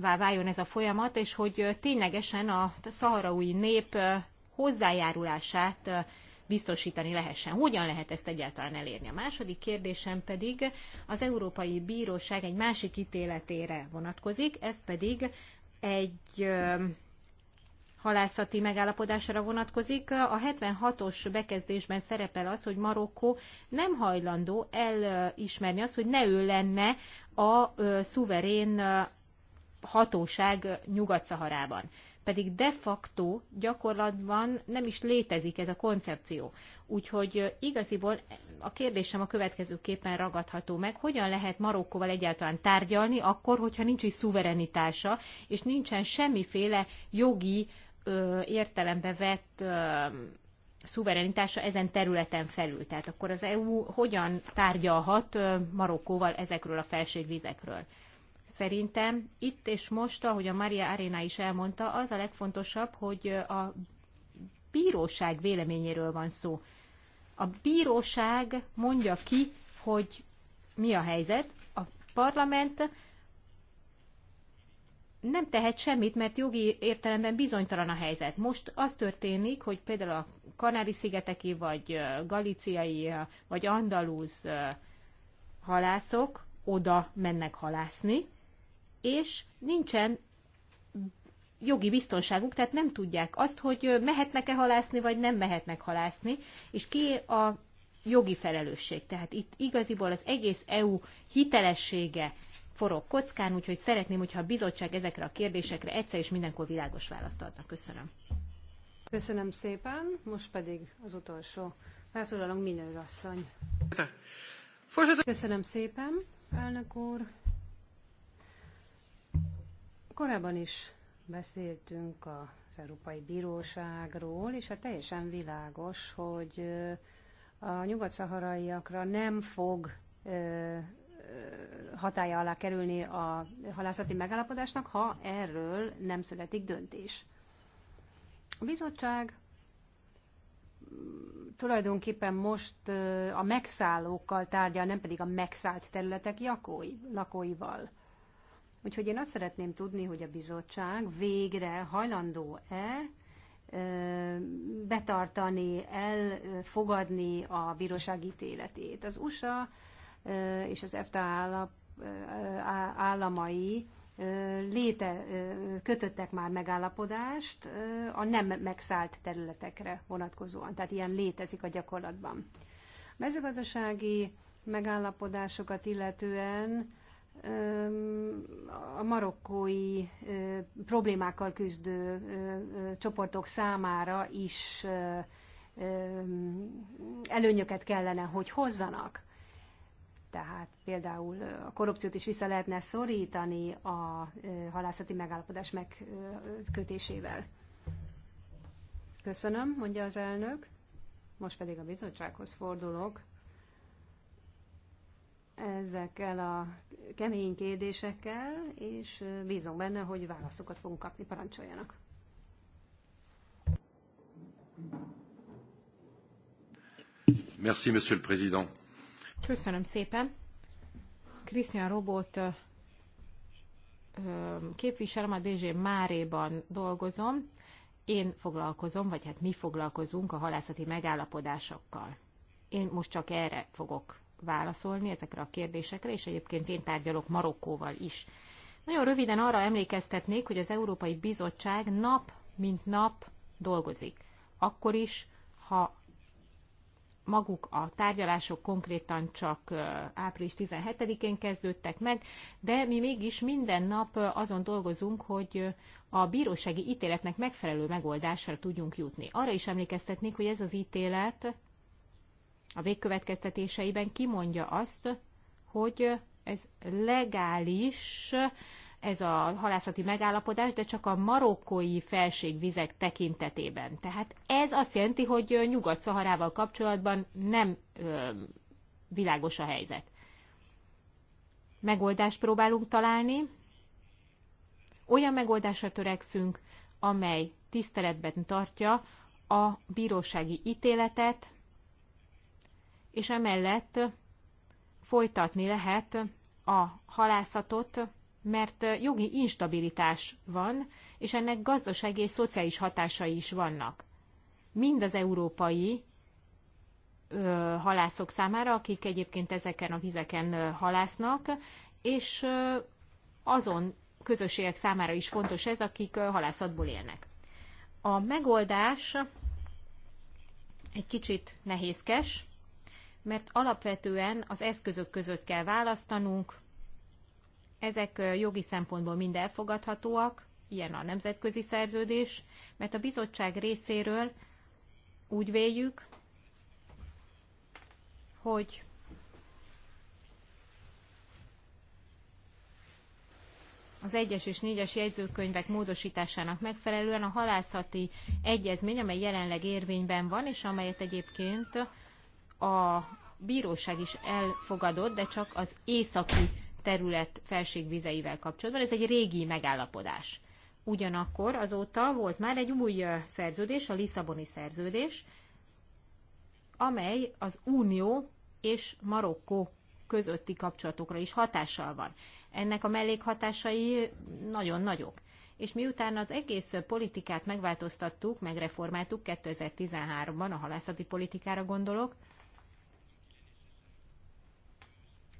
váljon ez a folyamat, és hogy ténylegesen a szaharaui nép hozzájárulását biztosítani lehessen. Hogyan lehet ezt egyáltalán elérni? A második kérdésem pedig az Európai Bíróság egy másik ítéletére vonatkozik, ez pedig egy halászati megállapodásra vonatkozik. A 76-os bekezdésben szerepel az, hogy Marokkó nem hajlandó elismerni azt, hogy ne ő lenne a szuverén hatóság Nyugat-Szaharában. Pedig de facto gyakorlatban nem is létezik ez a koncepció. Úgyhogy igaziból a kérdésem a következőképpen ragadható meg, hogyan lehet Marokkóval egyáltalán tárgyalni akkor, hogyha nincs is szuverenitása, és nincsen semmiféle jogi ö, értelembe vett ö, szuverenitása ezen területen felül. Tehát akkor az EU hogyan tárgyalhat ö, Marokkóval ezekről a felségvizekről? Szerintem itt és most, ahogy a Maria Arena is elmondta, az a legfontosabb, hogy a bíróság véleményéről van szó. A bíróság mondja ki, hogy mi a helyzet, a parlament nem tehet semmit, mert jogi értelemben bizonytalan a helyzet. Most az történik, hogy például a Kanári-szigeteki, vagy galiciai, vagy andalúz halászok oda mennek halászni, és nincsen jogi biztonságuk, tehát nem tudják azt, hogy mehetnek-e halászni, vagy nem mehetnek halászni, és ki a jogi felelősség. Tehát itt igaziból az egész EU hitelessége forog kockán, úgyhogy szeretném, hogyha a bizottság ezekre a kérdésekre egyszer és mindenkor világos választ adna. Köszönöm. Köszönöm szépen, most pedig az utolsó. Felszólalunk Minőr asszony. Köszönöm szépen, elnök úr. Korábban is beszéltünk az Európai Bíróságról, és hát teljesen világos, hogy a nyugat-szaharaiakra nem fog hatája alá kerülni a halászati megállapodásnak, ha erről nem születik döntés. A bizottság mm, tulajdonképpen most a megszállókkal tárgyal, nem pedig a megszállt területek jakói, lakóival. Úgyhogy én azt szeretném tudni, hogy a bizottság végre hajlandó-e betartani, elfogadni a bírósági ítéletét. Az USA és az EFTA állap, államai léte, kötöttek már megállapodást a nem megszállt területekre vonatkozóan. Tehát ilyen létezik a gyakorlatban. A mezőgazdasági megállapodásokat illetően a marokkói problémákkal küzdő csoportok számára is előnyöket kellene, hogy hozzanak. Tehát például a korrupciót is vissza lehetne szorítani a halászati megállapodás megkötésével. Köszönöm, mondja az elnök. Most pedig a bizottsághoz fordulok. Ezekkel a kemény kérdésekkel, és bízom benne, hogy válaszokat fogunk kapni. Parancsoljanak! Merci, Monsieur le Président. Köszönöm szépen. Krisztián Robot, képviselem, a DG Máréban dolgozom. Én foglalkozom, vagy hát mi foglalkozunk a halászati megállapodásokkal. Én most csak erre fogok válaszolni, ezekre a kérdésekre, és egyébként én tárgyalok Marokkóval is. Nagyon röviden arra emlékeztetnék, hogy az Európai Bizottság nap mint nap dolgozik. Akkor is, ha maguk a tárgyalások konkrétan csak április 17-én kezdődtek meg, de mi mégis minden nap azon dolgozunk, hogy a bírósági ítéletnek megfelelő megoldásra tudjunk jutni. Arra is emlékeztetnék, hogy ez az ítélet a végkövetkeztetéseiben kimondja azt, hogy ez legális ez a halászati megállapodás, de csak a marokkói felségvizek tekintetében. Tehát ez azt jelenti, hogy Nyugat-Szaharával kapcsolatban nem ö, világos a helyzet. Megoldást próbálunk találni, olyan megoldásra törekszünk, amely tiszteletben tartja a bírósági ítéletet, és emellett folytatni lehet a halászatot mert jogi instabilitás van, és ennek gazdasági és szociális hatásai is vannak. Mind az európai ö, halászok számára, akik egyébként ezeken a vizeken ö, halásznak, és ö, azon közösségek számára is fontos ez, akik ö, halászatból élnek. A megoldás egy kicsit nehézkes, mert alapvetően az eszközök között kell választanunk, ezek jogi szempontból mind elfogadhatóak, ilyen a nemzetközi szerződés, mert a bizottság részéről úgy véljük, hogy az egyes és négyes jegyzőkönyvek módosításának megfelelően a halászati egyezmény, amely jelenleg érvényben van, és amelyet egyébként a bíróság is elfogadott, de csak az északi terület felségvizeivel kapcsolatban. Ez egy régi megállapodás. Ugyanakkor azóta volt már egy új szerződés, a Lisszaboni szerződés, amely az Unió és Marokkó közötti kapcsolatokra is hatással van. Ennek a mellékhatásai nagyon nagyok. És miután az egész politikát megváltoztattuk, megreformáltuk 2013-ban, a halászati politikára gondolok,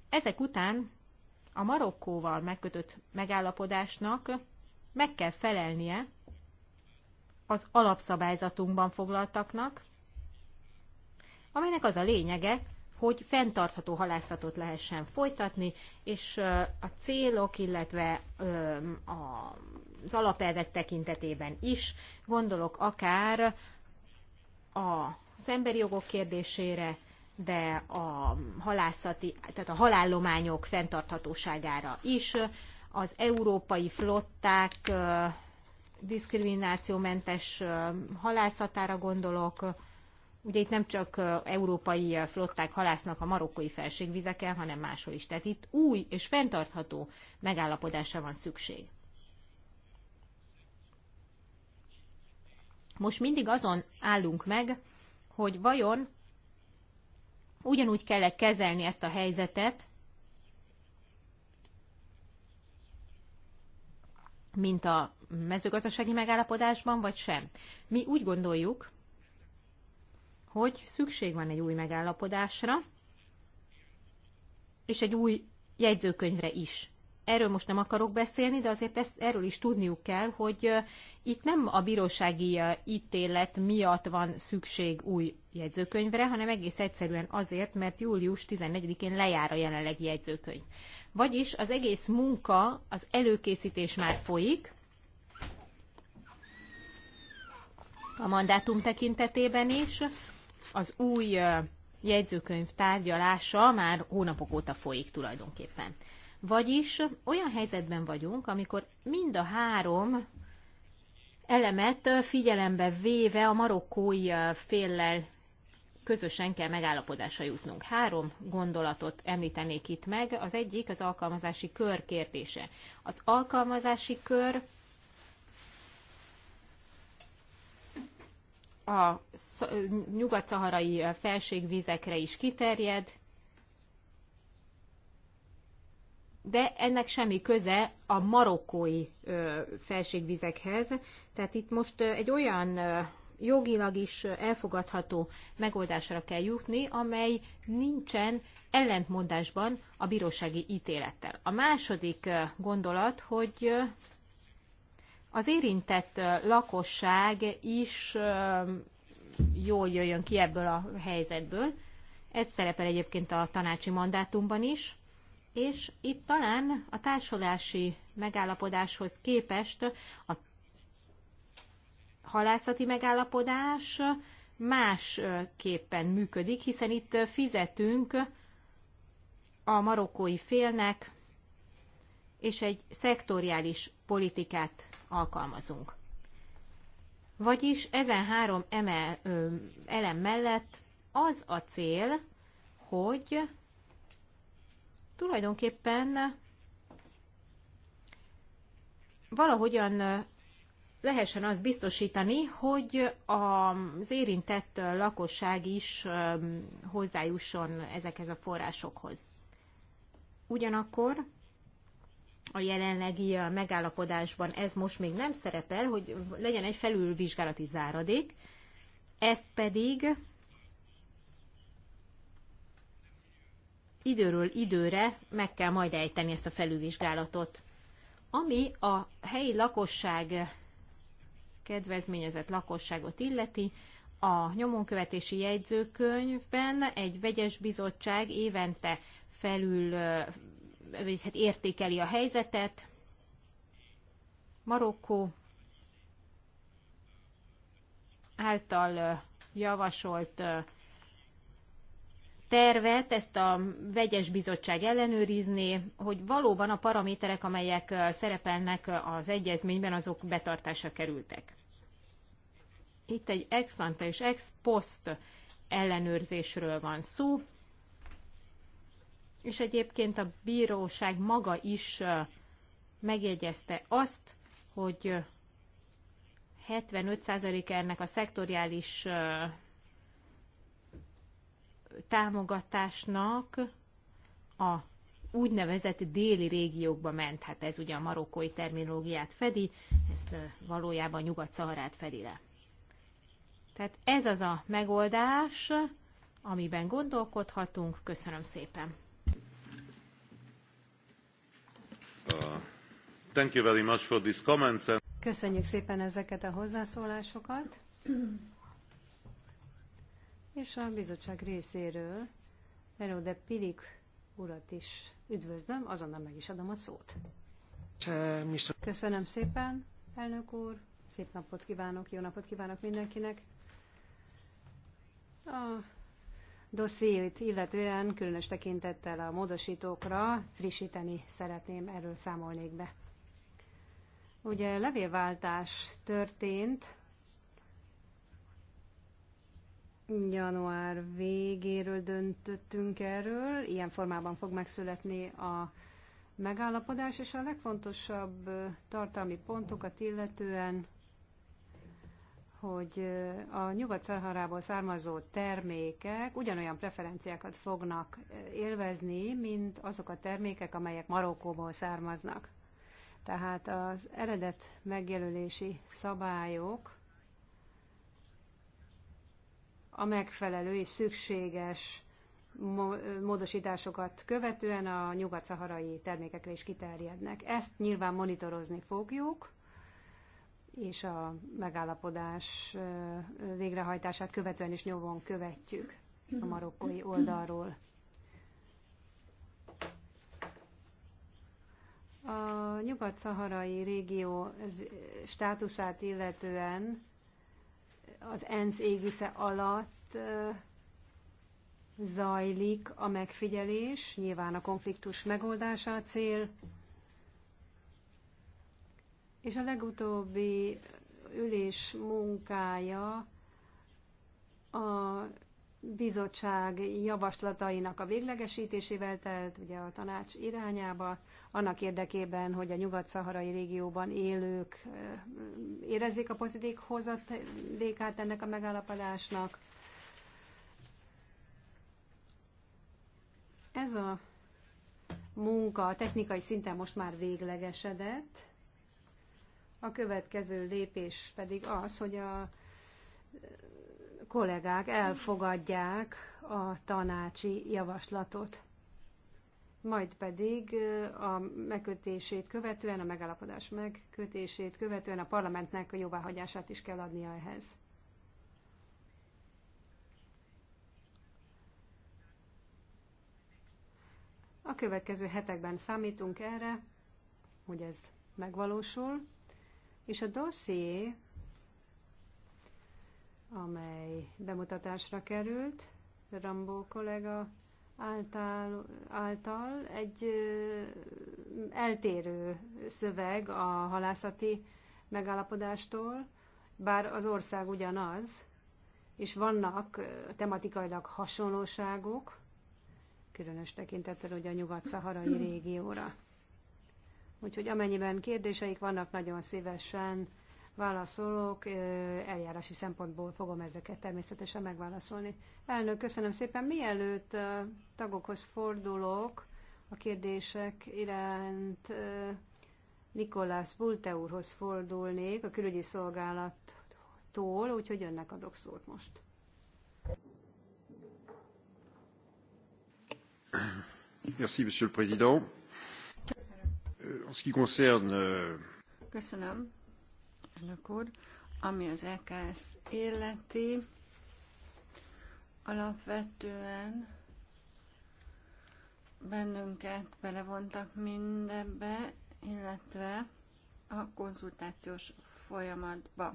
ezek után a Marokkóval megkötött megállapodásnak meg kell felelnie az alapszabályzatunkban foglaltaknak, amelynek az a lényege, hogy fenntartható halászatot lehessen folytatni, és a célok, illetve az alapelvek tekintetében is, gondolok akár az emberi jogok kérdésére, de a halászati, tehát a halállományok fenntarthatóságára is, az európai flották diszkriminációmentes halászatára gondolok. Ugye itt nem csak európai flották halásznak a marokkói felségvizeken, hanem máshol is. Tehát itt új és fenntartható megállapodásra van szükség. Most mindig azon állunk meg, hogy vajon ugyanúgy kellett kezelni ezt a helyzetet, mint a mezőgazdasági megállapodásban, vagy sem. Mi úgy gondoljuk, hogy szükség van egy új megállapodásra, és egy új jegyzőkönyvre is erről most nem akarok beszélni, de azért ezt, erről is tudniuk kell, hogy itt nem a bírósági ítélet miatt van szükség új jegyzőkönyvre, hanem egész egyszerűen azért, mert július 14-én lejár a jelenlegi jegyzőkönyv. Vagyis az egész munka, az előkészítés már folyik, a mandátum tekintetében is, az új jegyzőkönyv tárgyalása már hónapok óta folyik tulajdonképpen. Vagyis olyan helyzetben vagyunk, amikor mind a három elemet figyelembe véve a marokkói féllel közösen kell megállapodásra jutnunk. Három gondolatot említenék itt meg. Az egyik az alkalmazási kör kérdése. Az alkalmazási kör a nyugat-szaharai felségvizekre is kiterjed, de ennek semmi köze a marokkói felségvizekhez. Tehát itt most egy olyan jogilag is elfogadható megoldásra kell jutni, amely nincsen ellentmondásban a bírósági ítélettel. A második gondolat, hogy az érintett lakosság is jól jöjjön ki ebből a helyzetből. Ez szerepel egyébként a tanácsi mandátumban is és itt talán a társulási megállapodáshoz képest a halászati megállapodás másképpen működik, hiszen itt fizetünk a marokkói félnek, és egy szektoriális politikát alkalmazunk. Vagyis ezen három emel, ö, elem mellett az a cél, hogy tulajdonképpen valahogyan lehessen azt biztosítani, hogy az érintett lakosság is hozzájusson ezekhez a forrásokhoz. Ugyanakkor a jelenlegi megállapodásban ez most még nem szerepel, hogy legyen egy felülvizsgálati záradék, ezt pedig időről időre meg kell majd ejteni ezt a felülvizsgálatot. Ami a helyi lakosság kedvezményezett lakosságot illeti, a nyomonkövetési jegyzőkönyvben egy vegyes bizottság évente felül hát értékeli a helyzetet. Marokkó által javasolt tervet, ezt a vegyes bizottság ellenőrizni, hogy valóban a paraméterek, amelyek szerepelnek az egyezményben, azok betartásra kerültek. Itt egy ex ante és ex post ellenőrzésről van szó, és egyébként a bíróság maga is megjegyezte azt, hogy 75% ennek a szektoriális támogatásnak a úgynevezett déli régiókba ment, hát ez ugye a marokkói terminológiát fedi, ez valójában Nyugat-Szaharát fedi le. Tehát ez az a megoldás, amiben gondolkodhatunk. Köszönöm szépen! Uh, thank you very much for comments. Köszönjük szépen ezeket a hozzászólásokat és a bizottság részéről Erő de Pirik urat is üdvözlöm, azonnal meg is adom a szót. Köszönöm szépen, elnök úr, szép napot kívánok, jó napot kívánok mindenkinek. A dossziét illetően különös tekintettel a módosítókra frissíteni szeretném, erről számolnék be. Ugye levélváltás történt január végéről döntöttünk erről, ilyen formában fog megszületni a megállapodás, és a legfontosabb tartalmi pontokat illetően, hogy a Nyugat-Szaharából származó termékek ugyanolyan preferenciákat fognak élvezni, mint azok a termékek, amelyek Marokkóból származnak. Tehát az eredet megjelölési szabályok a megfelelő és szükséges módosításokat követően a nyugat-szaharai termékekre is kiterjednek. Ezt nyilván monitorozni fogjuk, és a megállapodás végrehajtását követően is nyomon követjük a marokkói oldalról. A nyugat-szaharai régió státuszát illetően az ENSZ égisze alatt zajlik a megfigyelés, nyilván a konfliktus megoldása a cél, és a legutóbbi ülés munkája a bizottság javaslatainak a véglegesítésével telt, ugye a tanács irányába, annak érdekében, hogy a nyugat-szaharai régióban élők érezzék a pozitív hozatékát ennek a megállapodásnak. Ez a munka a technikai szinten most már véglegesedett. A következő lépés pedig az, hogy a kollégák elfogadják a tanácsi javaslatot. Majd pedig a megkötését követően, a megállapodás megkötését követően a parlamentnek a jóváhagyását is kell adnia ehhez. A következő hetekben számítunk erre, hogy ez megvalósul, és a dosszié amely bemutatásra került Rambó kollega által, által egy eltérő szöveg a halászati megállapodástól, bár az ország ugyanaz, és vannak tematikailag hasonlóságok, különös tekintettel ugye a nyugat-szaharai régióra. Úgyhogy amennyiben kérdéseik vannak, nagyon szívesen válaszolok, eljárási szempontból fogom ezeket természetesen megválaszolni. Elnök, köszönöm szépen. Mielőtt tagokhoz fordulok a kérdések iránt, Nikolász Bulte úrhoz fordulnék a külügyi szolgálattól, úgyhogy önnek adok szót most. Merci, Monsieur le Président. Köszönöm. Euh, en ce qui concerne... Euh, köszönöm elnök úr. Ami az EKS életi alapvetően bennünket belevontak mindebbe, illetve a konzultációs folyamatba.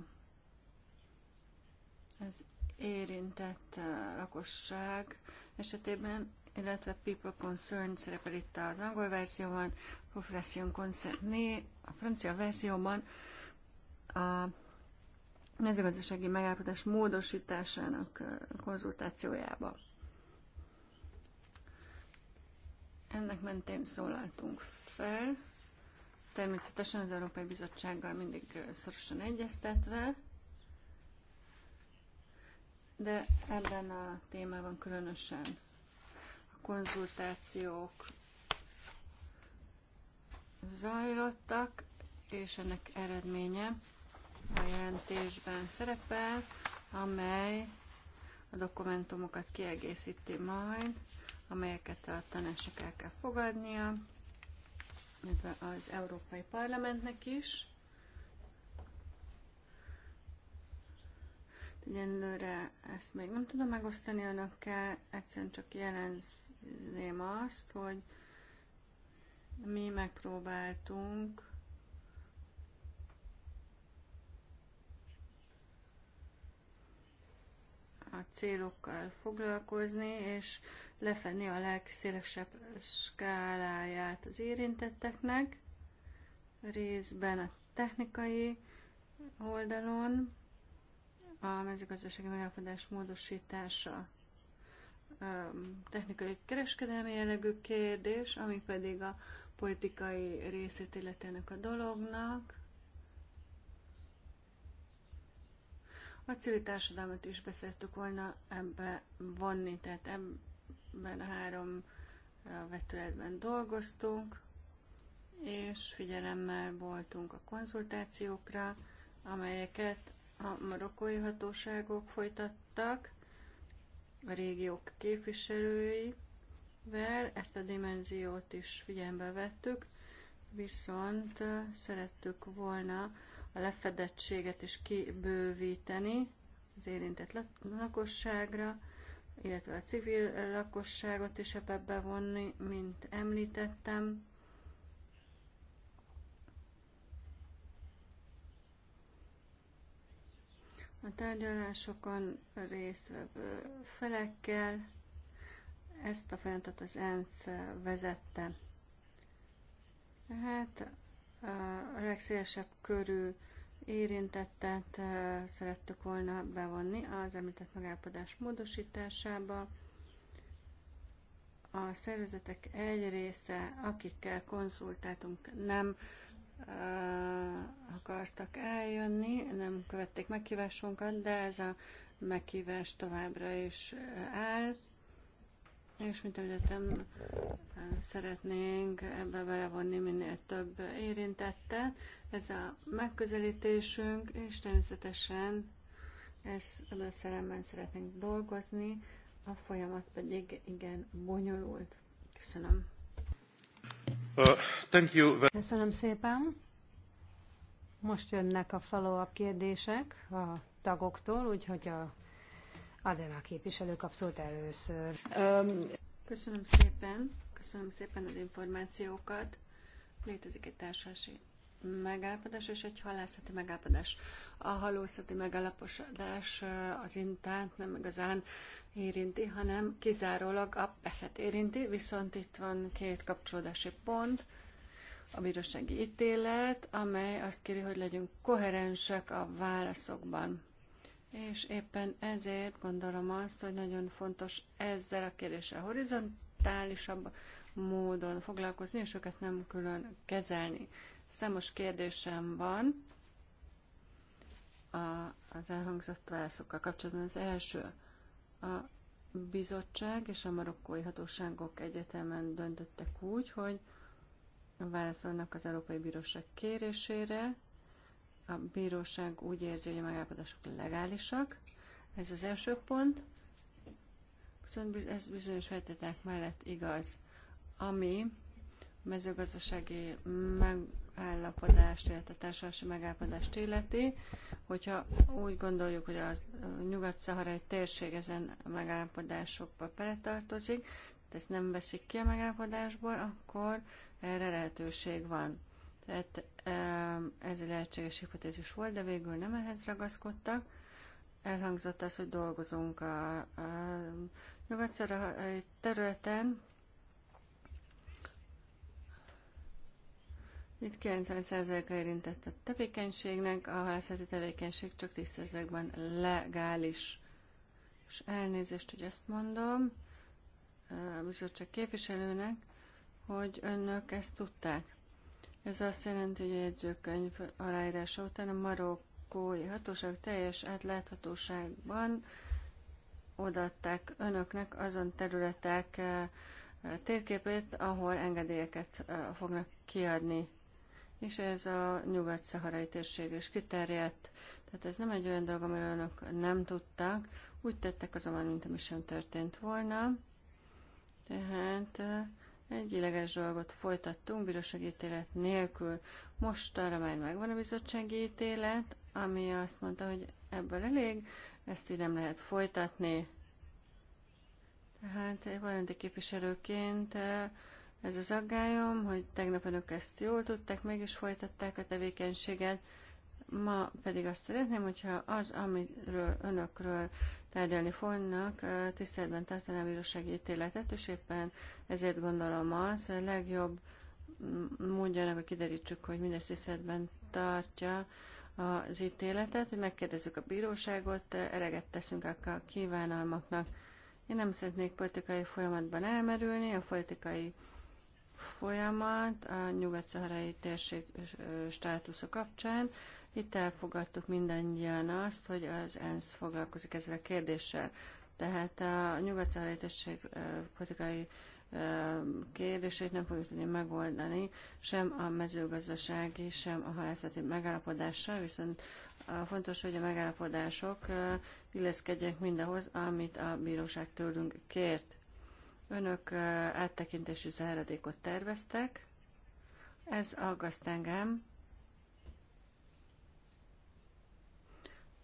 Az érintett uh, lakosság esetében, illetve People Concern szerepel itt az angol verzióban, Profession Concerné a francia verzióban, a mezőgazdasági megállapodás módosításának konzultációjába. Ennek mentén szólaltunk fel, természetesen az Európai Bizottsággal mindig szorosan egyeztetve, de ebben a témában különösen a konzultációk zajlottak, és ennek eredménye a jelentésben szerepel, amely a dokumentumokat kiegészíti majd, amelyeket a tanácsnak el kell fogadnia, az Európai Parlamentnek is. Egyenlőre ezt még nem tudom megosztani önökkel, egyszerűen csak jelenzném azt, hogy mi megpróbáltunk a célokkal foglalkozni, és lefedni a legszélesebb skáláját az érintetteknek, részben a technikai oldalon, a mezőgazdasági megállapodás módosítása technikai kereskedelmi jellegű kérdés, ami pedig a politikai részét illeti a dolognak, A civil társadalmat is beszéltük volna ebbe vonni, tehát ebben a három vetületben dolgoztunk, és figyelemmel voltunk a konzultációkra, amelyeket a marokkói hatóságok folytattak, a régiók képviselőivel, ezt a dimenziót is figyelembe vettük, viszont szerettük volna a lefedettséget is kibővíteni az érintett lakosságra, illetve a civil lakosságot is ebbe bevonni, mint említettem. A tárgyalásokon résztvevő felekkel ezt a folyamatot az ENSZ vezette. Hát a legszélesebb körű érintettet szerettük volna bevonni az említett megállapodás módosításába. A szervezetek egy része, akikkel konzultáltunk, nem akartak eljönni, nem követték meghívásunkat, de ez a meghívás továbbra is áll. És mint említettem, szeretnénk ebbe belevonni minél több érintettet. Ez a megközelítésünk, és természetesen ez, ebben a szeremben szeretnénk dolgozni, a folyamat pedig igen bonyolult. Köszönöm. Uh, thank you. Köszönöm szépen. Most jönnek a follow-up kérdések a tagoktól, úgyhogy a Adena képviselő kap szót először. Köszönöm szépen, köszönöm szépen az információkat. Létezik egy társaság megállapodás és egy halászati megállapodás. A halászati megállapodás az intánt nem igazán érinti, hanem kizárólag a pehet érinti, viszont itt van két kapcsolódási pont, a bírósági ítélet, amely azt kéri, hogy legyünk koherensek a válaszokban. És éppen ezért gondolom azt, hogy nagyon fontos ezzel a kérdéssel horizontálisabb módon foglalkozni, és őket nem külön kezelni. Számos kérdésem van a, az elhangzott válaszokkal kapcsolatban. Az első, a bizottság és a marokkói hatóságok egyetemen döntöttek úgy, hogy válaszolnak az Európai Bíróság kérésére, a bíróság úgy érzi, hogy a megállapodások legálisak. Ez az első pont. Viszont ez bizonyos feltételek mellett igaz, ami a mezőgazdasági megállapodást, illetve a társadalmi megállapodást illeti, hogyha úgy gondoljuk, hogy a nyugat-szaharai térség ezen megállapodásokba beletartozik, ezt nem veszik ki a megállapodásból, akkor erre lehetőség van. Tehát ez egy lehetséges hipotézis volt, de végül nem ehhez ragaszkodtak. Elhangzott az, hogy dolgozunk a, a nyugat területen. Itt 90%-a érintett a tevékenységnek, a halászati tevékenység csak 10%-ban legális. És elnézést, hogy ezt mondom a bizottság képviselőnek, hogy önök ezt tudták. Ez azt jelenti, hogy a jegyzőkönyv aláírása után a marokkói hatóság teljes átláthatóságban odaadták önöknek azon területek eh, térképét, ahol engedélyeket eh, fognak kiadni. És ez a nyugat-szaharai térség is kiterjedt. Tehát ez nem egy olyan dolog, amiről önök nem tudtak. Úgy tettek azonban, mint ami sem történt volna. Tehát eh, egy illegális dolgot folytattunk bírósági ítélet nélkül. Most arra már megvan a bizottsági ítélet, ami azt mondta, hogy ebből elég, ezt így nem lehet folytatni. Tehát valami eh, képviselőként eh, ez az aggályom, hogy tegnap önök ezt jól tudták, mégis folytatták a tevékenységet. Ma pedig azt szeretném, hogyha az, amiről önökről tárgyalni fognak, tiszteletben tartaná a bírósági ítéletet, és éppen ezért gondolom az, hogy a legjobb módja annak, hogy kiderítsük, hogy mindezt tiszteletben tartja az ítéletet, hogy megkérdezzük a bíróságot, ereget teszünk a kívánalmaknak. Én nem szeretnék politikai folyamatban elmerülni, a politikai folyamat a nyugat-szaharai térség státusza kapcsán. Itt elfogadtuk mindannyian azt, hogy az ENSZ foglalkozik ezzel a kérdéssel. Tehát a nyugat-szaharai térség politikai kérdését nem fogjuk tudni megoldani, sem a mezőgazdasági, sem a halászati megállapodással, viszont fontos, hogy a megállapodások illeszkedjenek mindahhoz, amit a bíróság tőlünk kért. Önök áttekintésű záradékot terveztek. Ez aggaszt engem.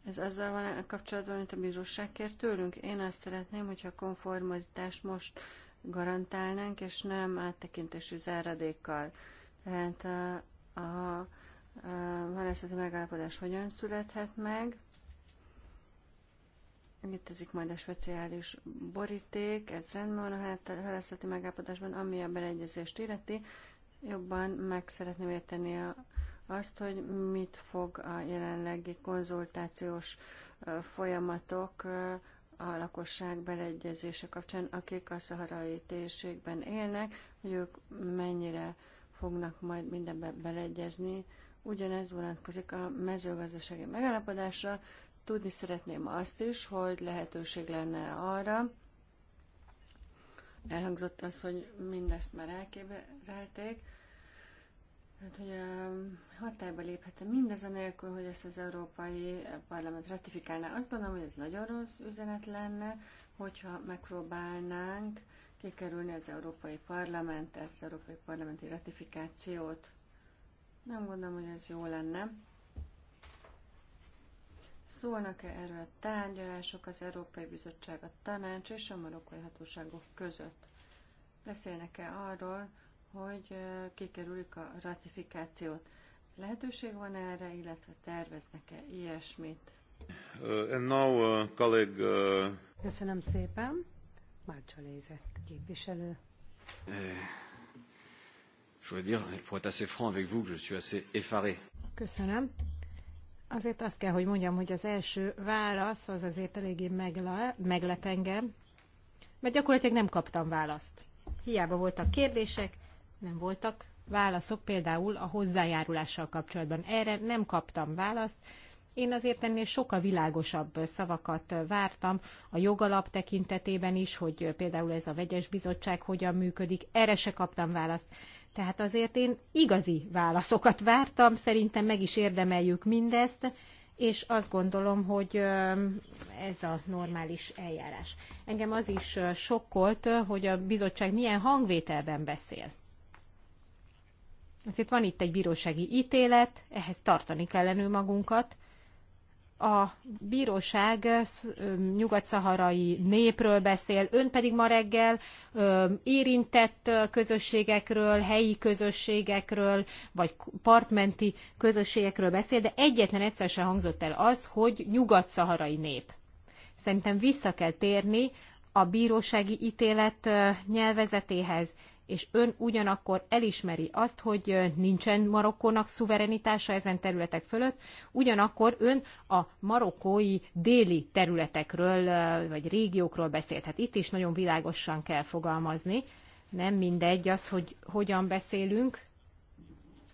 Ez azzal van e- kapcsolatban, amit a bíróság kér tőlünk. Én azt szeretném, hogyha a konformitást most garantálnánk, és nem áttekintésű záradékkal. Tehát a, a, a, a megállapodás hogyan születhet meg? Létezik majd a speciális boríték, ez rendben van hát- a halászati megállapodásban, ami a beleegyezést illeti. Jobban meg szeretném érteni azt, hogy mit fog a jelenlegi konzultációs folyamatok a lakosság beleegyezése kapcsán, akik a szaharai térségben élnek, hogy ők mennyire fognak majd mindenbe beleegyezni. Ugyanez vonatkozik a mezőgazdasági megállapodásra, Tudni szeretném azt is, hogy lehetőség lenne arra, elhangzott az, hogy mindezt már elképzelték, Hát, hogy um, hatályba léphetne mindez anélkül, hogy ezt az Európai Parlament ratifikálná. Azt gondolom, hogy ez nagyon rossz üzenet lenne, hogyha megpróbálnánk kikerülni az Európai Parlamentet, az Európai Parlamenti ratifikációt. Nem gondolom, hogy ez jó lenne. Szólnak-e erről a tárgyalások az Európai Bizottság, a Tanács és a marokkai hatóságok között? Beszélnek-e arról, hogy kikerülik a ratifikációt? Lehetőség van erre, illetve terveznek-e ilyesmit? Uh, and now, uh, colleague, uh... Köszönöm szépen. Márcsa Lézek képviselő. Eh, je voudrais dire, pour être assez franc avec vous, que je suis assez effaré. Köszönöm. Azért azt kell, hogy mondjam, hogy az első válasz az azért eléggé megle- meglep engem, mert gyakorlatilag nem kaptam választ. Hiába voltak kérdések, nem voltak válaszok például a hozzájárulással kapcsolatban. Erre nem kaptam választ. Én azért ennél sokkal világosabb szavakat vártam a jogalap tekintetében is, hogy például ez a vegyes bizottság hogyan működik. Erre se kaptam választ. Tehát azért én igazi válaszokat vártam, szerintem meg is érdemeljük mindezt, és azt gondolom, hogy ez a normális eljárás. Engem az is sokkolt, hogy a bizottság milyen hangvételben beszél. Azért van itt egy bírósági ítélet, ehhez tartani kellene magunkat, a bíróság nyugat-szaharai népről beszél, ön pedig ma reggel érintett közösségekről, helyi közösségekről, vagy partmenti közösségekről beszél, de egyetlen egyszer sem hangzott el az, hogy nyugat-szaharai nép. Szerintem vissza kell térni a bírósági ítélet nyelvezetéhez, és ön ugyanakkor elismeri azt, hogy nincsen Marokkónak szuverenitása ezen területek fölött, ugyanakkor ön a marokkói déli területekről vagy régiókról beszélt. Hát itt is nagyon világosan kell fogalmazni. Nem mindegy az, hogy hogyan beszélünk,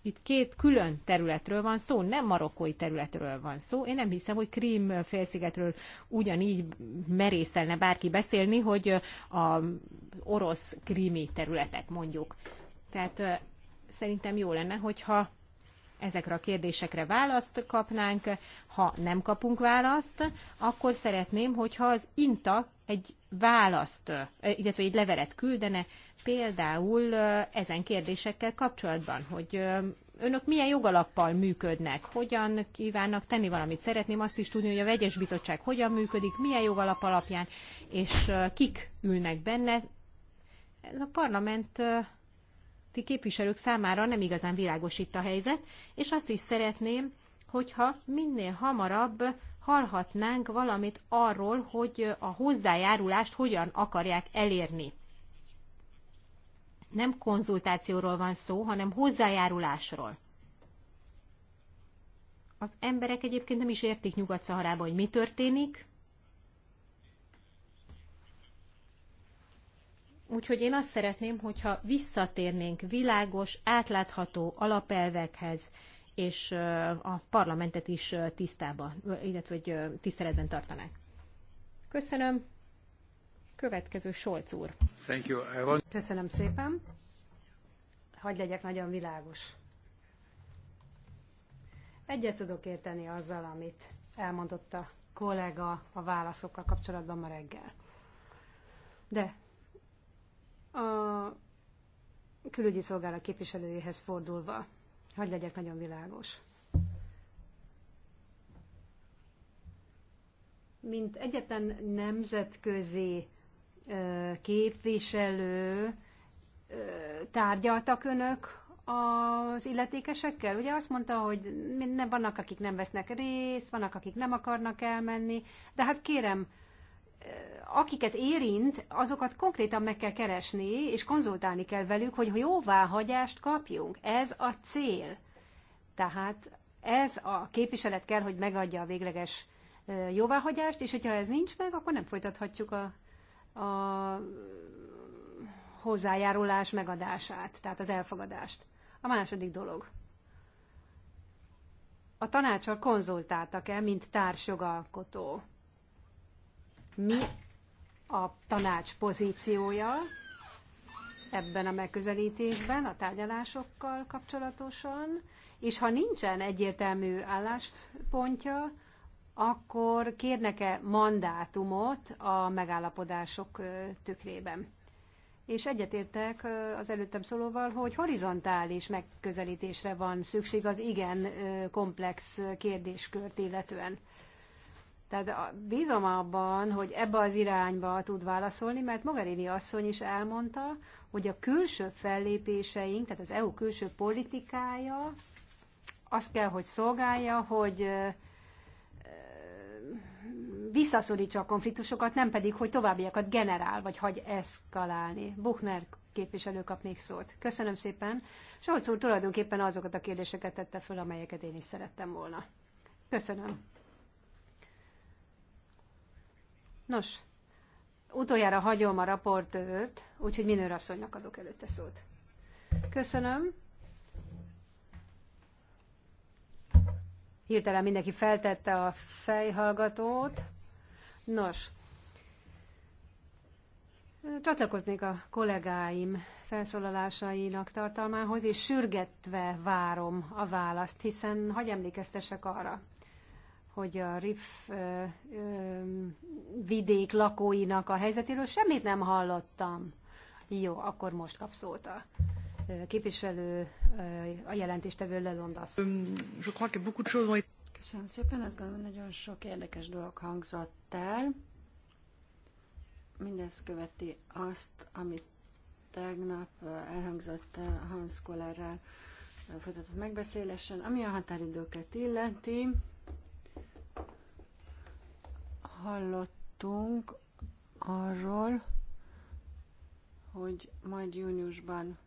itt két külön területről van szó, nem marokkói területről van szó. Én nem hiszem, hogy Krím félszigetről ugyanígy merészelne bárki beszélni, hogy a orosz krími területek mondjuk. Tehát szerintem jó lenne, hogyha ezekre a kérdésekre választ kapnánk. Ha nem kapunk választ, akkor szeretném, hogyha az INTA egy választ, eh, illetve egy levelet küldene például eh, ezen kérdésekkel kapcsolatban, hogy eh, önök milyen jogalappal működnek, hogyan kívánnak tenni valamit. Szeretném azt is tudni, hogy a vegyes bizottság hogyan működik, milyen jogalap alapján, és kik ülnek benne. Ez a parlament képviselők számára nem igazán világos itt a helyzet, és azt is szeretném, hogyha minél hamarabb hallhatnánk valamit arról, hogy a hozzájárulást hogyan akarják elérni. Nem konzultációról van szó, hanem hozzájárulásról. Az emberek egyébként nem is értik Nyugat-Szaharában, hogy mi történik, Úgyhogy én azt szeretném, hogyha visszatérnénk világos, átlátható alapelvekhez, és a parlamentet is tisztában, illetve hogy tiszteletben tartanák. Köszönöm. Következő Solc úr. Thank you. I Köszönöm szépen. Hagy legyek nagyon világos. Egyet tudok érteni azzal, amit elmondott a kollega a válaszokkal kapcsolatban ma reggel. De a külügyi szolgálat képviselőjéhez fordulva, hogy legyek nagyon világos. Mint egyetlen nemzetközi képviselő tárgyaltak önök az illetékesekkel? Ugye azt mondta, hogy vannak, akik nem vesznek részt, vannak, akik nem akarnak elmenni, de hát kérem, akiket érint, azokat konkrétan meg kell keresni, és konzultálni kell velük, hogy jóváhagyást kapjunk. Ez a cél. Tehát ez a képviselet kell, hogy megadja a végleges jóváhagyást, és hogyha ez nincs meg, akkor nem folytathatjuk a, a hozzájárulás megadását, tehát az elfogadást. A második dolog. A tanácsal konzultáltak-e, mint társjogalkotó? mi a tanács pozíciója ebben a megközelítésben, a tárgyalásokkal kapcsolatosan, és ha nincsen egyértelmű álláspontja, akkor kérnek-e mandátumot a megállapodások tükrében. És egyetértek az előttem szólóval, hogy horizontális megközelítésre van szükség az igen komplex kérdéskört illetően. Tehát bízom abban, hogy ebbe az irányba tud válaszolni, mert Mogherini asszony is elmondta, hogy a külső fellépéseink, tehát az EU külső politikája azt kell, hogy szolgálja, hogy visszaszorítsa a konfliktusokat, nem pedig, hogy továbbiakat generál, vagy hagy eszkalálni. Buchner képviselő kap még szót. Köszönöm szépen. Solc úr tulajdonképpen azokat a kérdéseket tette föl, amelyeket én is szerettem volna. Köszönöm. Nos, utoljára hagyom a raportőrt, úgyhogy minőrasszonynak adok előtte szót. Köszönöm. Hirtelen mindenki feltette a fejhallgatót. Nos, csatlakoznék a kollégáim felszólalásainak tartalmához, és sürgetve várom a választ, hiszen hagy emlékeztesek arra, hogy a RIF ö, ö, vidék lakóinak a helyzetéről semmit nem hallottam. Jó, akkor most kap szót a képviselő, a jelentéstevő Lelondas. Köszönöm szépen, azt gondolom, nagyon sok érdekes dolog hangzott el. Mindez követi azt, amit tegnap elhangzott a Hans Kollerrel folytatott megbeszélésen, ami a határidőket illeti hallottunk arról, hogy majd júniusban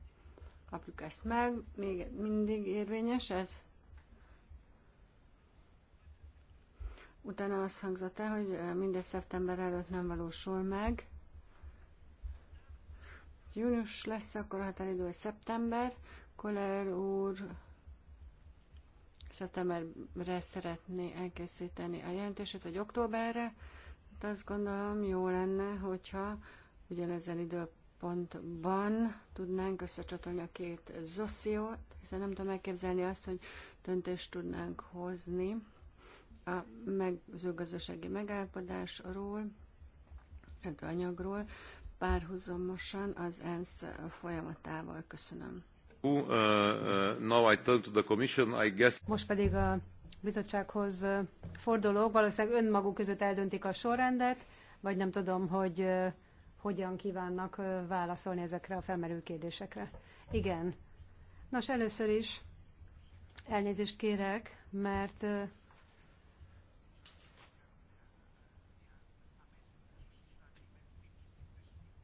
kapjuk ezt meg. Még mindig érvényes ez? Utána az hangzott el, hogy mindez szeptember előtt nem valósul meg. Június lesz, akkor a határidő szeptember. Koller úr szeptemberre szeretné elkészíteni a jelentését, vagy októberre, hát azt gondolom jó lenne, hogyha ugyanezen időpontban tudnánk összecsatolni a két zossziót, hiszen nem tudom elképzelni azt, hogy döntést tudnánk hozni a mezőgazdasági megállapodásról, anyagról, párhuzamosan az ENSZ folyamatával. Köszönöm. Most pedig a bizottsághoz uh, fordulok. Valószínűleg önmaguk között eldöntik a sorrendet, vagy nem tudom, hogy uh, hogyan kívánnak uh, válaszolni ezekre a felmerő kérdésekre. Igen. Nos, először is elnézést kérek, mert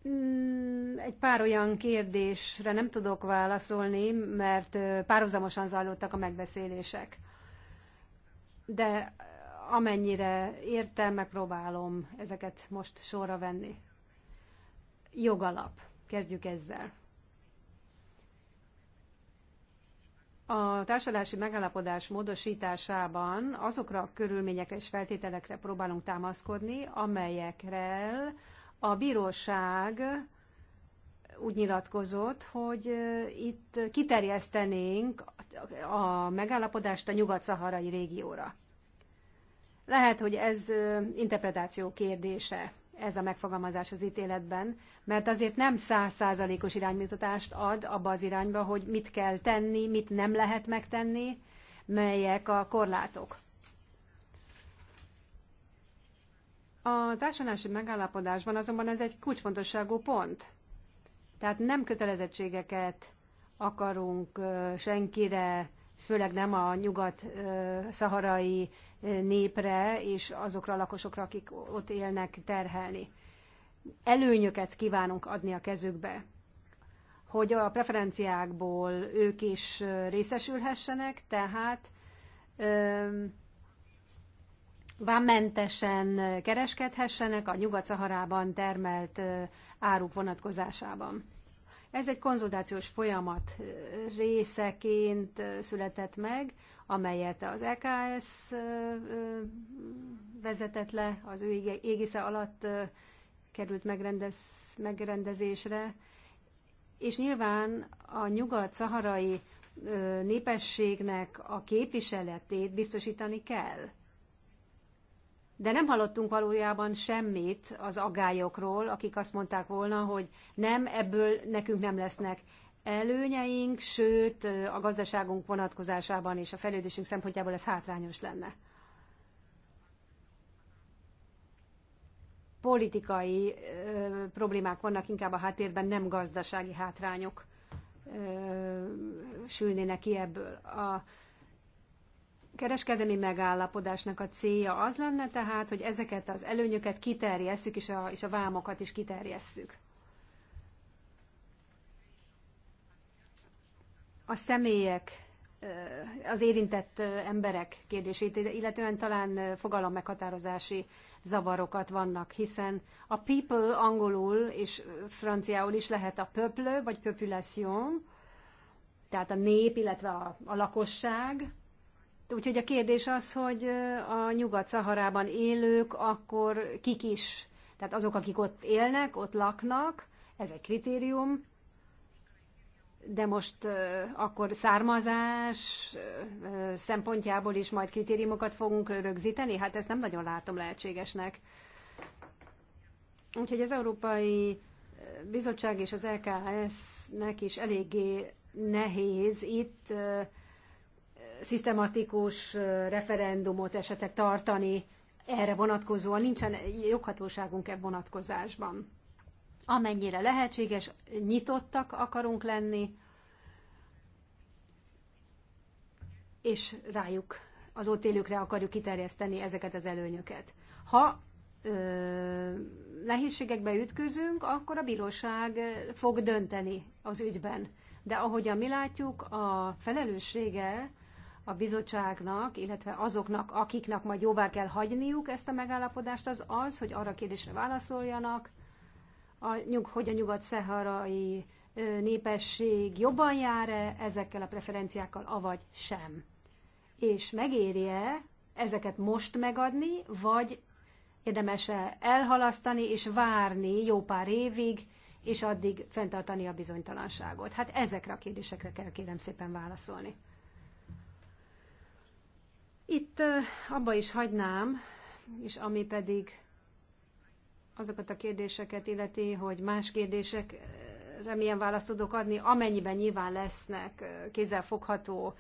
Mm, egy pár olyan kérdésre nem tudok válaszolni, mert párhuzamosan zajlottak a megbeszélések. De amennyire értem, megpróbálom ezeket most sorra venni. Jogalap. Kezdjük ezzel. A társadalási megállapodás módosításában azokra a körülményekre és feltételekre próbálunk támaszkodni, amelyekrel a bíróság úgy nyilatkozott, hogy itt kiterjesztenénk a megállapodást a nyugat-szaharai régióra. Lehet, hogy ez interpretáció kérdése, ez a megfogalmazás az ítéletben, mert azért nem százszázalékos iránymutatást ad abba az irányba, hogy mit kell tenni, mit nem lehet megtenni, melyek a korlátok. A társadalmi megállapodásban azonban ez egy kulcsfontosságú pont. Tehát nem kötelezettségeket akarunk senkire, főleg nem a nyugat-szaharai népre és azokra a lakosokra, akik ott élnek, terhelni. Előnyöket kívánunk adni a kezükbe, hogy a preferenciákból ők is részesülhessenek, tehát vámmentesen kereskedhessenek a Nyugat-Szaharában termelt áruk vonatkozásában. Ez egy konzultációs folyamat részeként született meg, amelyet az EKS vezetett le, az ő égisze alatt került megrendez, megrendezésre, és nyilván a nyugat-szaharai népességnek a képviseletét biztosítani kell de nem hallottunk valójában semmit az agályokról, akik azt mondták volna, hogy nem, ebből nekünk nem lesznek előnyeink, sőt a gazdaságunk vonatkozásában és a fejlődésünk szempontjából ez hátrányos lenne. Politikai ö, problémák vannak inkább a háttérben, nem gazdasági hátrányok ö, sülnének ki ebből. A, kereskedelmi megállapodásnak a célja az lenne tehát, hogy ezeket az előnyöket kiterjesszük, és a, és a vámokat is kiterjesszük. A személyek, az érintett emberek kérdését, illetően talán fogalom meghatározási zavarokat vannak, hiszen a people angolul és franciául is lehet a peuple vagy population, tehát a nép, illetve a, a lakosság, Úgyhogy a kérdés az, hogy a Nyugat-Szaharában élők akkor kik is, tehát azok, akik ott élnek, ott laknak, ez egy kritérium, de most akkor származás szempontjából is majd kritériumokat fogunk rögzíteni? Hát ezt nem nagyon látom lehetségesnek. Úgyhogy az Európai Bizottság és az LKS-nek is eléggé nehéz itt szisztematikus referendumot esetleg tartani erre vonatkozóan, nincsen joghatóságunk e vonatkozásban. Amennyire lehetséges, nyitottak akarunk lenni, és rájuk, az ott élőkre akarjuk kiterjeszteni ezeket az előnyöket. Ha ö, nehézségekbe ütközünk, akkor a bíróság fog dönteni az ügyben. De ahogyan mi látjuk, a felelőssége a bizottságnak, illetve azoknak, akiknek majd jóvá kell hagyniuk ezt a megállapodást, az az, hogy arra kérdésre válaszoljanak, a, hogy a nyugat-szeharai népesség jobban jár-e ezekkel a preferenciákkal, avagy sem. És megérje ezeket most megadni, vagy érdemese elhalasztani és várni jó pár évig, és addig fenntartani a bizonytalanságot. Hát ezekre a kérdésekre kell kérem szépen válaszolni. Itt abba is hagynám, és ami pedig azokat a kérdéseket illeti, hogy más kérdésekre milyen választ tudok adni, amennyiben nyilván lesznek kézzelfogható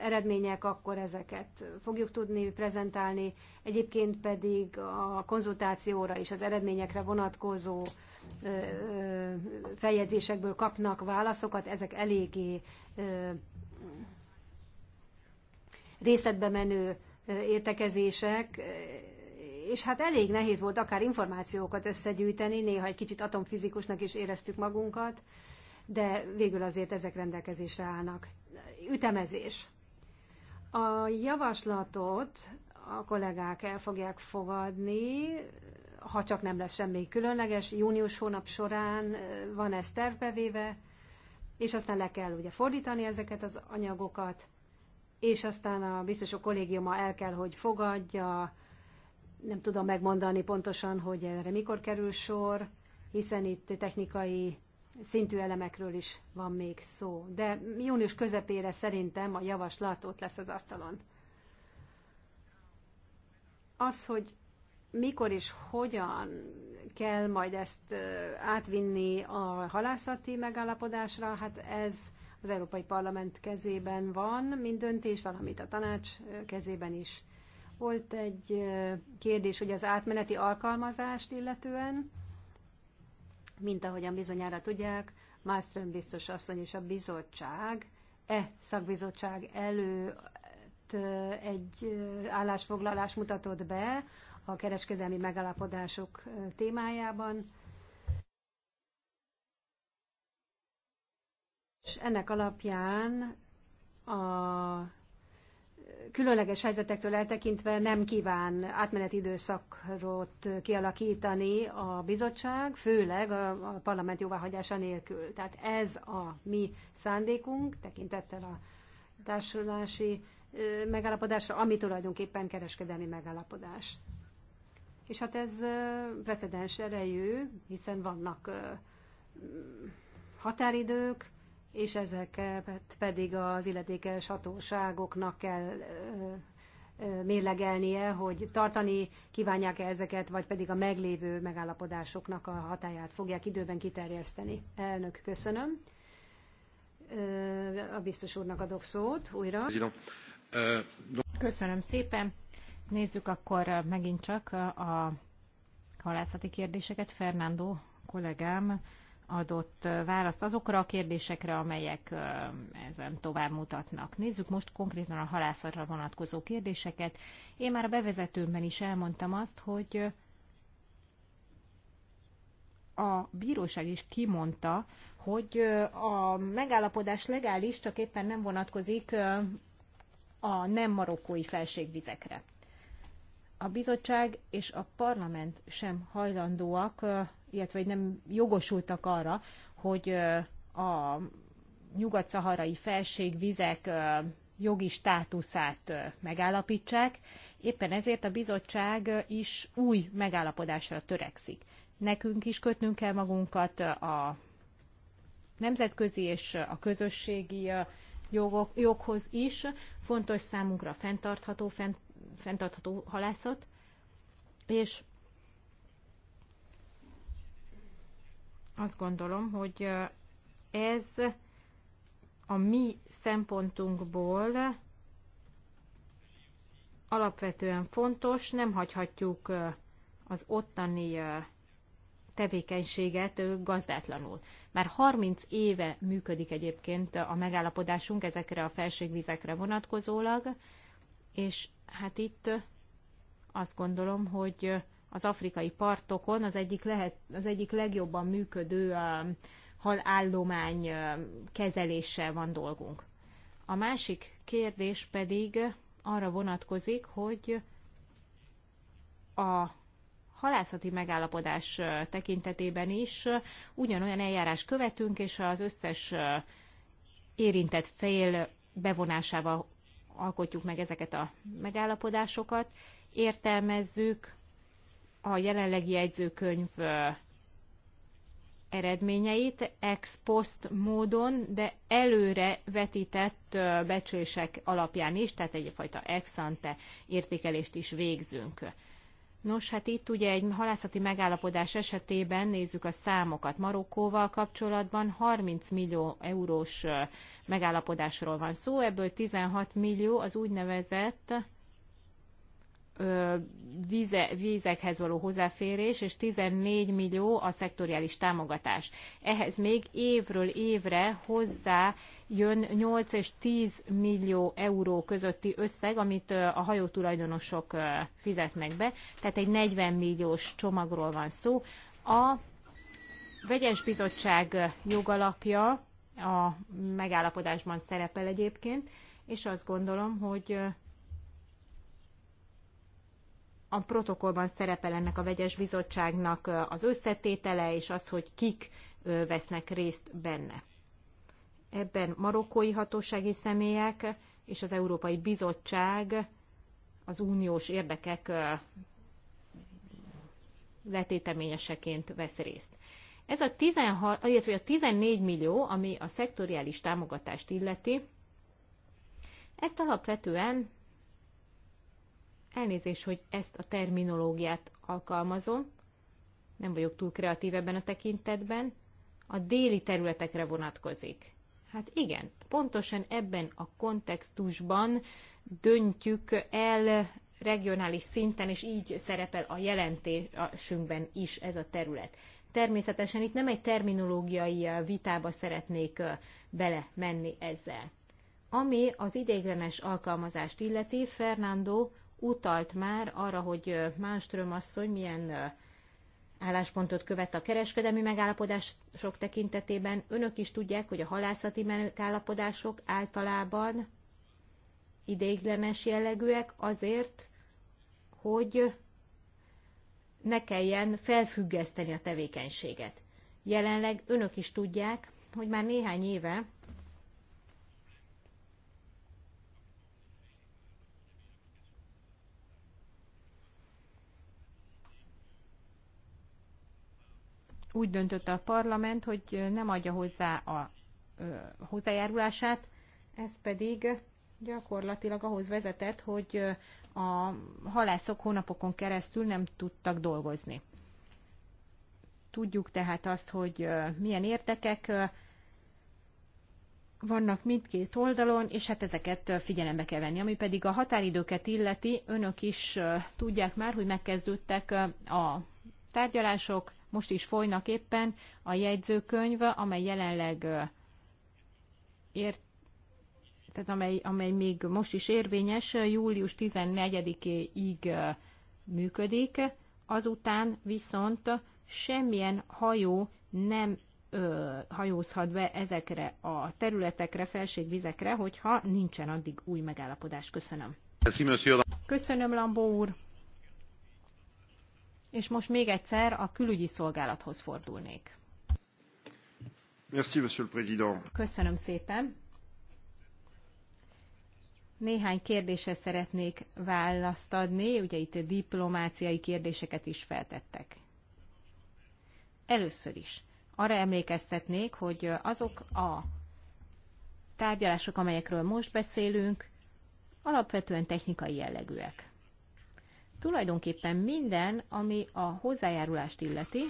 eredmények, akkor ezeket fogjuk tudni prezentálni. Egyébként pedig a konzultációra és az eredményekre vonatkozó feljegyzésekből kapnak válaszokat, ezek eléggé részletbe menő értekezések, és hát elég nehéz volt akár információkat összegyűjteni, néha egy kicsit atomfizikusnak is éreztük magunkat, de végül azért ezek rendelkezésre állnak. Ütemezés. A javaslatot a kollégák el fogják fogadni, ha csak nem lesz semmi különleges, június hónap során van ez tervbevéve, és aztán le kell ugye fordítani ezeket az anyagokat, és aztán a biztosok kollégiuma el kell, hogy fogadja, nem tudom megmondani pontosan, hogy erre mikor kerül sor, hiszen itt technikai szintű elemekről is van még szó. De június közepére szerintem a javaslat ott lesz az asztalon. Az, hogy mikor és hogyan kell majd ezt átvinni a halászati megállapodásra, hát ez az Európai Parlament kezében van, mint döntés, valamint a tanács kezében is. Volt egy kérdés, hogy az átmeneti alkalmazást illetően, mint ahogyan bizonyára tudják, Malmström biztos asszony és a bizottság, e szakbizottság előtt egy állásfoglalás mutatott be a kereskedelmi megállapodások témájában, És ennek alapján a különleges helyzetektől eltekintve nem kíván átmeneti időszakot kialakítani a bizottság, főleg a, a parlament jóváhagyása nélkül. Tehát ez a mi szándékunk, tekintettel a társulási megállapodásra, ami tulajdonképpen kereskedelmi megállapodás. És hát ez precedens erejű, hiszen vannak határidők, és ezeket pedig az illetékes hatóságoknak kell mérlegelnie, hogy tartani kívánják-e ezeket, vagy pedig a meglévő megállapodásoknak a hatáját fogják időben kiterjeszteni. Elnök, köszönöm. A biztos úrnak adok szót újra. Köszönöm szépen. Nézzük akkor megint csak a halászati kérdéseket. Fernando kollégám adott választ azokra a kérdésekre, amelyek ezen tovább mutatnak. Nézzük most konkrétan a halászatra vonatkozó kérdéseket. Én már a bevezetőmben is elmondtam azt, hogy a bíróság is kimondta, hogy a megállapodás legális, csak éppen nem vonatkozik a nem marokkói felségvizekre. A bizottság és a parlament sem hajlandóak illetve hogy nem jogosultak arra, hogy a nyugat-szaharai felségvizek jogi státuszát megállapítsák. Éppen ezért a bizottság is új megállapodásra törekszik. Nekünk is kötnünk kell magunkat a nemzetközi és a közösségi jogok, joghoz is. Fontos számunkra a fenntartható, fent, fenntartható halászat, és azt gondolom, hogy ez a mi szempontunkból alapvetően fontos, nem hagyhatjuk az ottani tevékenységet gazdátlanul. Már 30 éve működik egyébként a megállapodásunk ezekre a felségvizekre vonatkozólag, és hát itt azt gondolom, hogy az afrikai partokon az egyik, lehet, az egyik legjobban működő um, halállomány um, kezeléssel van dolgunk. A másik kérdés pedig arra vonatkozik, hogy a halászati megállapodás uh, tekintetében is uh, ugyanolyan eljárás követünk, és az összes uh, érintett fél bevonásával alkotjuk meg ezeket a megállapodásokat, értelmezzük a jelenlegi jegyzőkönyv eredményeit ex post módon, de előre vetített becslések alapján is, tehát egyfajta ex ante értékelést is végzünk. Nos, hát itt ugye egy halászati megállapodás esetében nézzük a számokat. Marokkóval kapcsolatban 30 millió eurós megállapodásról van szó, ebből 16 millió az úgynevezett víze, vízekhez való hozzáférés, és 14 millió a szektoriális támogatás. Ehhez még évről évre hozzá jön 8 és 10 millió euró közötti összeg, amit a hajó tulajdonosok fizetnek be, tehát egy 40 milliós csomagról van szó. A vegyes bizottság jogalapja a megállapodásban szerepel egyébként, és azt gondolom, hogy a protokollban szerepel ennek a vegyes bizottságnak az összetétele, és az, hogy kik vesznek részt benne. Ebben marokkói hatósági személyek és az Európai Bizottság az uniós érdekek letéteményeseként vesz részt. Ez a, 16, illetve a 14 millió, ami a szektoriális támogatást illeti, ezt alapvetően Elnézés, hogy ezt a terminológiát alkalmazom, nem vagyok túl kreatív ebben a tekintetben, a déli területekre vonatkozik. Hát igen, pontosan ebben a kontextusban döntjük el regionális szinten, és így szerepel a jelentésünkben is ez a terület. Természetesen itt nem egy terminológiai vitába szeretnék bele menni ezzel. Ami az ideiglenes alkalmazást illeti, Fernando utalt már arra, hogy Mánström asszony milyen álláspontot követ a kereskedelmi megállapodások tekintetében. Önök is tudják, hogy a halászati megállapodások általában ideiglenes jellegűek azért, hogy ne kelljen felfüggeszteni a tevékenységet. Jelenleg önök is tudják, hogy már néhány éve úgy döntött a parlament, hogy nem adja hozzá a ö, hozzájárulását, ez pedig gyakorlatilag ahhoz vezetett, hogy a halászok hónapokon keresztül nem tudtak dolgozni. Tudjuk tehát azt, hogy milyen értekek vannak mindkét oldalon, és hát ezeket figyelembe kell venni. Ami pedig a határidőket illeti, önök is tudják már, hogy megkezdődtek a tárgyalások, most is folynak éppen a jegyzőkönyv, amely jelenleg ért, tehát amely, amely még most is érvényes, július 14-ig működik, azután viszont semmilyen hajó nem ö, hajózhat be ezekre a területekre, felségvizekre, hogyha nincsen addig új megállapodás. Köszönöm. Köszönöm, Lambó úr és most még egyszer a külügyi szolgálathoz fordulnék. Merci, monsieur le président. Köszönöm szépen. Néhány kérdésre szeretnék választ adni, ugye itt diplomáciai kérdéseket is feltettek. Először is arra emlékeztetnék, hogy azok a tárgyalások, amelyekről most beszélünk, alapvetően technikai jellegűek. Tulajdonképpen minden, ami a hozzájárulást illeti,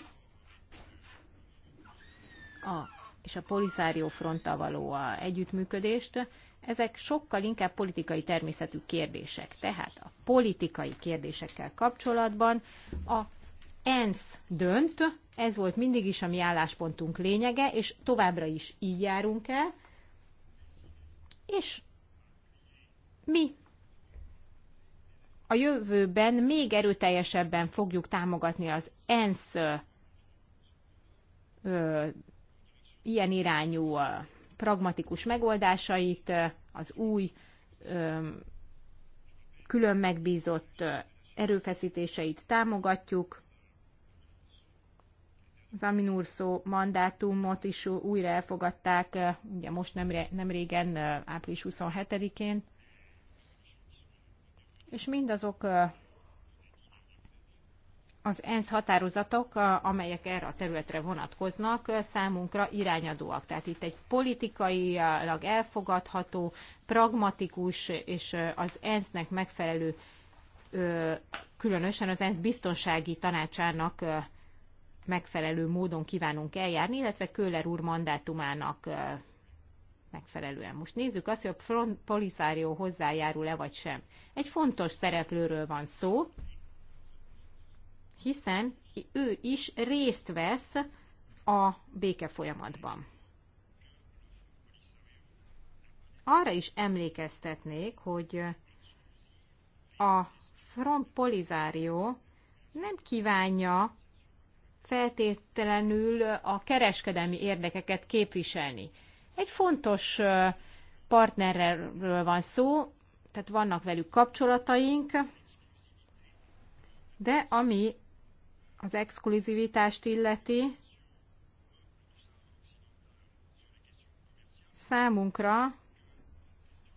a, és a poliszárió fronttal való a együttműködést, ezek sokkal inkább politikai természetű kérdések. Tehát a politikai kérdésekkel kapcsolatban a ENSZ dönt, ez volt mindig is a mi álláspontunk lényege, és továbbra is így járunk el, és mi a jövőben még erőteljesebben fogjuk támogatni az ENSZ ö, ilyen irányú ö, pragmatikus megoldásait, ö, az új ö, külön megbízott ö, erőfeszítéseit támogatjuk. Az Aminurszó mandátumot is újra elfogadták, ö, ugye most nem, nem régen, április 27-én és mindazok az ENSZ határozatok, amelyek erre a területre vonatkoznak, számunkra irányadóak. Tehát itt egy politikailag elfogadható, pragmatikus és az ENSZ-nek megfelelő, különösen az ENSZ biztonsági tanácsának megfelelő módon kívánunk eljárni, illetve Köller úr mandátumának megfelelően. Most nézzük azt, hogy a Front Polisario hozzájárul-e vagy sem. Egy fontos szereplőről van szó, hiszen ő is részt vesz a béke folyamatban. Arra is emlékeztetnék, hogy a Front polizárió nem kívánja feltétlenül a kereskedelmi érdekeket képviselni. Egy fontos partnerről van szó, tehát vannak velük kapcsolataink, de ami az exkluzivitást illeti, számunkra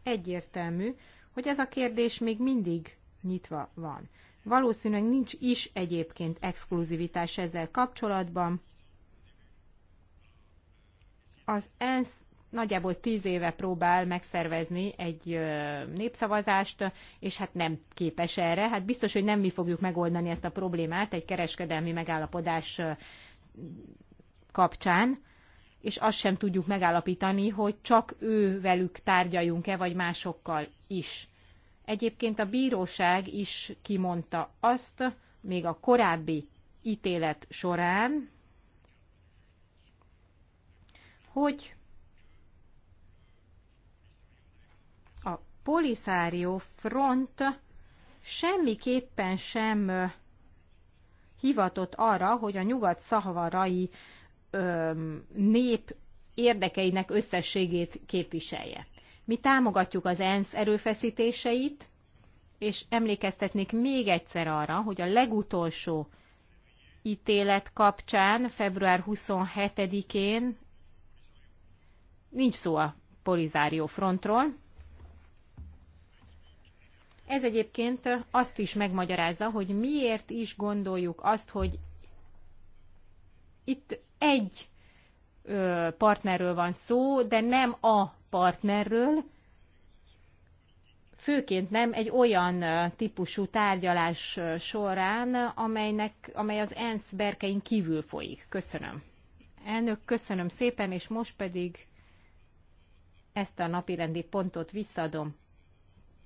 egyértelmű, hogy ez a kérdés még mindig nyitva van. Valószínűleg nincs is egyébként exkluzivitás ezzel kapcsolatban. Az ENSZ nagyjából tíz éve próbál megszervezni egy népszavazást, és hát nem képes erre. Hát biztos, hogy nem mi fogjuk megoldani ezt a problémát egy kereskedelmi megállapodás kapcsán, és azt sem tudjuk megállapítani, hogy csak ő velük tárgyaljunk-e, vagy másokkal is. Egyébként a bíróság is kimondta azt, még a korábbi ítélet során, hogy Polisárió front semmiképpen sem hivatott arra, hogy a nyugat szahavarai nép érdekeinek összességét képviselje. Mi támogatjuk az ENSZ erőfeszítéseit, és emlékeztetnék még egyszer arra, hogy a legutolsó ítélet kapcsán, február 27-én nincs szó a Polizárió frontról, ez egyébként azt is megmagyarázza, hogy miért is gondoljuk azt, hogy itt egy partnerről van szó, de nem a partnerről, főként nem egy olyan típusú tárgyalás során, amelynek, amely az ENSZ berkein kívül folyik. Köszönöm. Elnök, köszönöm szépen, és most pedig ezt a napirendi pontot visszaadom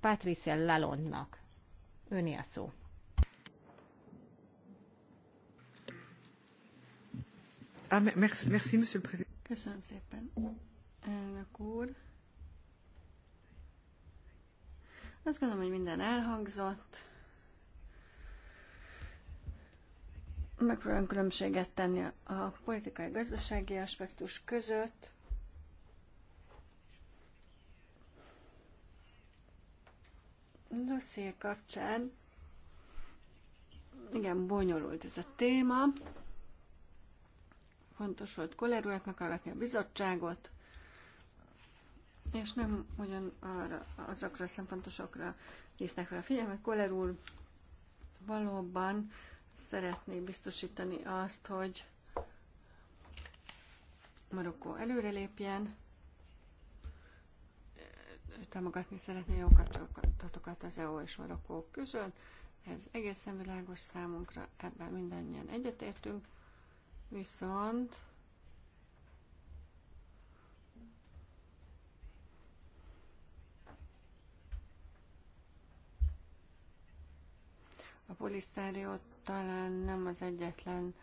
Patricia Lalonnak. Öné a szó. Ah, Köszönöm szépen, elnök úr. Azt gondolom, hogy minden elhangzott. Megpróbálom különbséget tenni a politikai-gazdasági aspektus között. dosszié kapcsán igen, bonyolult ez a téma. Fontos volt Koller urat meghallgatni a bizottságot, és nem ugyan arra, azokra a szempontosokra hívták fel a figyelmet. Koller úr valóban szeretné biztosítani azt, hogy Marokkó előrelépjen, támogatni szeretné jó kapcsolatokat az EU és Marokkó között. Ez egészen világos számunkra, ebben mindannyian egyetértünk. Viszont a polisztárió talán nem az egyetlen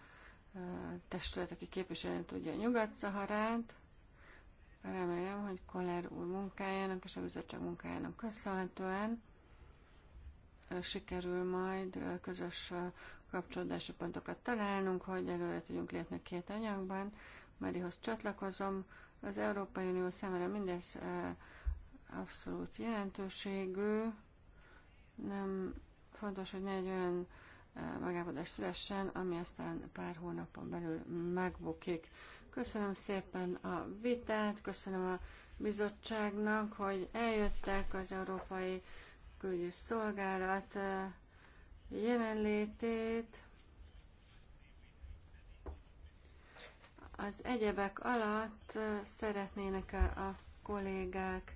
testület, aki képviselni tudja a Nyugat-Szaharát, Remélem, hogy Koller úr munkájának és a bizottság munkájának köszönhetően sikerül majd közös kapcsolódási pontokat találnunk, hogy előre tudjunk lépni két anyagban. Marihoz csatlakozom. Az Európai Unió számára mindez abszolút jelentőségű. Nem fontos, hogy ne egy olyan megállapodás szülessen, ami aztán pár hónapon belül megbukik. Köszönöm szépen a vitát, köszönöm a bizottságnak, hogy eljöttek az Európai Külügyi Szolgálat jelenlétét. Az egyebek alatt szeretnének -e a kollégák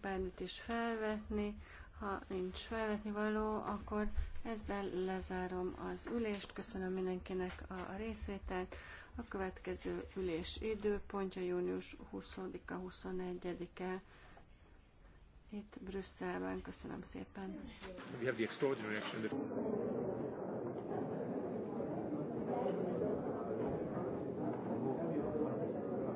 bármit is felvetni. Ha nincs felvetni való, akkor ezzel lezárom az ülést. Köszönöm mindenkinek a részvételt. A következő ülés időpontja június 20 21-e itt Brüsszelben. Köszönöm szépen.